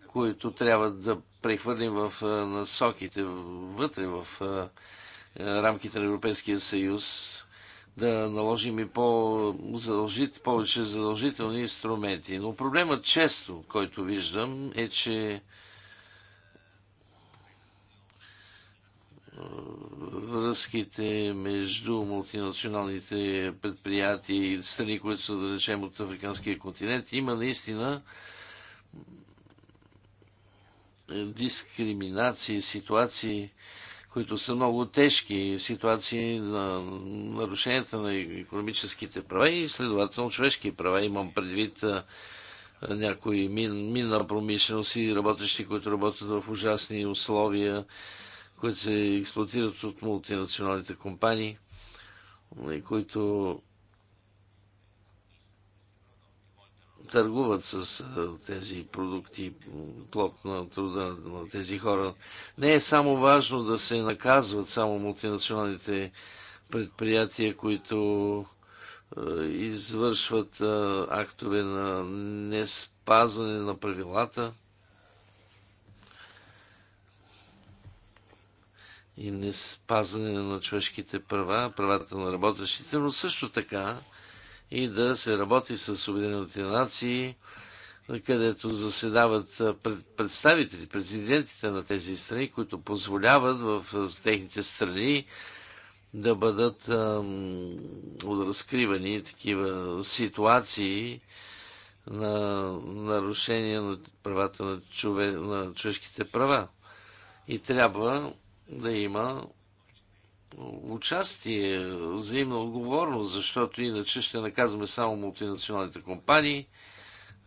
които трябва да прехвърлим в е, насоките, вътре в е, е, рамките на Европейския съюз, да наложим и по задължит, повече задължителни инструменти. Но проблема често, който виждам, е, че връзките между мултинационалните предприятия и страни, които са, да речем, от африканския континент, има наистина дискриминации, ситуации, които са много тежки, ситуации на нарушенията на економическите права и следователно човешки права. Имам предвид някои мин, минна промишленост и работещи, които работят в ужасни условия които се експлуатират от мултинационалните компании, които търгуват с тези продукти, плод на труда на тези хора. Не е само важно да се наказват само мултинационалните предприятия, които извършват актове на неспазване на правилата – и не спазване на човешките права, правата на работещите, но също така и да се работи с Обединените нации, където заседават представители, президентите на тези страни, които позволяват в техните страни да бъдат ам, разкривани такива ситуации на нарушение на правата на, чове, на човешките права. И трябва да има участие, взаимна отговорност, защото иначе ще наказваме само мултинационалните компании.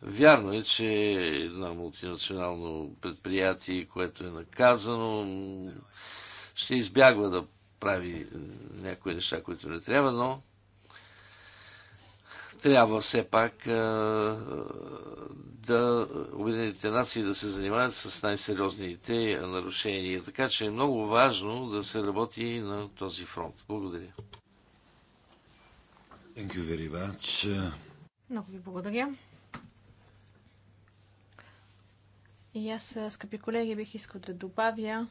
Вярно е, че едно мултинационално предприятие, което е наказано, ще избягва да прави някои неща, които не трябва, но трябва все пак да Обединените нации да се занимават с най-сериозните нарушения. Така че е много важно да се работи на този фронт. Благодаря. Thank you very much. Много ви благодаря. И аз, скъпи колеги, бих искал да добавя,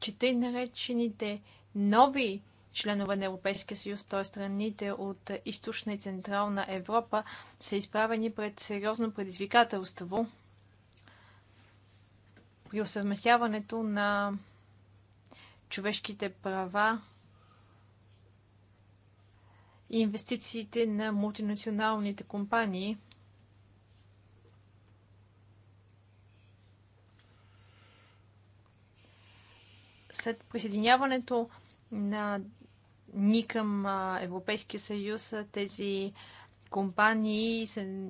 че тъй наречените нови членове на Европейския съюз, т.е. страните от източна и централна Европа, са изправени пред сериозно предизвикателство при усъвместяването на човешките права и инвестициите на мултинационалните компании. След присъединяването на ни към Европейския съюз тези компании се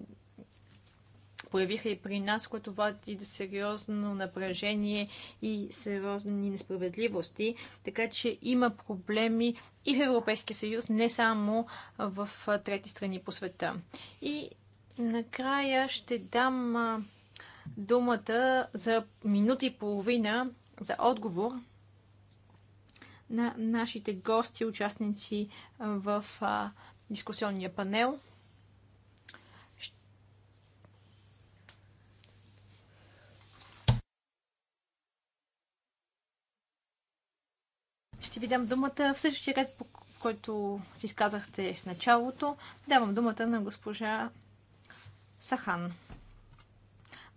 появиха и при нас, което води до сериозно напрежение и сериозни несправедливости. Така че има проблеми и в Европейския съюз, не само в трети страни по света. И накрая ще дам думата за минута и половина за отговор на нашите гости, участници в дискусионния панел. Ще ви дам думата в същия ред, по който си изказахте в началото. Давам думата на госпожа Сахан.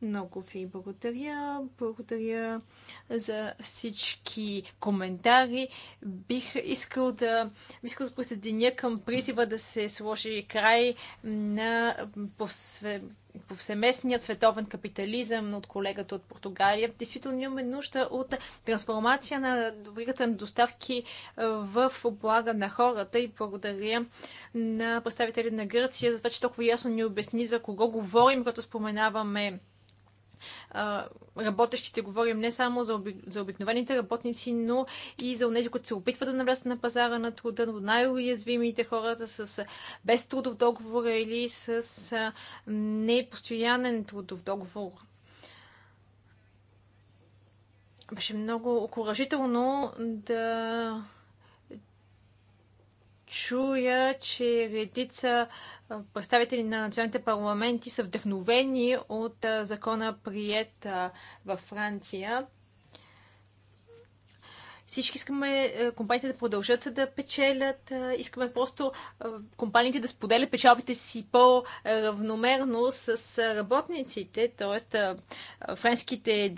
Много ви благодаря. Благодаря за всички коментари. Бих искал да, бих искал да присъединя към призива да се сложи край на посве повсеместният световен капитализъм от колегата от Португалия. Действително имаме нужда от трансформация на добрите на доставки в облага на хората и благодаря на представители на Гърция за това, че толкова ясно ни обясни за кого говорим, като споменаваме работещите. Говорим не само за, оби, за обикновените работници, но и за тези, които се опитват да навлязат на пазара на труда, но най-уязвимите хората с без трудов договор или с непостоянен трудов договор. Беше много окоръжително да чуя, че редица представители на националните парламенти са вдъхновени от закона прият във Франция. Всички искаме е, компаниите да продължат да печелят, е, искаме просто е, компаниите да споделят печалбите си по-равномерно с работниците, т.е. френските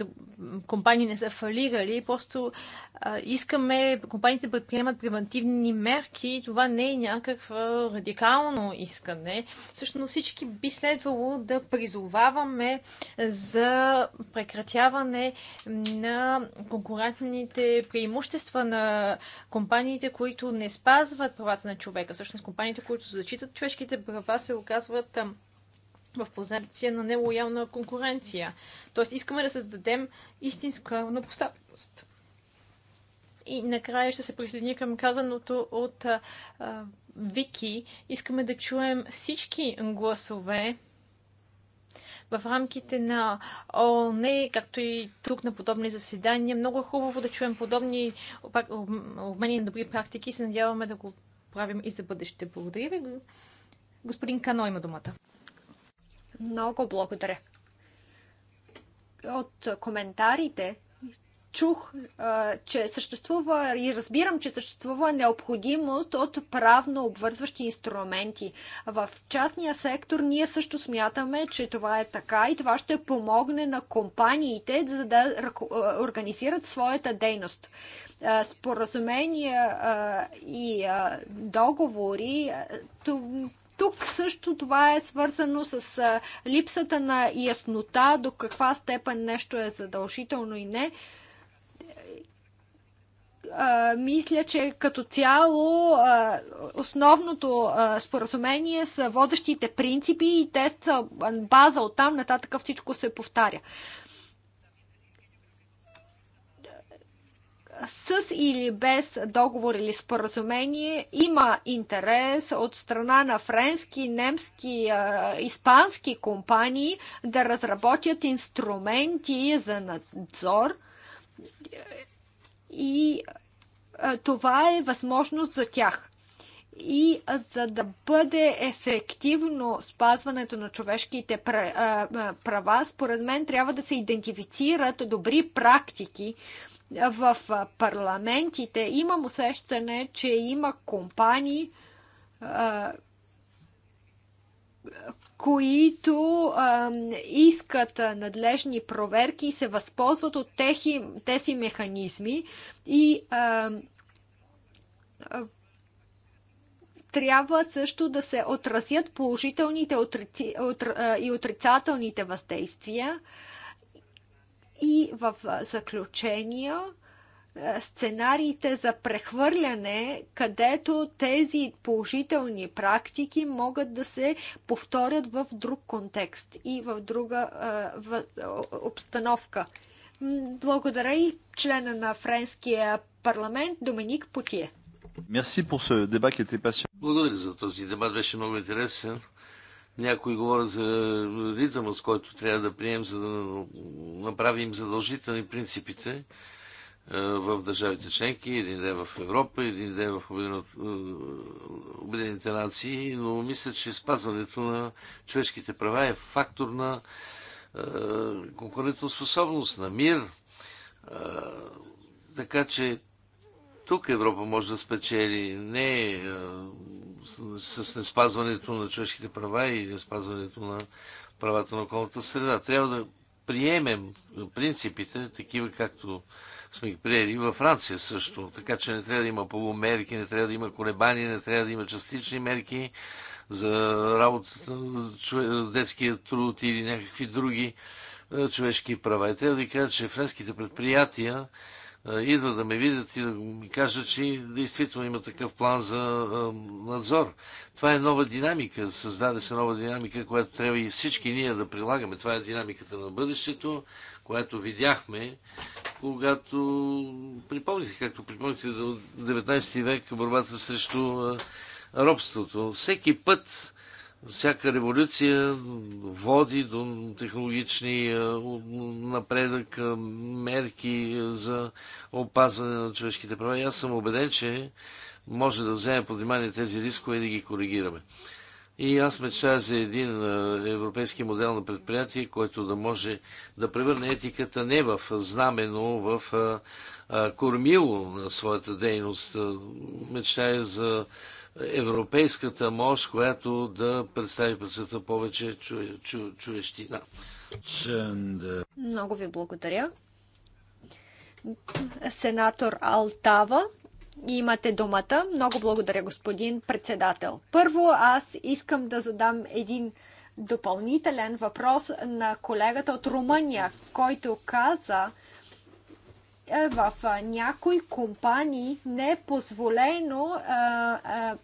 компании не са фалирали, просто искаме компаниите да предприемат превентивни мерки, това не е някакво радикално искане. Всъщност всички би следвало да призоваваме за прекратяване на конкурентните преимущества имущества на компаниите, които не спазват правата на човека. Всъщност компаниите, които зачитат човешките права, се оказват в позиция на нелоялна конкуренция. Тоест искаме да създадем истинска равнопоставеност. И накрая ще се присъединя към казаното от а, а, Вики. Искаме да чуем всички гласове, в рамките на ООН, както и тук на подобни заседания. Много е хубаво да чуем подобни обмени на добри практики и се надяваме да го правим и за бъдеще. Благодаря ви. Господин Кано има думата. Много благодаря. От коментарите чух, че съществува и разбирам, че съществува необходимост от правно обвързващи инструменти. В частния сектор ние също смятаме, че това е така и това ще помогне на компаниите да, да организират своята дейност. Споразумения и договори тук също това е свързано с липсата на яснота до каква степен нещо е задължително и не а, мисля, че като цяло а, основното а, споразумение са водещите принципи и те са база от там нататък всичко се повтаря. С или без договор или споразумение има интерес от страна на френски, немски, испански компании да разработят инструменти за надзор и това е възможност за тях. И за да бъде ефективно спазването на човешките права, според мен трябва да се идентифицират добри практики в парламентите. Имам усещане, че има компании, които а, искат надлежни проверки и се възползват от техи, тези механизми и а, а, трябва също да се отразят положителните отрици, от, а, и отрицателните въздействия. И в заключение, е, сценариите за прехвърляне, където тези положителни практики могат да се повторят в друг контекст и в друга е, в обстановка. Благодаря и члена на Френския парламент Доминик Потие. Благодаря за този дебат, беше много интересен. Някои говорят за ритъма, с който трябва да прием, за да направим задължителни принципите. Е, в държавите членки, един ден в Европа, един ден в е, Обединените нации, но мисля, че спазването на човешките права е фактор на е, конкурентоспособност, на мир. Така че тук Европа може да спечели не с неспазването на човешките права и неспазването на правата на околната среда. Трябва да приемем принципите, такива както сме ги приели. И във Франция също. Така че не трябва да има полумерки, не трябва да има колебания, не трябва да има частични мерки за работата, детския труд или някакви други е, човешки права. И трябва да ви кажа, че френските предприятия е, идват да ме видят и да ми кажат, че действително има такъв план за е, надзор. Това е нова динамика, създаде се нова динамика, която трябва и всички ние да прилагаме. Това е динамиката на бъдещето, която видяхме, когато припомните, както припомните, до 19 век борбата срещу робството. Всеки път, всяка революция води до технологични напредък, мерки за опазване на човешките права. И аз съм убеден, че може да вземе под внимание тези рискове и да ги коригираме. И аз мечтая за един европейски модел на предприятие, който да може да превърне етиката не в знаме, но в кормило на своята дейност. Мечтая е за европейската мощ, която да представи пред света повече чу, чу, Много ви благодаря. Сенатор Алтава Имате думата. Много благодаря, господин председател. Първо, аз искам да задам един допълнителен въпрос на колегата от Румъния, който каза, е, в някои компании не е позволено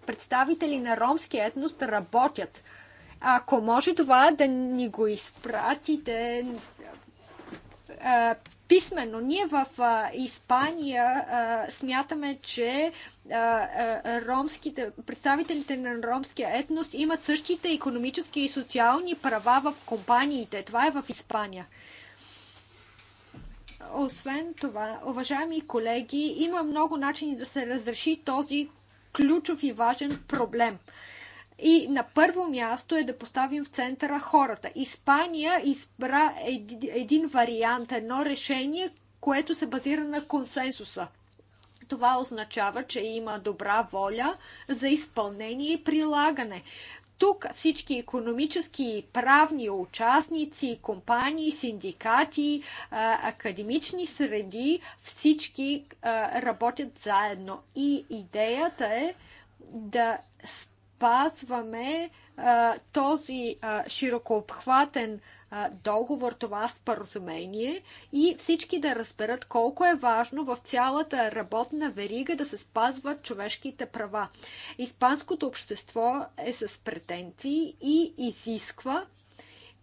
представители на ромски етност да работят. Ако може това да ни го изпратите писменно. Ние в Испания смятаме, че ромските, представителите на ромския етнос имат същите економически и социални права в компаниите. Това е в Испания. Освен това, уважаеми колеги, има много начини да се разреши този ключов и важен проблем. И на първо място е да поставим в центъра хората. Испания избра един вариант, едно решение, което се базира на консенсуса. Това означава, че има добра воля за изпълнение и прилагане. Тук всички економически и правни участници, компании, синдикати, академични среди, всички работят заедно. И идеята е да спазваме а, този а, широкообхватен а, договор, това споразумение и всички да разберат колко е важно в цялата работна верига да се спазват човешките права. Испанското общество е с претенции и изисква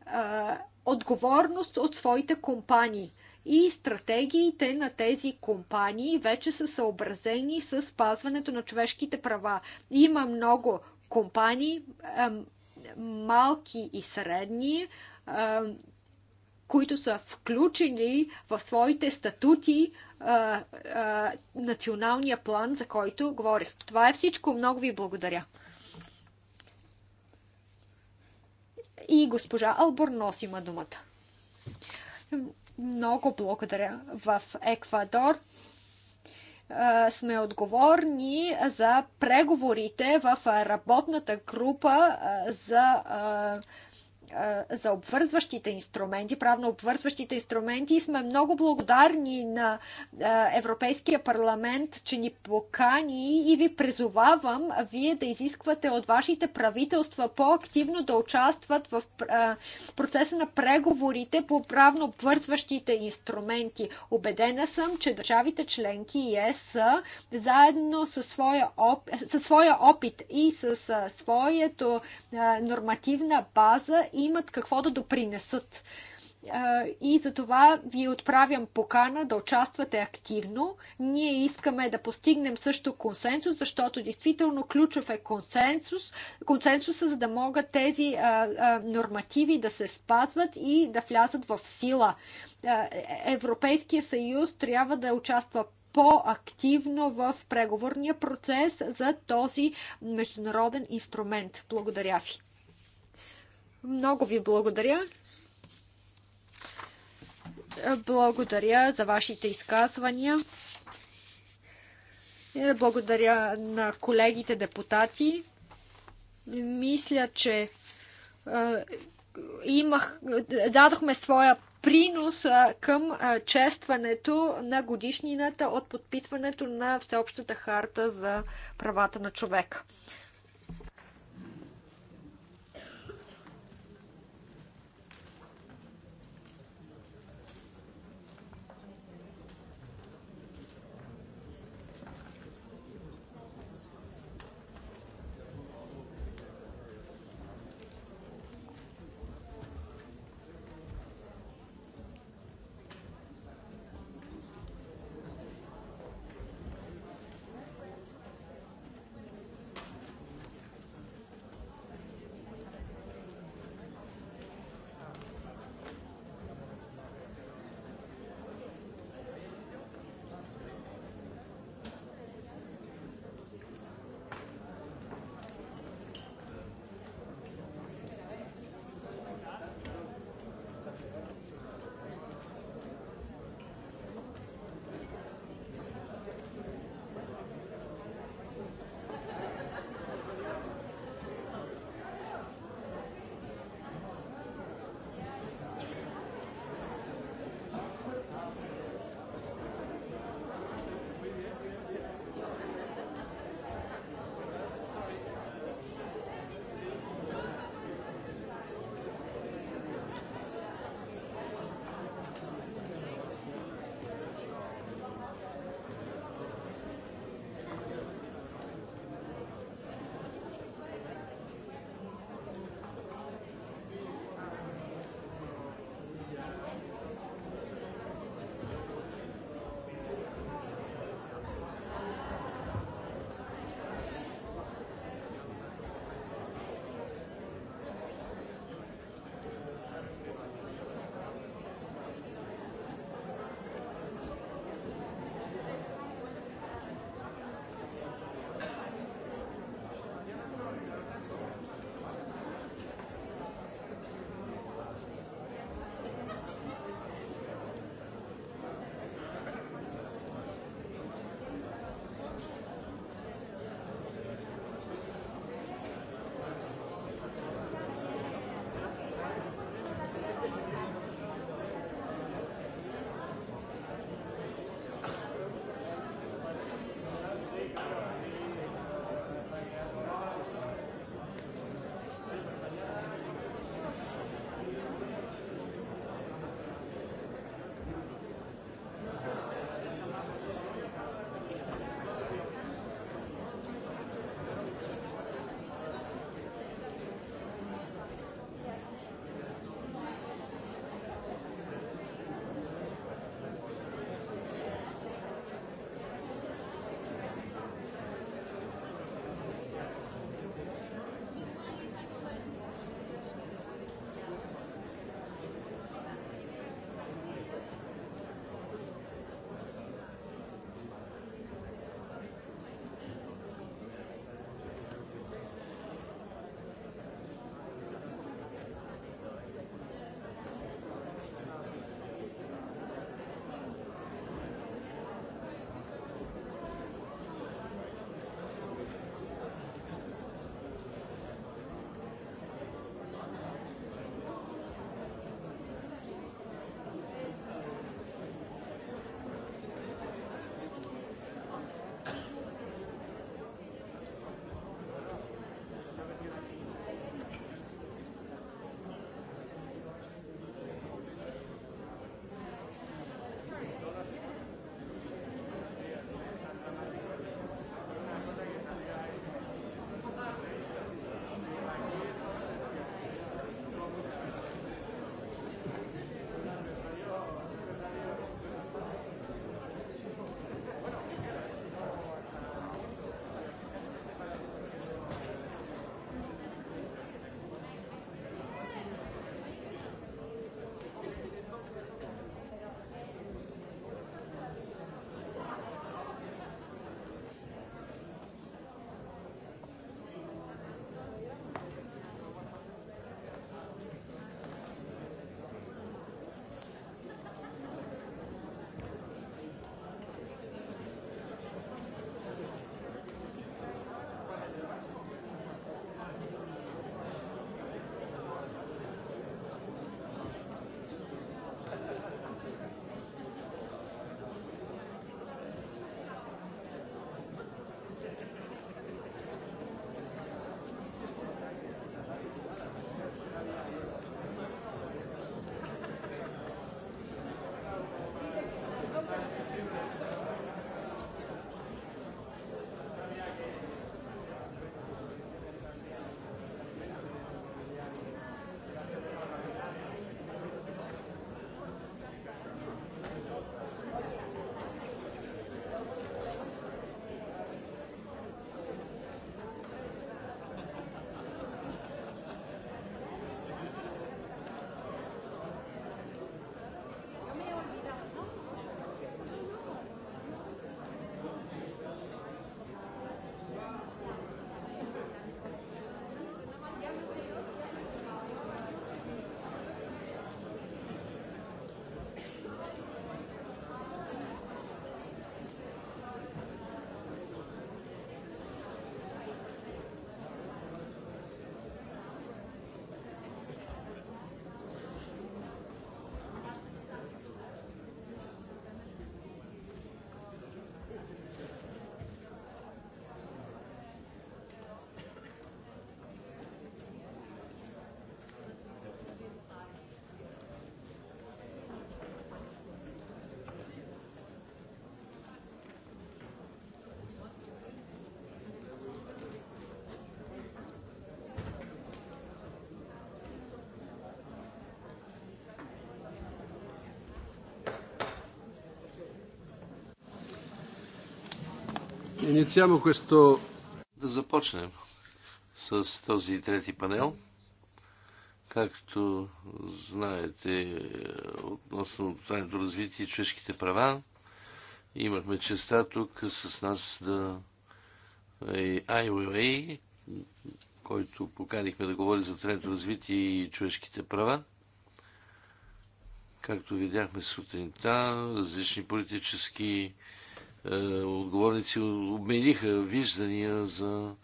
а, отговорност от своите компании и стратегиите на тези компании вече са съобразени с спазването на човешките права. Има много компании, малки и средни, които са включили в своите статути националния план, за който говорих. Това е всичко. Много ви благодаря. И госпожа Алборнос има думата. Много благодаря. В Еквадор сме отговорни за преговорите в работната група за за обвързващите инструменти, правно обвързващите инструменти и сме много благодарни на Европейския парламент, че ни покани и ви призовавам вие да изисквате от вашите правителства по-активно да участват в процеса на преговорите по правно обвързващите инструменти. Обедена съм, че държавите членки и ЕС заедно със своя, оп... със своя опит и с своето нормативна база и имат какво да допринесат. И за това ви отправям покана да участвате активно. Ние искаме да постигнем също консенсус, защото действително ключов е консенсус, консенсуса, за да могат тези нормативи да се спазват и да влязат в сила. Европейския съюз трябва да участва по-активно в преговорния процес за този международен инструмент. Благодаря ви. Много ви благодаря. Благодаря за вашите изказвания. Благодаря на колегите депутати. Мисля, че имах, дадохме своя принос към честването на годишнината от подписването на Всеобщата харта за правата на човека. Iniziamo questo... Да започнем с този трети панел. Както знаете, относно трайното развитие и човешките права, имахме честа тук с нас да е IOA, който поканихме да говори за трайното развитие и човешките права. Както видяхме сутринта, различни политически е, отговорници обмениха виждания за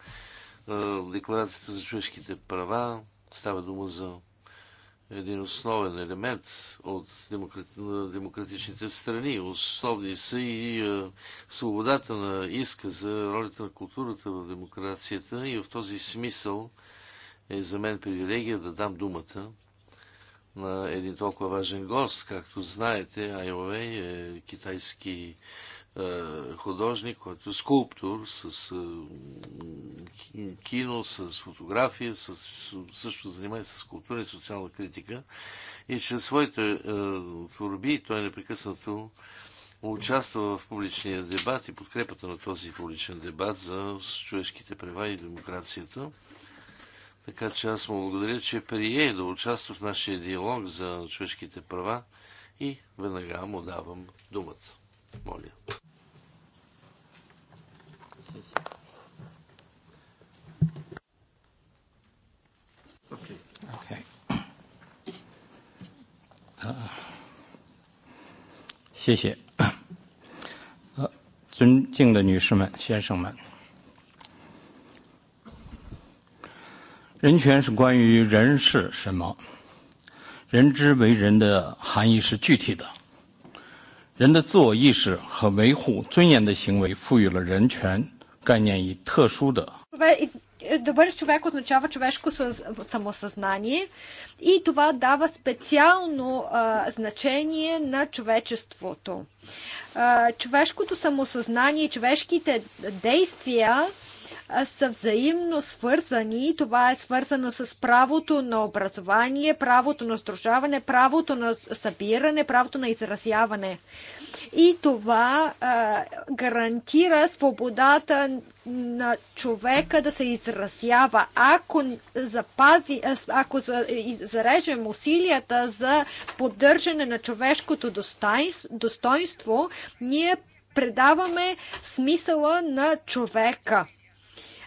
е, Декларацията за човешките права. Става дума за един основен елемент от демократичните страни. Основни са и е, свободата на иска за ролята на културата в демокрацията и в този смисъл е за мен привилегия да дам думата на един толкова важен гост. Както знаете, Айове е китайски е, художник, който е скулптор, с е, кино, с фотография, с, също занимава с култура и социална критика. И чрез своите е, творби той непрекъснато участва в публичния дебат и подкрепата на този публичен дебат за човешките права и демокрацията. Така че аз му благодаря, че прие да участва в нашия диалог за човешките права и веднага му давам думата. Моля. Okay. Uh, 谢谢。呃，尊敬的女士们、先生们，人权是关于人是什么，人之为人的含义是具体的。人的自我意识和维护尊严的行为赋予了人权概念以特殊的。Добър е е, Добър човек означава човешко самосъзнание и това дава специално а, значение на човечеството. А, човешкото самосъзнание и човешките действия са взаимно свързани. Това е свързано с правото на образование, правото на сдружаване, правото на събиране, правото на изразяване и това а, гарантира свободата на човека да се изразява. Ако, запази, ако зарежем усилията за поддържане на човешкото достоинство, ние предаваме смисъла на човека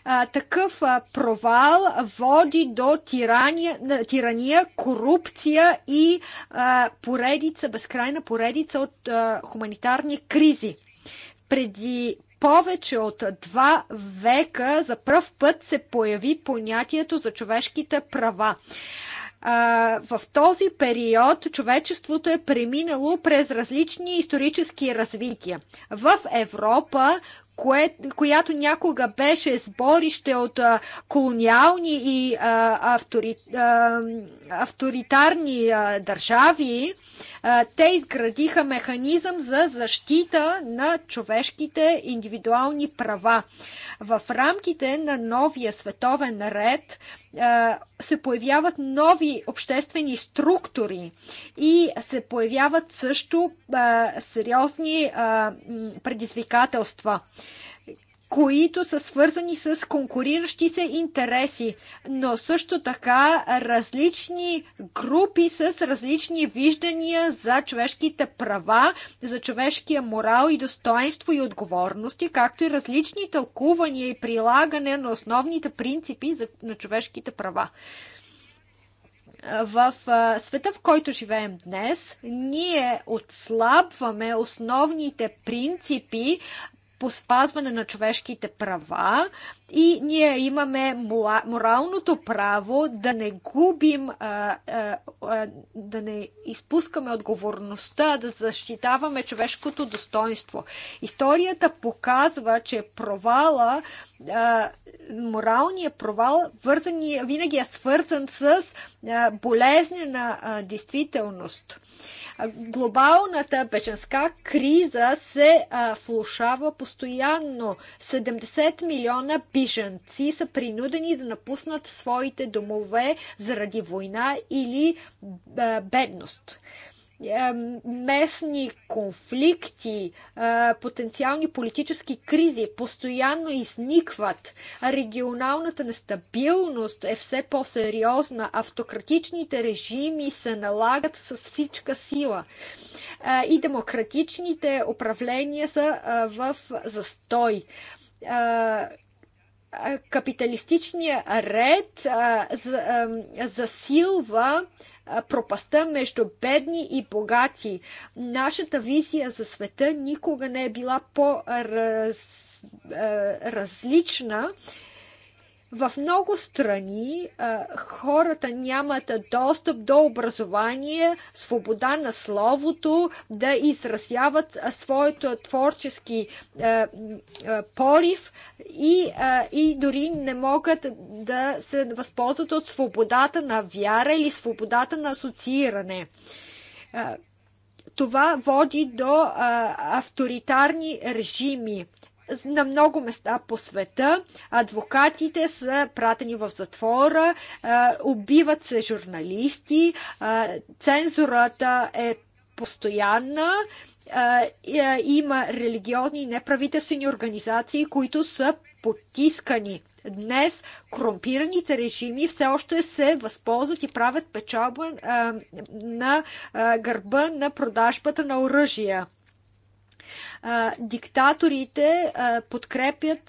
а, такъв а, провал води до тирания, тирания корупция и а, поредица, безкрайна поредица от а, хуманитарни кризи. Преди повече от два века за пръв път се появи понятието за човешките права в този период човечеството е преминало през различни исторически развития. В Европа кое, която някога беше сборище от а, колониални и а, автори, а, авторитарни а, държави, а, те изградиха механизъм за защита на човешките индивидуални права. В рамките на новия световен ред е, се появяват нови обществени структури и се появяват също е, сериозни е, предизвикателства които са свързани с конкуриращи се интереси, но също така различни групи с различни виждания за човешките права, за човешкия морал и достоинство и отговорности, както и различни тълкувания и прилагане на основните принципи на човешките права в света, в който живеем днес, ние отслабваме основните принципи, по спазване на човешките права и ние имаме моралното право да не губим, да не изпускаме отговорността, да защитаваме човешкото достоинство. Историята показва, че провала, моралният провал вързан, винаги е свързан с болезнена действителност. Глобалната беженска криза се а, влушава постоянно. 70 милиона беженци са принудени да напуснат своите домове заради война или а, бедност местни конфликти, е, потенциални политически кризи постоянно изникват. Регионалната нестабилност е все по-сериозна. Автократичните режими се налагат с всичка сила. Е, и демократичните управления са е, в застой Капиталистичният ред за, засилва пропаста между бедни и богати. Нашата визия за света никога не е била по-различна. -раз, в много страни а, хората нямат достъп до образование, свобода на словото, да изразяват а, своето творчески а, порив и, и дори не могат да се възползват от свободата на вяра или свободата на асоцииране това води до а, авторитарни режими на много места по света. Адвокатите са пратени в затвора, убиват се журналисти, цензурата е постоянна има религиозни и неправителствени организации, които са потискани. Днес корумпираните режими все още се възползват и правят печалба на гърба на продажбата на оръжия диктаторите подкрепят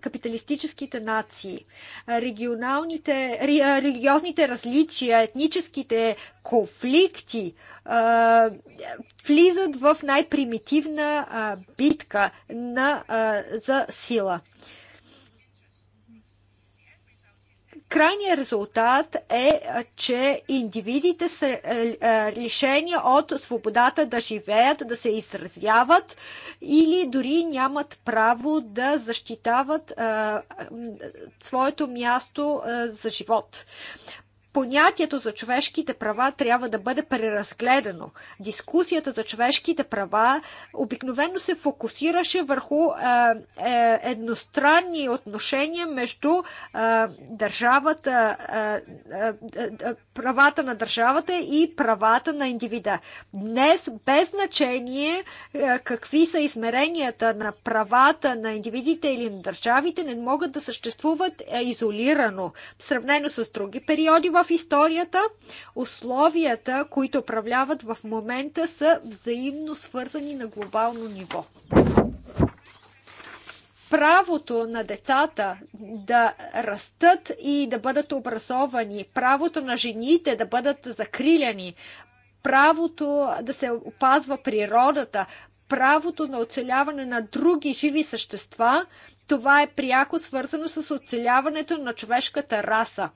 капиталистическите нации. Регионалните, религиозните различия, етническите конфликти влизат в най-примитивна битка на, за сила крайният резултат е, че индивидите са е, е, лишени от свободата да живеят, да се изразяват или дори нямат право да защитават своето място за живот понятието за човешките права трябва да бъде преразгледано. Дискусията за човешките права обикновено се фокусираше върху е, е, едностранни отношения между е, държавата, е е, е, е, правата на държавата и правата на индивида. Днес, без значение е, какви са измеренията на правата на индивидите или на държавите, не могат да съществуват е, изолирано, сравнено с други периоди в в историята, условията, които управляват в момента, са взаимно свързани на глобално ниво правото на децата да растат и да бъдат образовани, правото на жените да бъдат закриляни, правото да се опазва природата, правото на оцеляване на други живи същества това е пряко свързано с оцеляването на човешката раса.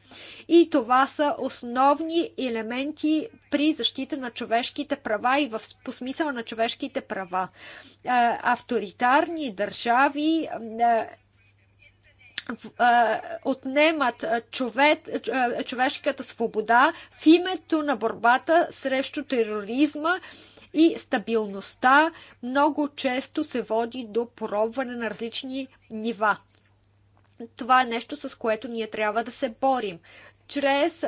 И това са основни елементи при защита на човешките права и в, по смисъла на човешките права. Авторитарни държави отнемат човек, човешката свобода в името на борбата срещу тероризма и стабилността много често се води до поробване на различни нива. Това е нещо, с което ние трябва да се борим чрез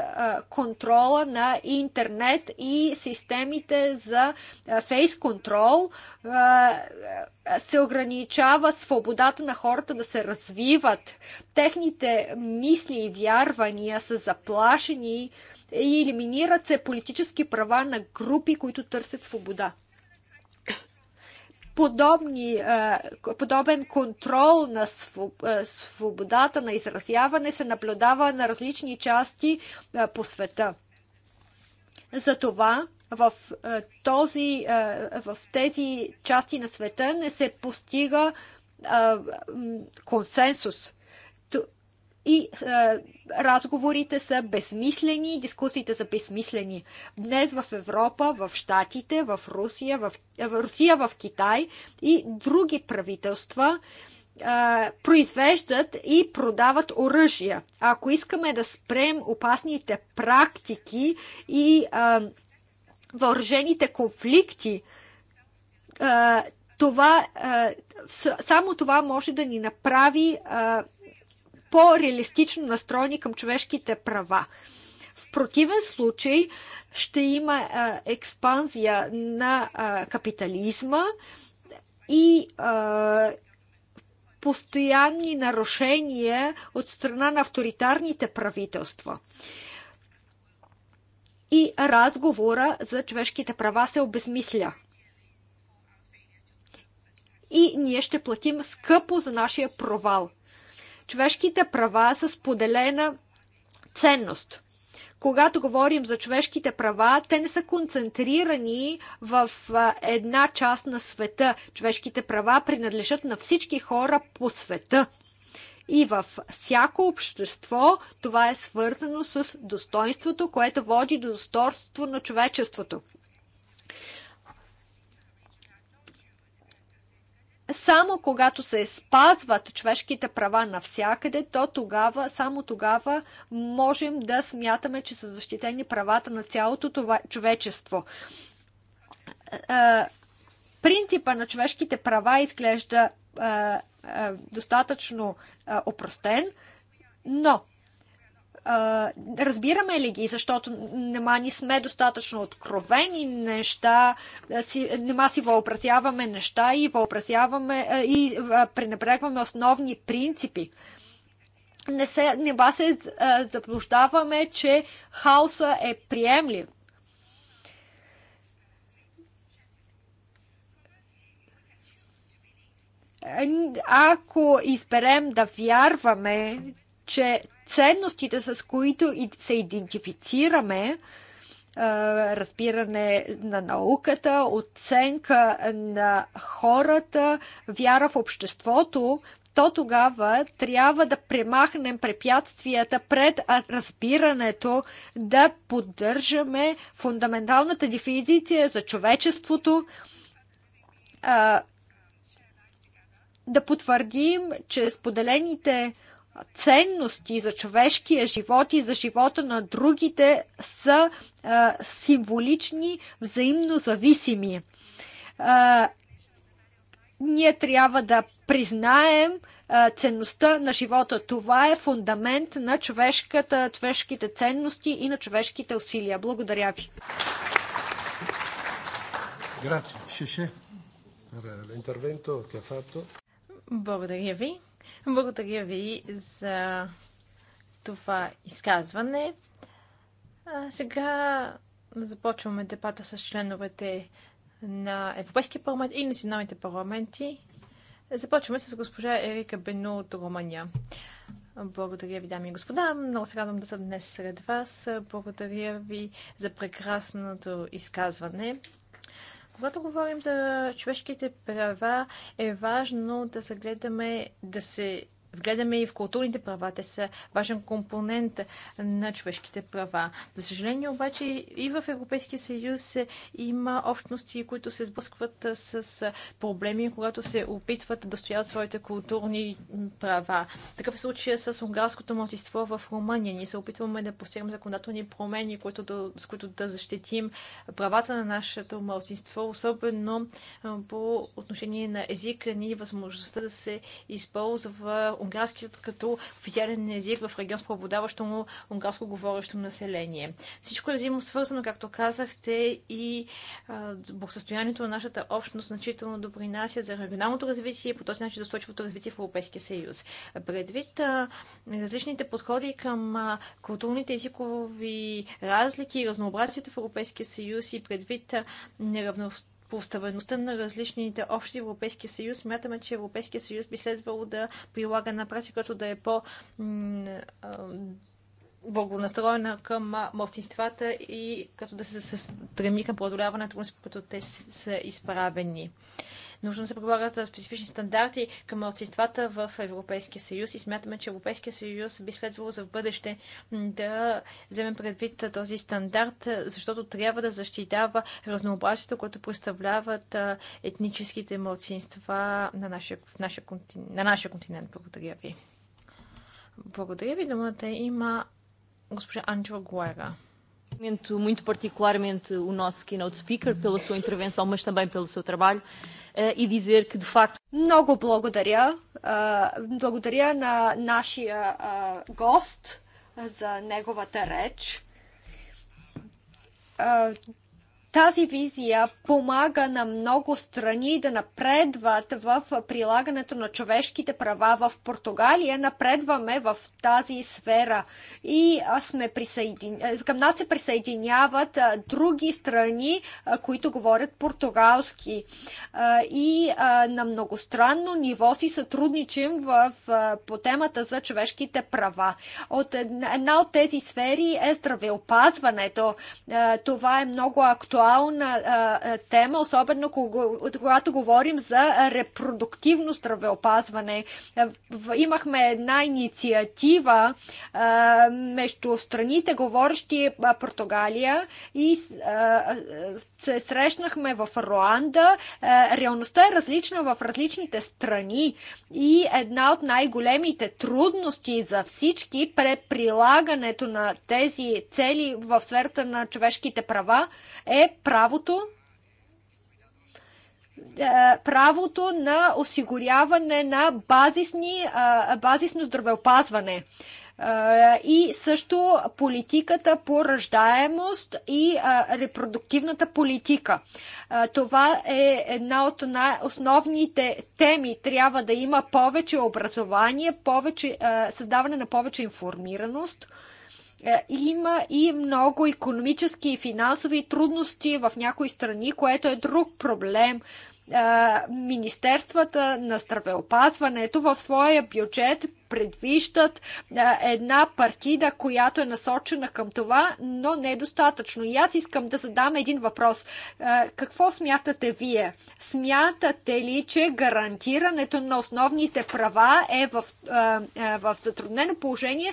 контрола на интернет и системите за фейс контрол се ограничава свободата на хората да се развиват. Техните мисли и вярвания са заплашени и елиминират се политически права на групи, които търсят свобода подобни, подобен контрол на свободата на изразяване се наблюдава на различни части по света. Затова в, този, в тези части на света не се постига консенсус и е, разговорите са безмислени, дискусиите са безмислени. Днес в Европа, в Штатите, в Русия, в, е, в Русия, в Китай и други правителства е, произвеждат и продават оръжия. Ако искаме да спрем опасните практики и е, въоръжените конфликти, е, това, е, само това може да ни направи е, по-реалистично настроени към човешките права. В противен случай ще има а, експанзия на а, капитализма и а, постоянни нарушения от страна на авторитарните правителства. И разговора за човешките права се обезмисля. И ние ще платим скъпо за нашия провал – Човешките права са споделена ценност. Когато говорим за човешките права, те не са концентрирани в една част на света. Човешките права принадлежат на всички хора по света. И в всяко общество това е свързано с достоинството, което води до достоинство на човечеството. Само когато се спазват човешките права навсякъде, то тогава, само тогава можем да смятаме, че са защитени правата на цялото това човечество. Е, е, принципа на човешките права изглежда е, достатъчно опростен, но а, разбираме ли ги, защото нема ни сме достатъчно откровени неща, си, нема си въобразяваме неща и въобразяваме и пренебрегваме основни принципи. Не се, нема се а, заблуждаваме, че хаоса е приемлив. Ако изберем да вярваме, че ценностите, с които се идентифицираме, разбиране на науката, оценка на хората, вяра в обществото, то тогава трябва да премахнем препятствията пред разбирането, да поддържаме фундаменталната дефиниция за човечеството, да потвърдим, че споделените ценности за човешкия живот и за живота на другите са а, символични, взаимно зависими. А, ние трябва да признаем а, ценността на живота. Това е фундамент на човешката, човешките ценности и на човешките усилия. Благодаря ви. Благодаря ви. Благодаря ви за това изказване. А сега започваме дебата с членовете на Европейския парламент и националните парламенти. Започваме с госпожа Ерика Бену от Румъния. Благодаря ви, дами и господа. Много се радвам да съм днес сред вас. Благодаря ви за прекрасното изказване. Когато говорим за човешките права, е важно да се гледаме да се вгледаме и в културните права. Те са важен компонент на човешките права. За съжаление обаче и в Европейския съюз има общности, които се сблъскват с проблеми, когато се опитват да стоят своите културни права. Такъв е с унгарското младсинство в Румъния. Ние се опитваме да постигнем законодателни промени, които да, с които да защитим правата на нашето младсинство, особено по отношение на езика ни и възможността да се използва унгарският като официален език в регион с преобладаващо му унгарско говорещо население. Всичко е взаимно свързано, както казахте, и благосъстоянието на нашата общност значително допринася за регионалното развитие и по този начин за устойчивото развитие в Европейския съюз. Предвид а, различните подходи към а, културните езикови разлики и разнообразието в Европейския съюз и предвид неравност поставеността на различните общи Европейския съюз, смятаме, че Европейския съюз би следвало да прилага на практика, да е по благонастроена към младсинствата и като да се стреми към преодоляването му, като те са изправени. Нужно да се прилагат специфични стандарти към младсинствата в Европейския съюз и смятаме, че Европейския съюз би следвало за в бъдеще да вземе предвид този стандарт, защото трябва да защитава разнообразието, което представляват етническите младсинства на нашия, нашия, на нашия континент. Благодаря ви. Благодаря ви. Думата има госпожа Анджела Гуайра. Muito, muito particularmente o nosso keynote speaker pela sua intervenção, mas também pelo seu trabalho uh, e dizer que de facto... Много благодаря. Благодаря на нашия гост за неговата реч тази визия помага на много страни да напредват в прилагането на човешките права в Португалия. Напредваме в тази сфера и сме присъедин... към нас се присъединяват други страни, които говорят португалски. И на многостранно ниво си сътрудничим в... по темата за човешките права. От една от тези сфери е здравеопазването. Това е много актуално актуална а, тема, особено когато, когато говорим за репродуктивно здравеопазване. Имахме една инициатива а, между страните, говорещи Португалия и а, се срещнахме в Руанда. Реалността е различна в различните страни и една от най-големите трудности за всички пред прилагането на тези цели в сферата на човешките права е правото е, правото на осигуряване на базисни, е, базисно здравеопазване е, и също политиката по ръждаемост и репродуктивната политика. Това е една от основните теми. Трябва да има повече образование, повече, създаване на повече информираност – е, има и много економически и финансови трудности в някои страни, което е друг проблем. Е, министерствата на здравеопазването в своя бюджет предвиждат е, една партида, която е насочена към това, но не е достатъчно. И аз искам да задам един въпрос. Какво смятате вие? Смятате ли, че гарантирането на основните права е в, в затруднено положение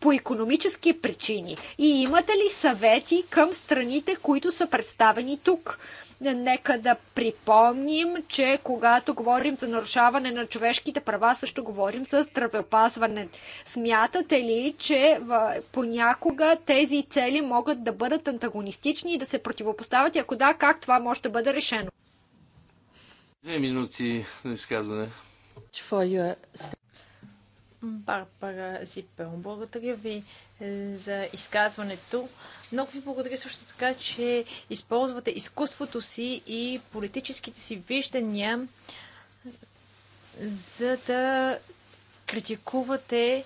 по економически причини? И имате ли съвети към страните, които са представени тук? Нека да припомним, че когато говорим за нарушаване на човешките права, също говорим за здравеопазване. Смятате ли, че понякога тези цели могат да бъдат антагонистични и да се противопоставят? И ако да, как това може да бъде решено? Две минути на изказване. Барбара Зипел. Благодаря ви за изказването. Много ви благодаря също така, че използвате изкуството си и политическите си виждания, за да критикувате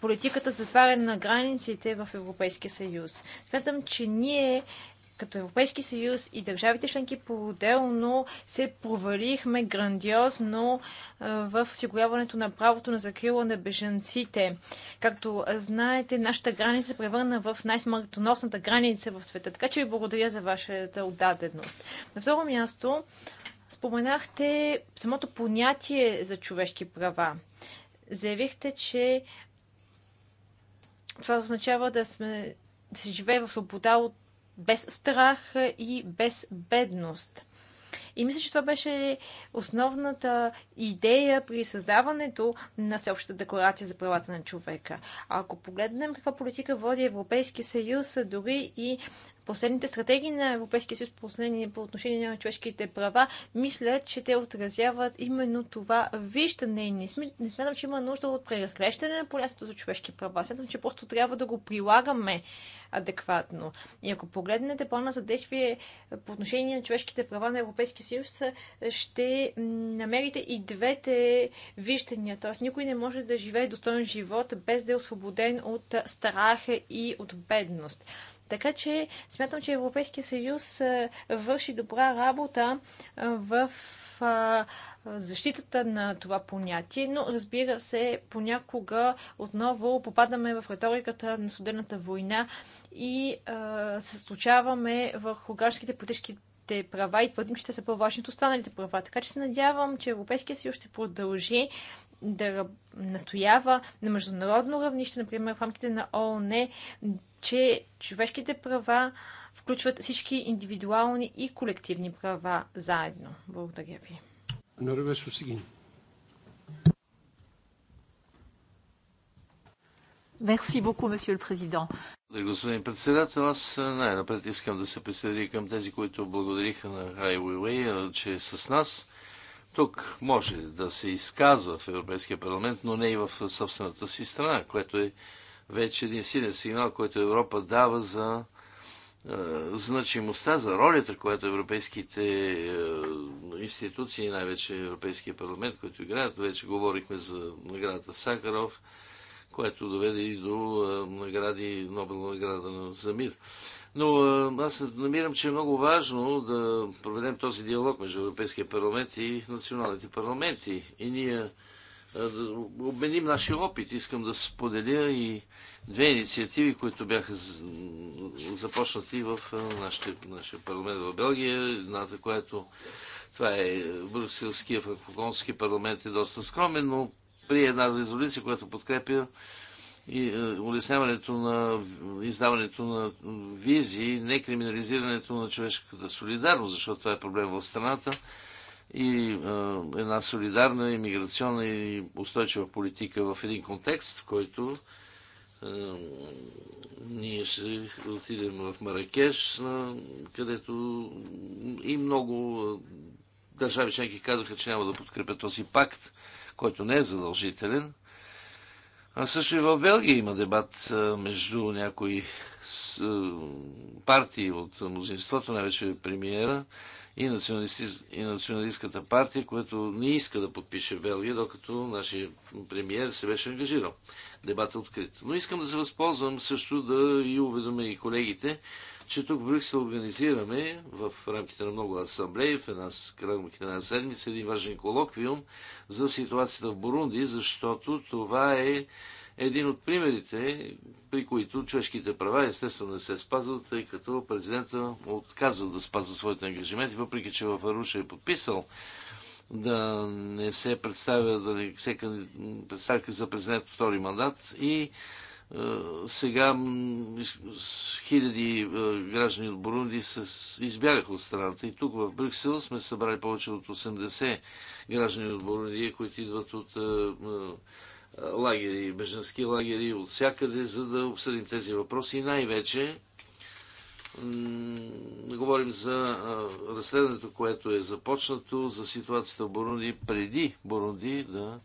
политиката за затваряне на границите в Европейския съюз. Смятам, че ние като Европейски съюз и държавите членки по-отделно се провалихме грандиозно в осигуряването на правото на закрила на бежанците. Както знаете, нашата граница се превърна в най-смъртоносната граница в света. Така че ви благодаря за вашата отдаденост. На второ място, споменахте самото понятие за човешки права. Заявихте, че това означава да сме да се живее в свобода от без страх и без бедност. И мисля, че това беше основната идея при създаването на Всеобщата декларация за правата на човека. ако погледнем каква политика води Европейския съюз, дори и последните стратегии на Европейския съюз по отношение на човешките права, мисля, че те отразяват именно това виждане. не, не смятам, че има нужда от преразглеждане на понятието за човешки права. Смятам, че просто трябва да го прилагаме адекватно. И ако погледнете плана за действие по отношение на човешките права на Европейския съюз, ще намерите и двете виждания. Тоест, никой не може да живее достоен живот без да е освободен от страха и от бедност. Така че смятам, че Европейския съюз върши добра работа в защитата на това понятие, но разбира се, понякога отново попадаме в риториката на Судената война и се случаваме върху гражданските политически права и твърдим, че те са по-важни от останалите права. Така че се надявам, че Европейския съюз ще продължи да настоява на международно равнище, например в рамките на ООН, че човешките права включват всички индивидуални и колективни права заедно. Благодаря ви. Норве Мерси beaucoup, monsieur le Господин председател, аз е, най-напред искам да се присъединя към тези, които благодариха на Highway, е, че е с нас. Тук може да се изказва в Европейския парламент, но не и в е, собствената си страна, което е вече един силен сигнал, който Европа дава за е, значимостта, за ролята, която европейските е, институции, най-вече Европейския парламент, които играят. Вече говорихме за наградата Сахаров, което доведе и до е, награди, Нобел награда за мир. Но аз намирам, че е много важно да проведем този диалог между Европейския парламент и националните парламенти. И ние да е, обменим нашия опит. Искам да споделя и две инициативи, които бяха започнати в е, нашия парламент в Белгия. Едната, която това е Брюкселския франкофонски парламент е доста скромен, но при една резолюция, която подкрепя и е, улесняването на издаването на визи, не криминализирането на човешката солидарност, защото това е проблем в страната и е, една солидарна иммиграционна и устойчива политика в един контекст, в който е, ние ще отидем в Маракеш, където и много е, държави членки казаха, че няма да подкрепят този пакт, който не е задължителен. А също и в Белгия има дебат между някои партии от мнозинството, най-вече премиера, и, и националистската партия, която не иска да подпише Белгия, докато нашия премиер се беше ангажирал. Дебат е открит. Но искам да се възползвам също да и уведомя и колегите, че тук в Брюксел организираме в рамките на много асамблеи, в една, рамките на една седмица, един важен колоквиум за ситуацията в Бурунди, защото това е един от примерите, при които човешките права естествено не се спазват, тъй като президента отказва да спазва своите ангажименти, въпреки че в Аруша е подписал да не се представя, да не се представя за президент втори мандат и е, сега хиляди е, граждани от Бурунди избягаха от страната. И тук в Брюксел сме събрали повече от 80 граждани от Бурунди, които идват от е, лагери, беженски лагери от всякъде, за да обсъдим тези въпроси и най-вече говорим за разследването, което е започнато, за ситуацията в Бурунди преди Бурунди да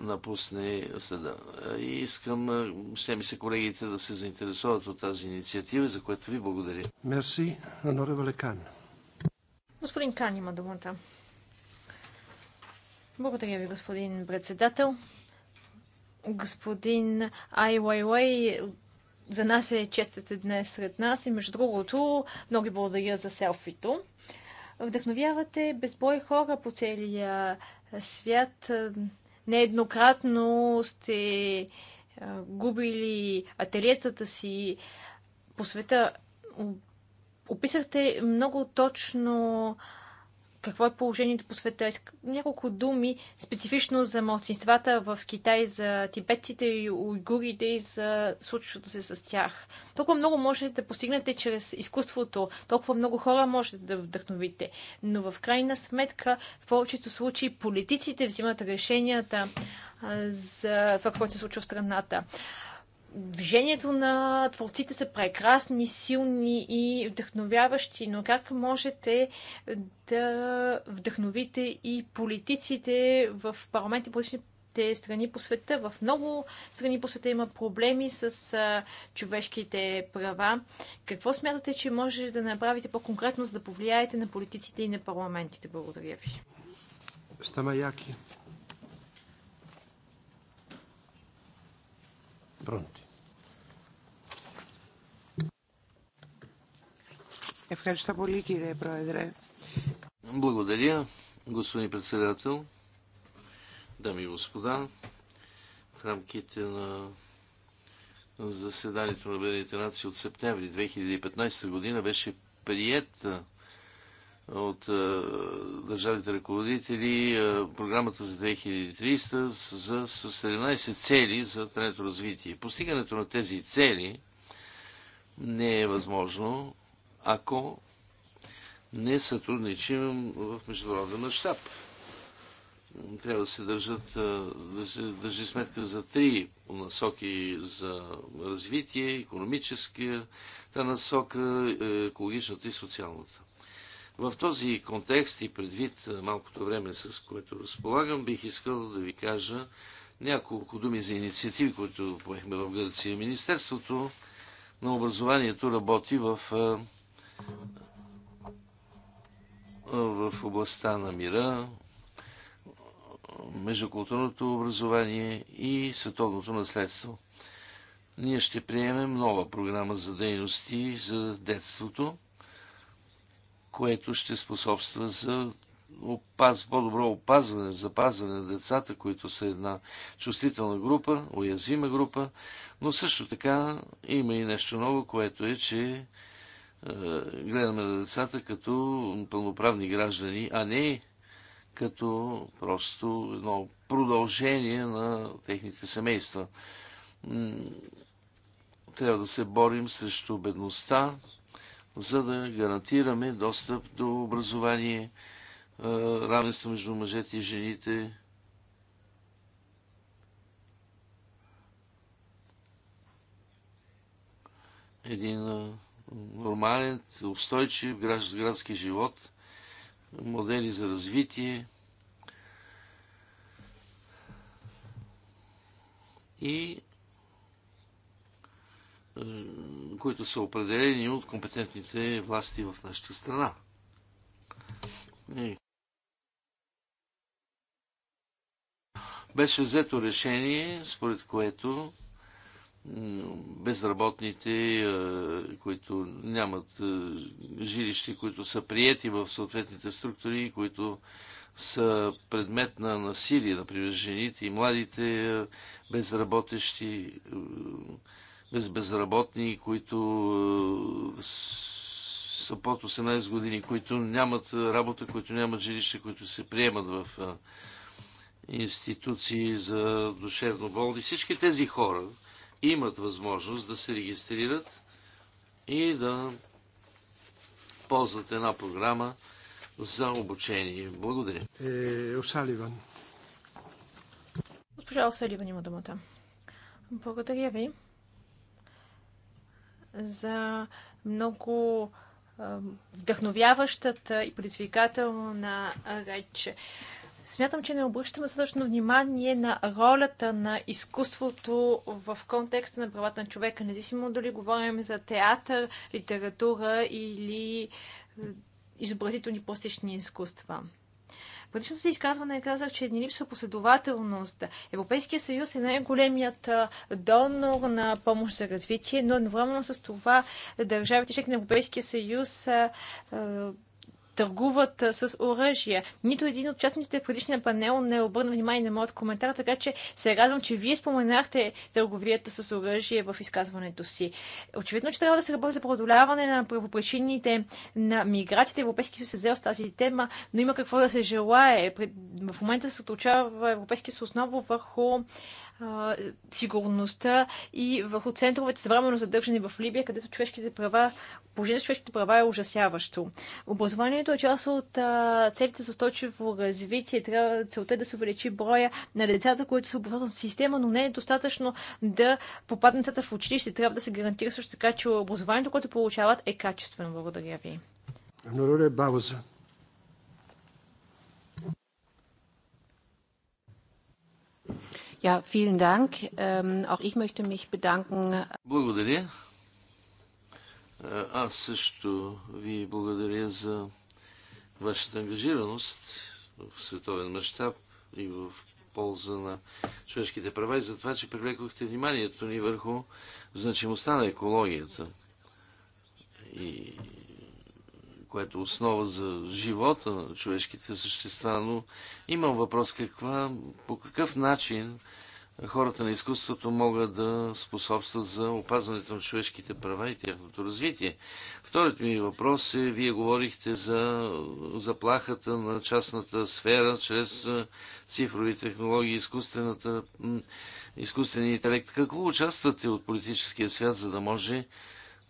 напусне следа. И искам, ще ми се колегите да се заинтересуват от тази инициатива, за което ви благодаря. Мерси, Аноре Валекан. Господин Кан има думата. Благодаря ви, господин председател. Господин Ай Уайуей за нас е честите днес сред нас и между другото много благодаря за селфито. Вдъхновявате безбой хора по целия свят. Нееднократно сте губили ателиетата си по света. Описахте много точно какво е положението по света. Няколко думи специфично за младсинствата в Китай, за тибетците и уйгурите и за случващото се с тях. Толкова много можете да постигнете чрез изкуството, толкова много хора можете да вдъхновите. Но в крайна сметка, в повечето случаи, политиците взимат решенията за това, което се случва в страната движението на творците са прекрасни, силни и вдъхновяващи, но как можете да вдъхновите и политиците в парламент и политичните страни по света? В много страни по света има проблеми с човешките права. Какво смятате, че може да направите по-конкретно, за да повлияете на политиците и на парламентите? Благодаря ви. Стамаяки. Pronto. Ευχαριστώ πολύ κύριε Πρόεδρε. Благодаря господин председател, дами и господа. В рамките на заседанието на Обединените нации от септември 2015 година беше прият от държавите ръководители програмата за 2300 за, с 17 цели за трето развитие. Постигането на тези цели не е възможно ако не сътрудничим в международен мащаб. Трябва да се, държат, да се държи сметка за три насоки за развитие, економическата насока, е, екологичната и социалната. В този контекст и предвид малкото време, с което разполагам, бих искал да ви кажа няколко думи за инициативи, които поехме в Гърция. Министерството на образованието работи в в областта на мира, междукултурното образование и световното наследство. Ние ще приемем нова програма за дейности за детството, което ще способства за опаз, по-добро опазване, запазване на децата, които са една чувствителна група, уязвима група, но също така има и нещо ново, което е, че е, гледаме на децата като пълноправни граждани, а не като просто едно продължение на техните семейства. Трябва да се борим срещу бедността, за да гарантираме достъп до образование, е, равенство между мъжете и жените. Един е, нормален, устойчив градски живот, модели за развитие и е, които са определени от компетентните власти в нашата страна. И беше взето решение, според което безработните, е, които нямат е, жилищи, които са приети в съответните структури, които са предмет на насилие, например жените и младите е, безработещи, без безработни, които са под 18 години, които нямат работа, които нямат жилище, които се приемат в институции за душевно болни. Всички тези хора, имат възможност да се регистрират и да ползват една програма за обучение. Благодаря. Е, Осаливан. Госпожа Осаливан има думата. Благодаря ви за много вдъхновяващата и предизвикателна реч. Смятам, че не обръщаме достатъчно внимание на ролята на изкуството в контекста на правата на човека, независимо дали говорим за театър, литература или е, изобразителни пластични изкуства. Предишното си изказване казах, че ни липсва последователност. Европейския съюз е най-големият е, донор на помощ за развитие, но едновременно с това държавите членки на Европейския съюз е, търгуват с оръжия. Нито един от частниците в предишния панел не обърна внимание на моят коментар, така че се радвам, че вие споменахте търговията с оръжие в изказването си. Очевидно, че трябва да се работи за преодоляване на правопричините на миграцията. Европейски съюз се взел с тази тема, но има какво да се желае. В момента се отлучава Европейски съюз основно върху сигурността и върху центровете за временно задържане в Либия, където човешките права, положението с човешките права е ужасяващо. Образованието е част от а, целите за устойчиво развитие. Трябва целта е да се увеличи броя на децата, които са образовани в система, но не е достатъчно да попаднат децата в училище. Трябва да се гарантира също така, че образованието, което получават, е качествено. Благодаря ви. Благодаря, Bowser. Ja, vielen Dank. Ähm, auch ich möchte mich bedanken. Благодаря. Е, аз също ви благодаря за вашата ангажираност в световен мащаб и в полза на човешките права и за това, че привлекохте вниманието ни върху значимостта на екологията. И което е основа за живота на човешките същества, но имам въпрос каква, по какъв начин хората на изкуството могат да способстват за опазването на човешките права и тяхното развитие. Вторият ми въпрос е, вие говорихте за заплахата на частната сфера чрез цифрови технологии, изкуствената, изкуствения интелект. Какво участвате от политическия свят, за да може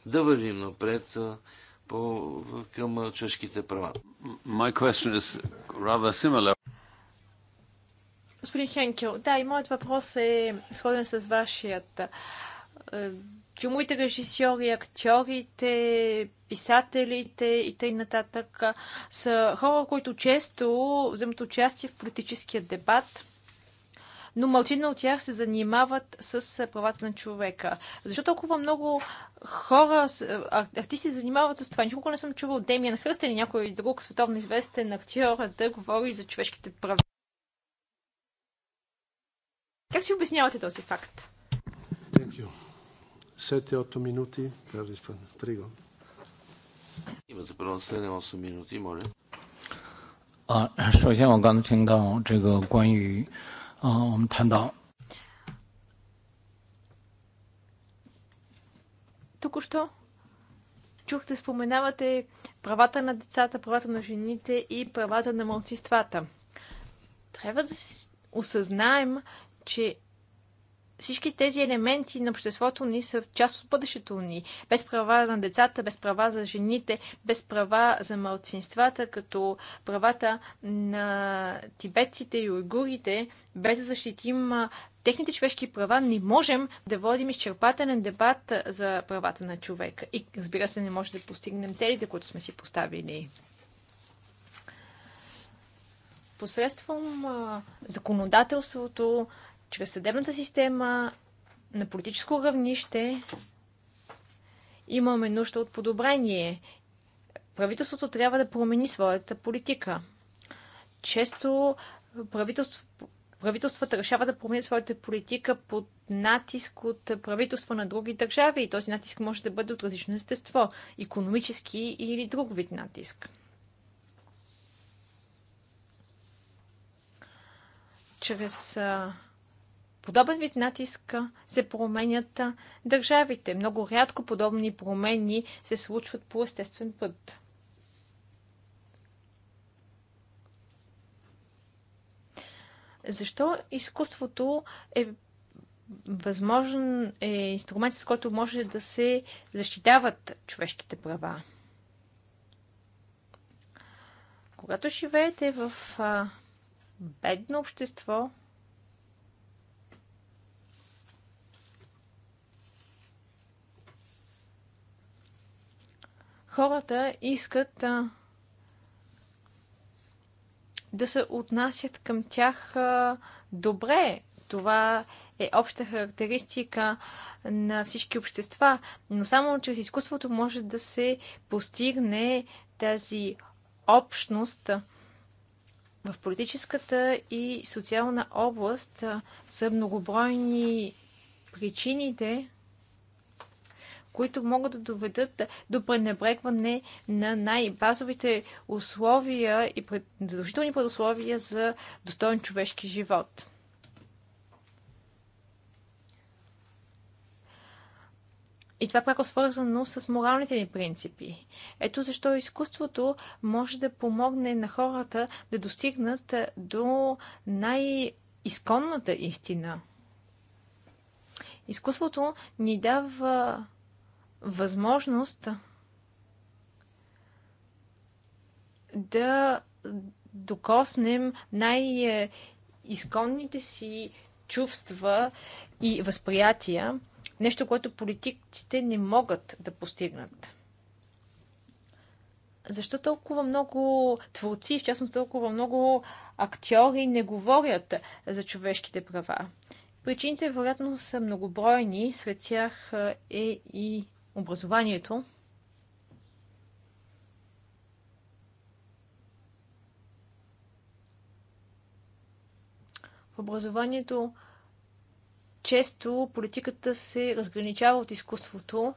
да вървим напред по, към чешките права. My question is rather similar. Господин Хенкел, да, и моят въпрос е сходен с вашият. Филмовите е, режисьори, актьорите, писателите и т.н. са хора, които често вземат участие в политическия дебат – но мълчина от тях се занимават с е, правата на човека. Защо толкова много хора, е, артисти се занимават с това? Никога не съм чувал Демиан Хърст или някой друг световно известен актьор да говори за човешките права. Как си обяснявате този факт? Thank you. 7-8 минути. Трябва да изпълня. Приго. Имате право 7-8 минути, моля. 啊，首先我刚听到这个关于呃，我们谈到 Току-що чухте, споменавате правата на децата, правата на жените и правата на малцинствата. Трябва да осъзнаем, че всички тези елементи на обществото ни са част от бъдещето ни. Без права на децата, без права за жените, без права за малцинствата, като правата на тибетците и уйгурите, без да защитим техните човешки права, не можем да водим изчерпателен дебат за правата на човека. И разбира се, не може да постигнем целите, които сме си поставили посредством законодателството чрез съдебната система на политическо равнище имаме нужда от подобрение. Правителството трябва да промени своята политика. Често правителство, правителствата решават да променят своята политика под натиск от правителства на други държави и този натиск може да бъде от различно естество, економически или друг вид натиск. Чрез подобен вид натиск се променят държавите. Много рядко подобни промени се случват по естествен път. Защо изкуството е възможен е инструмент, с който може да се защитават човешките права? Когато живеете в бедно общество, хората искат а, да се отнасят към тях а, добре. Това е обща характеристика на всички общества, но само чрез изкуството може да се постигне тази общност в политическата и социална област са многобройни причините, които могат да доведат до пренебрегване на най-базовите условия и задължителни предусловия за достоен човешки живот. И това е пряко свързано с моралните ни принципи. Ето защо изкуството може да помогне на хората да достигнат до най-изконната истина. Изкуството ни дава възможност да докоснем най-изконните си чувства и възприятия, нещо, което политиците не могат да постигнат. Защо толкова много творци, в частност толкова много актьори не говорят за човешките права? Причините, вероятно, са многобройни. Сред тях е и образованието. В образованието често политиката се разграничава от изкуството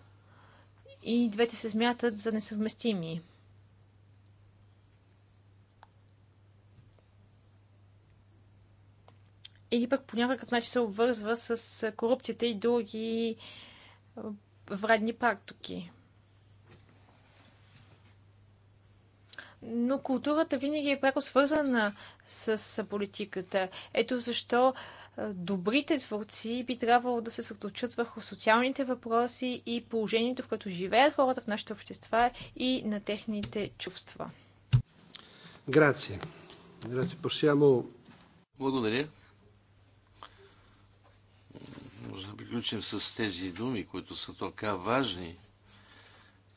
и двете се смятат за несъвместими. Или пък по някакъв начин се обвързва с корупцията и други вредни практики. Но културата винаги е пряко свързана с политиката. Ето защо добрите творци би трябвало да се съточат върху социалните въпроси и положението, в което живеят хората в нашите общества и на техните чувства. Грация. Грация. Possiamo... Благодаря може да приключим с тези думи, които са така важни,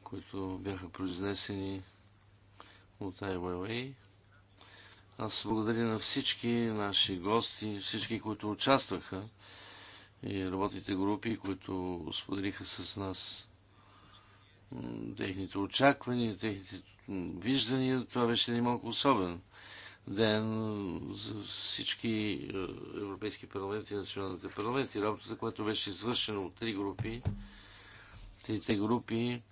които бяха произнесени от IWA. Аз благодаря на всички наши гости, всички, които участваха и работните групи, които споделиха с нас техните очаквания, техните виждания. Това беше един малко особено ден за всички е, европейски парламенти и националните парламенти. Работата, която беше извършена от три групи, трите групи,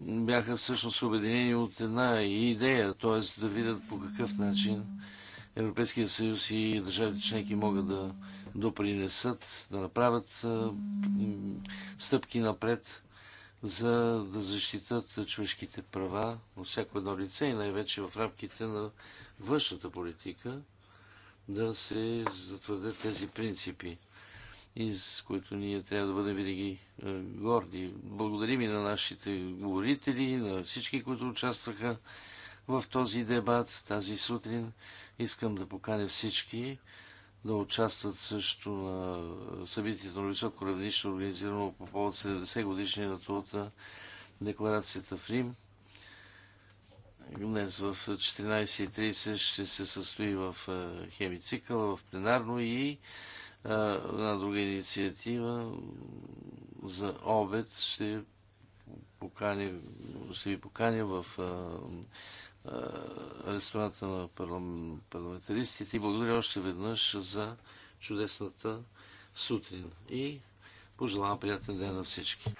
бяха всъщност обединени от една идея, т.е. да видят по какъв начин Европейския съюз и държавите членки могат да допринесат, да направят е, стъпки напред, за да защитат човешките права на всяко едно лице и най-вече в рамките на външната политика да се затвърдят тези принципи, из които ние трябва да бъдем винаги е, горди. Благодарим и на нашите говорители, на всички, които участваха в този дебат тази сутрин. Искам да поканя всички да участват също на събитието на високо равнище, организирано по повод 70 на от е, декларацията в Рим. Днес в 14.30 ще се състои в е, хемицикъл, в пленарно и е, една друга инициатива за обед ще, покани, ще ви поканя в е, ресторанта на парламентаристите и благодаря още веднъж за чудесната сутрин и пожелавам приятен ден на всички.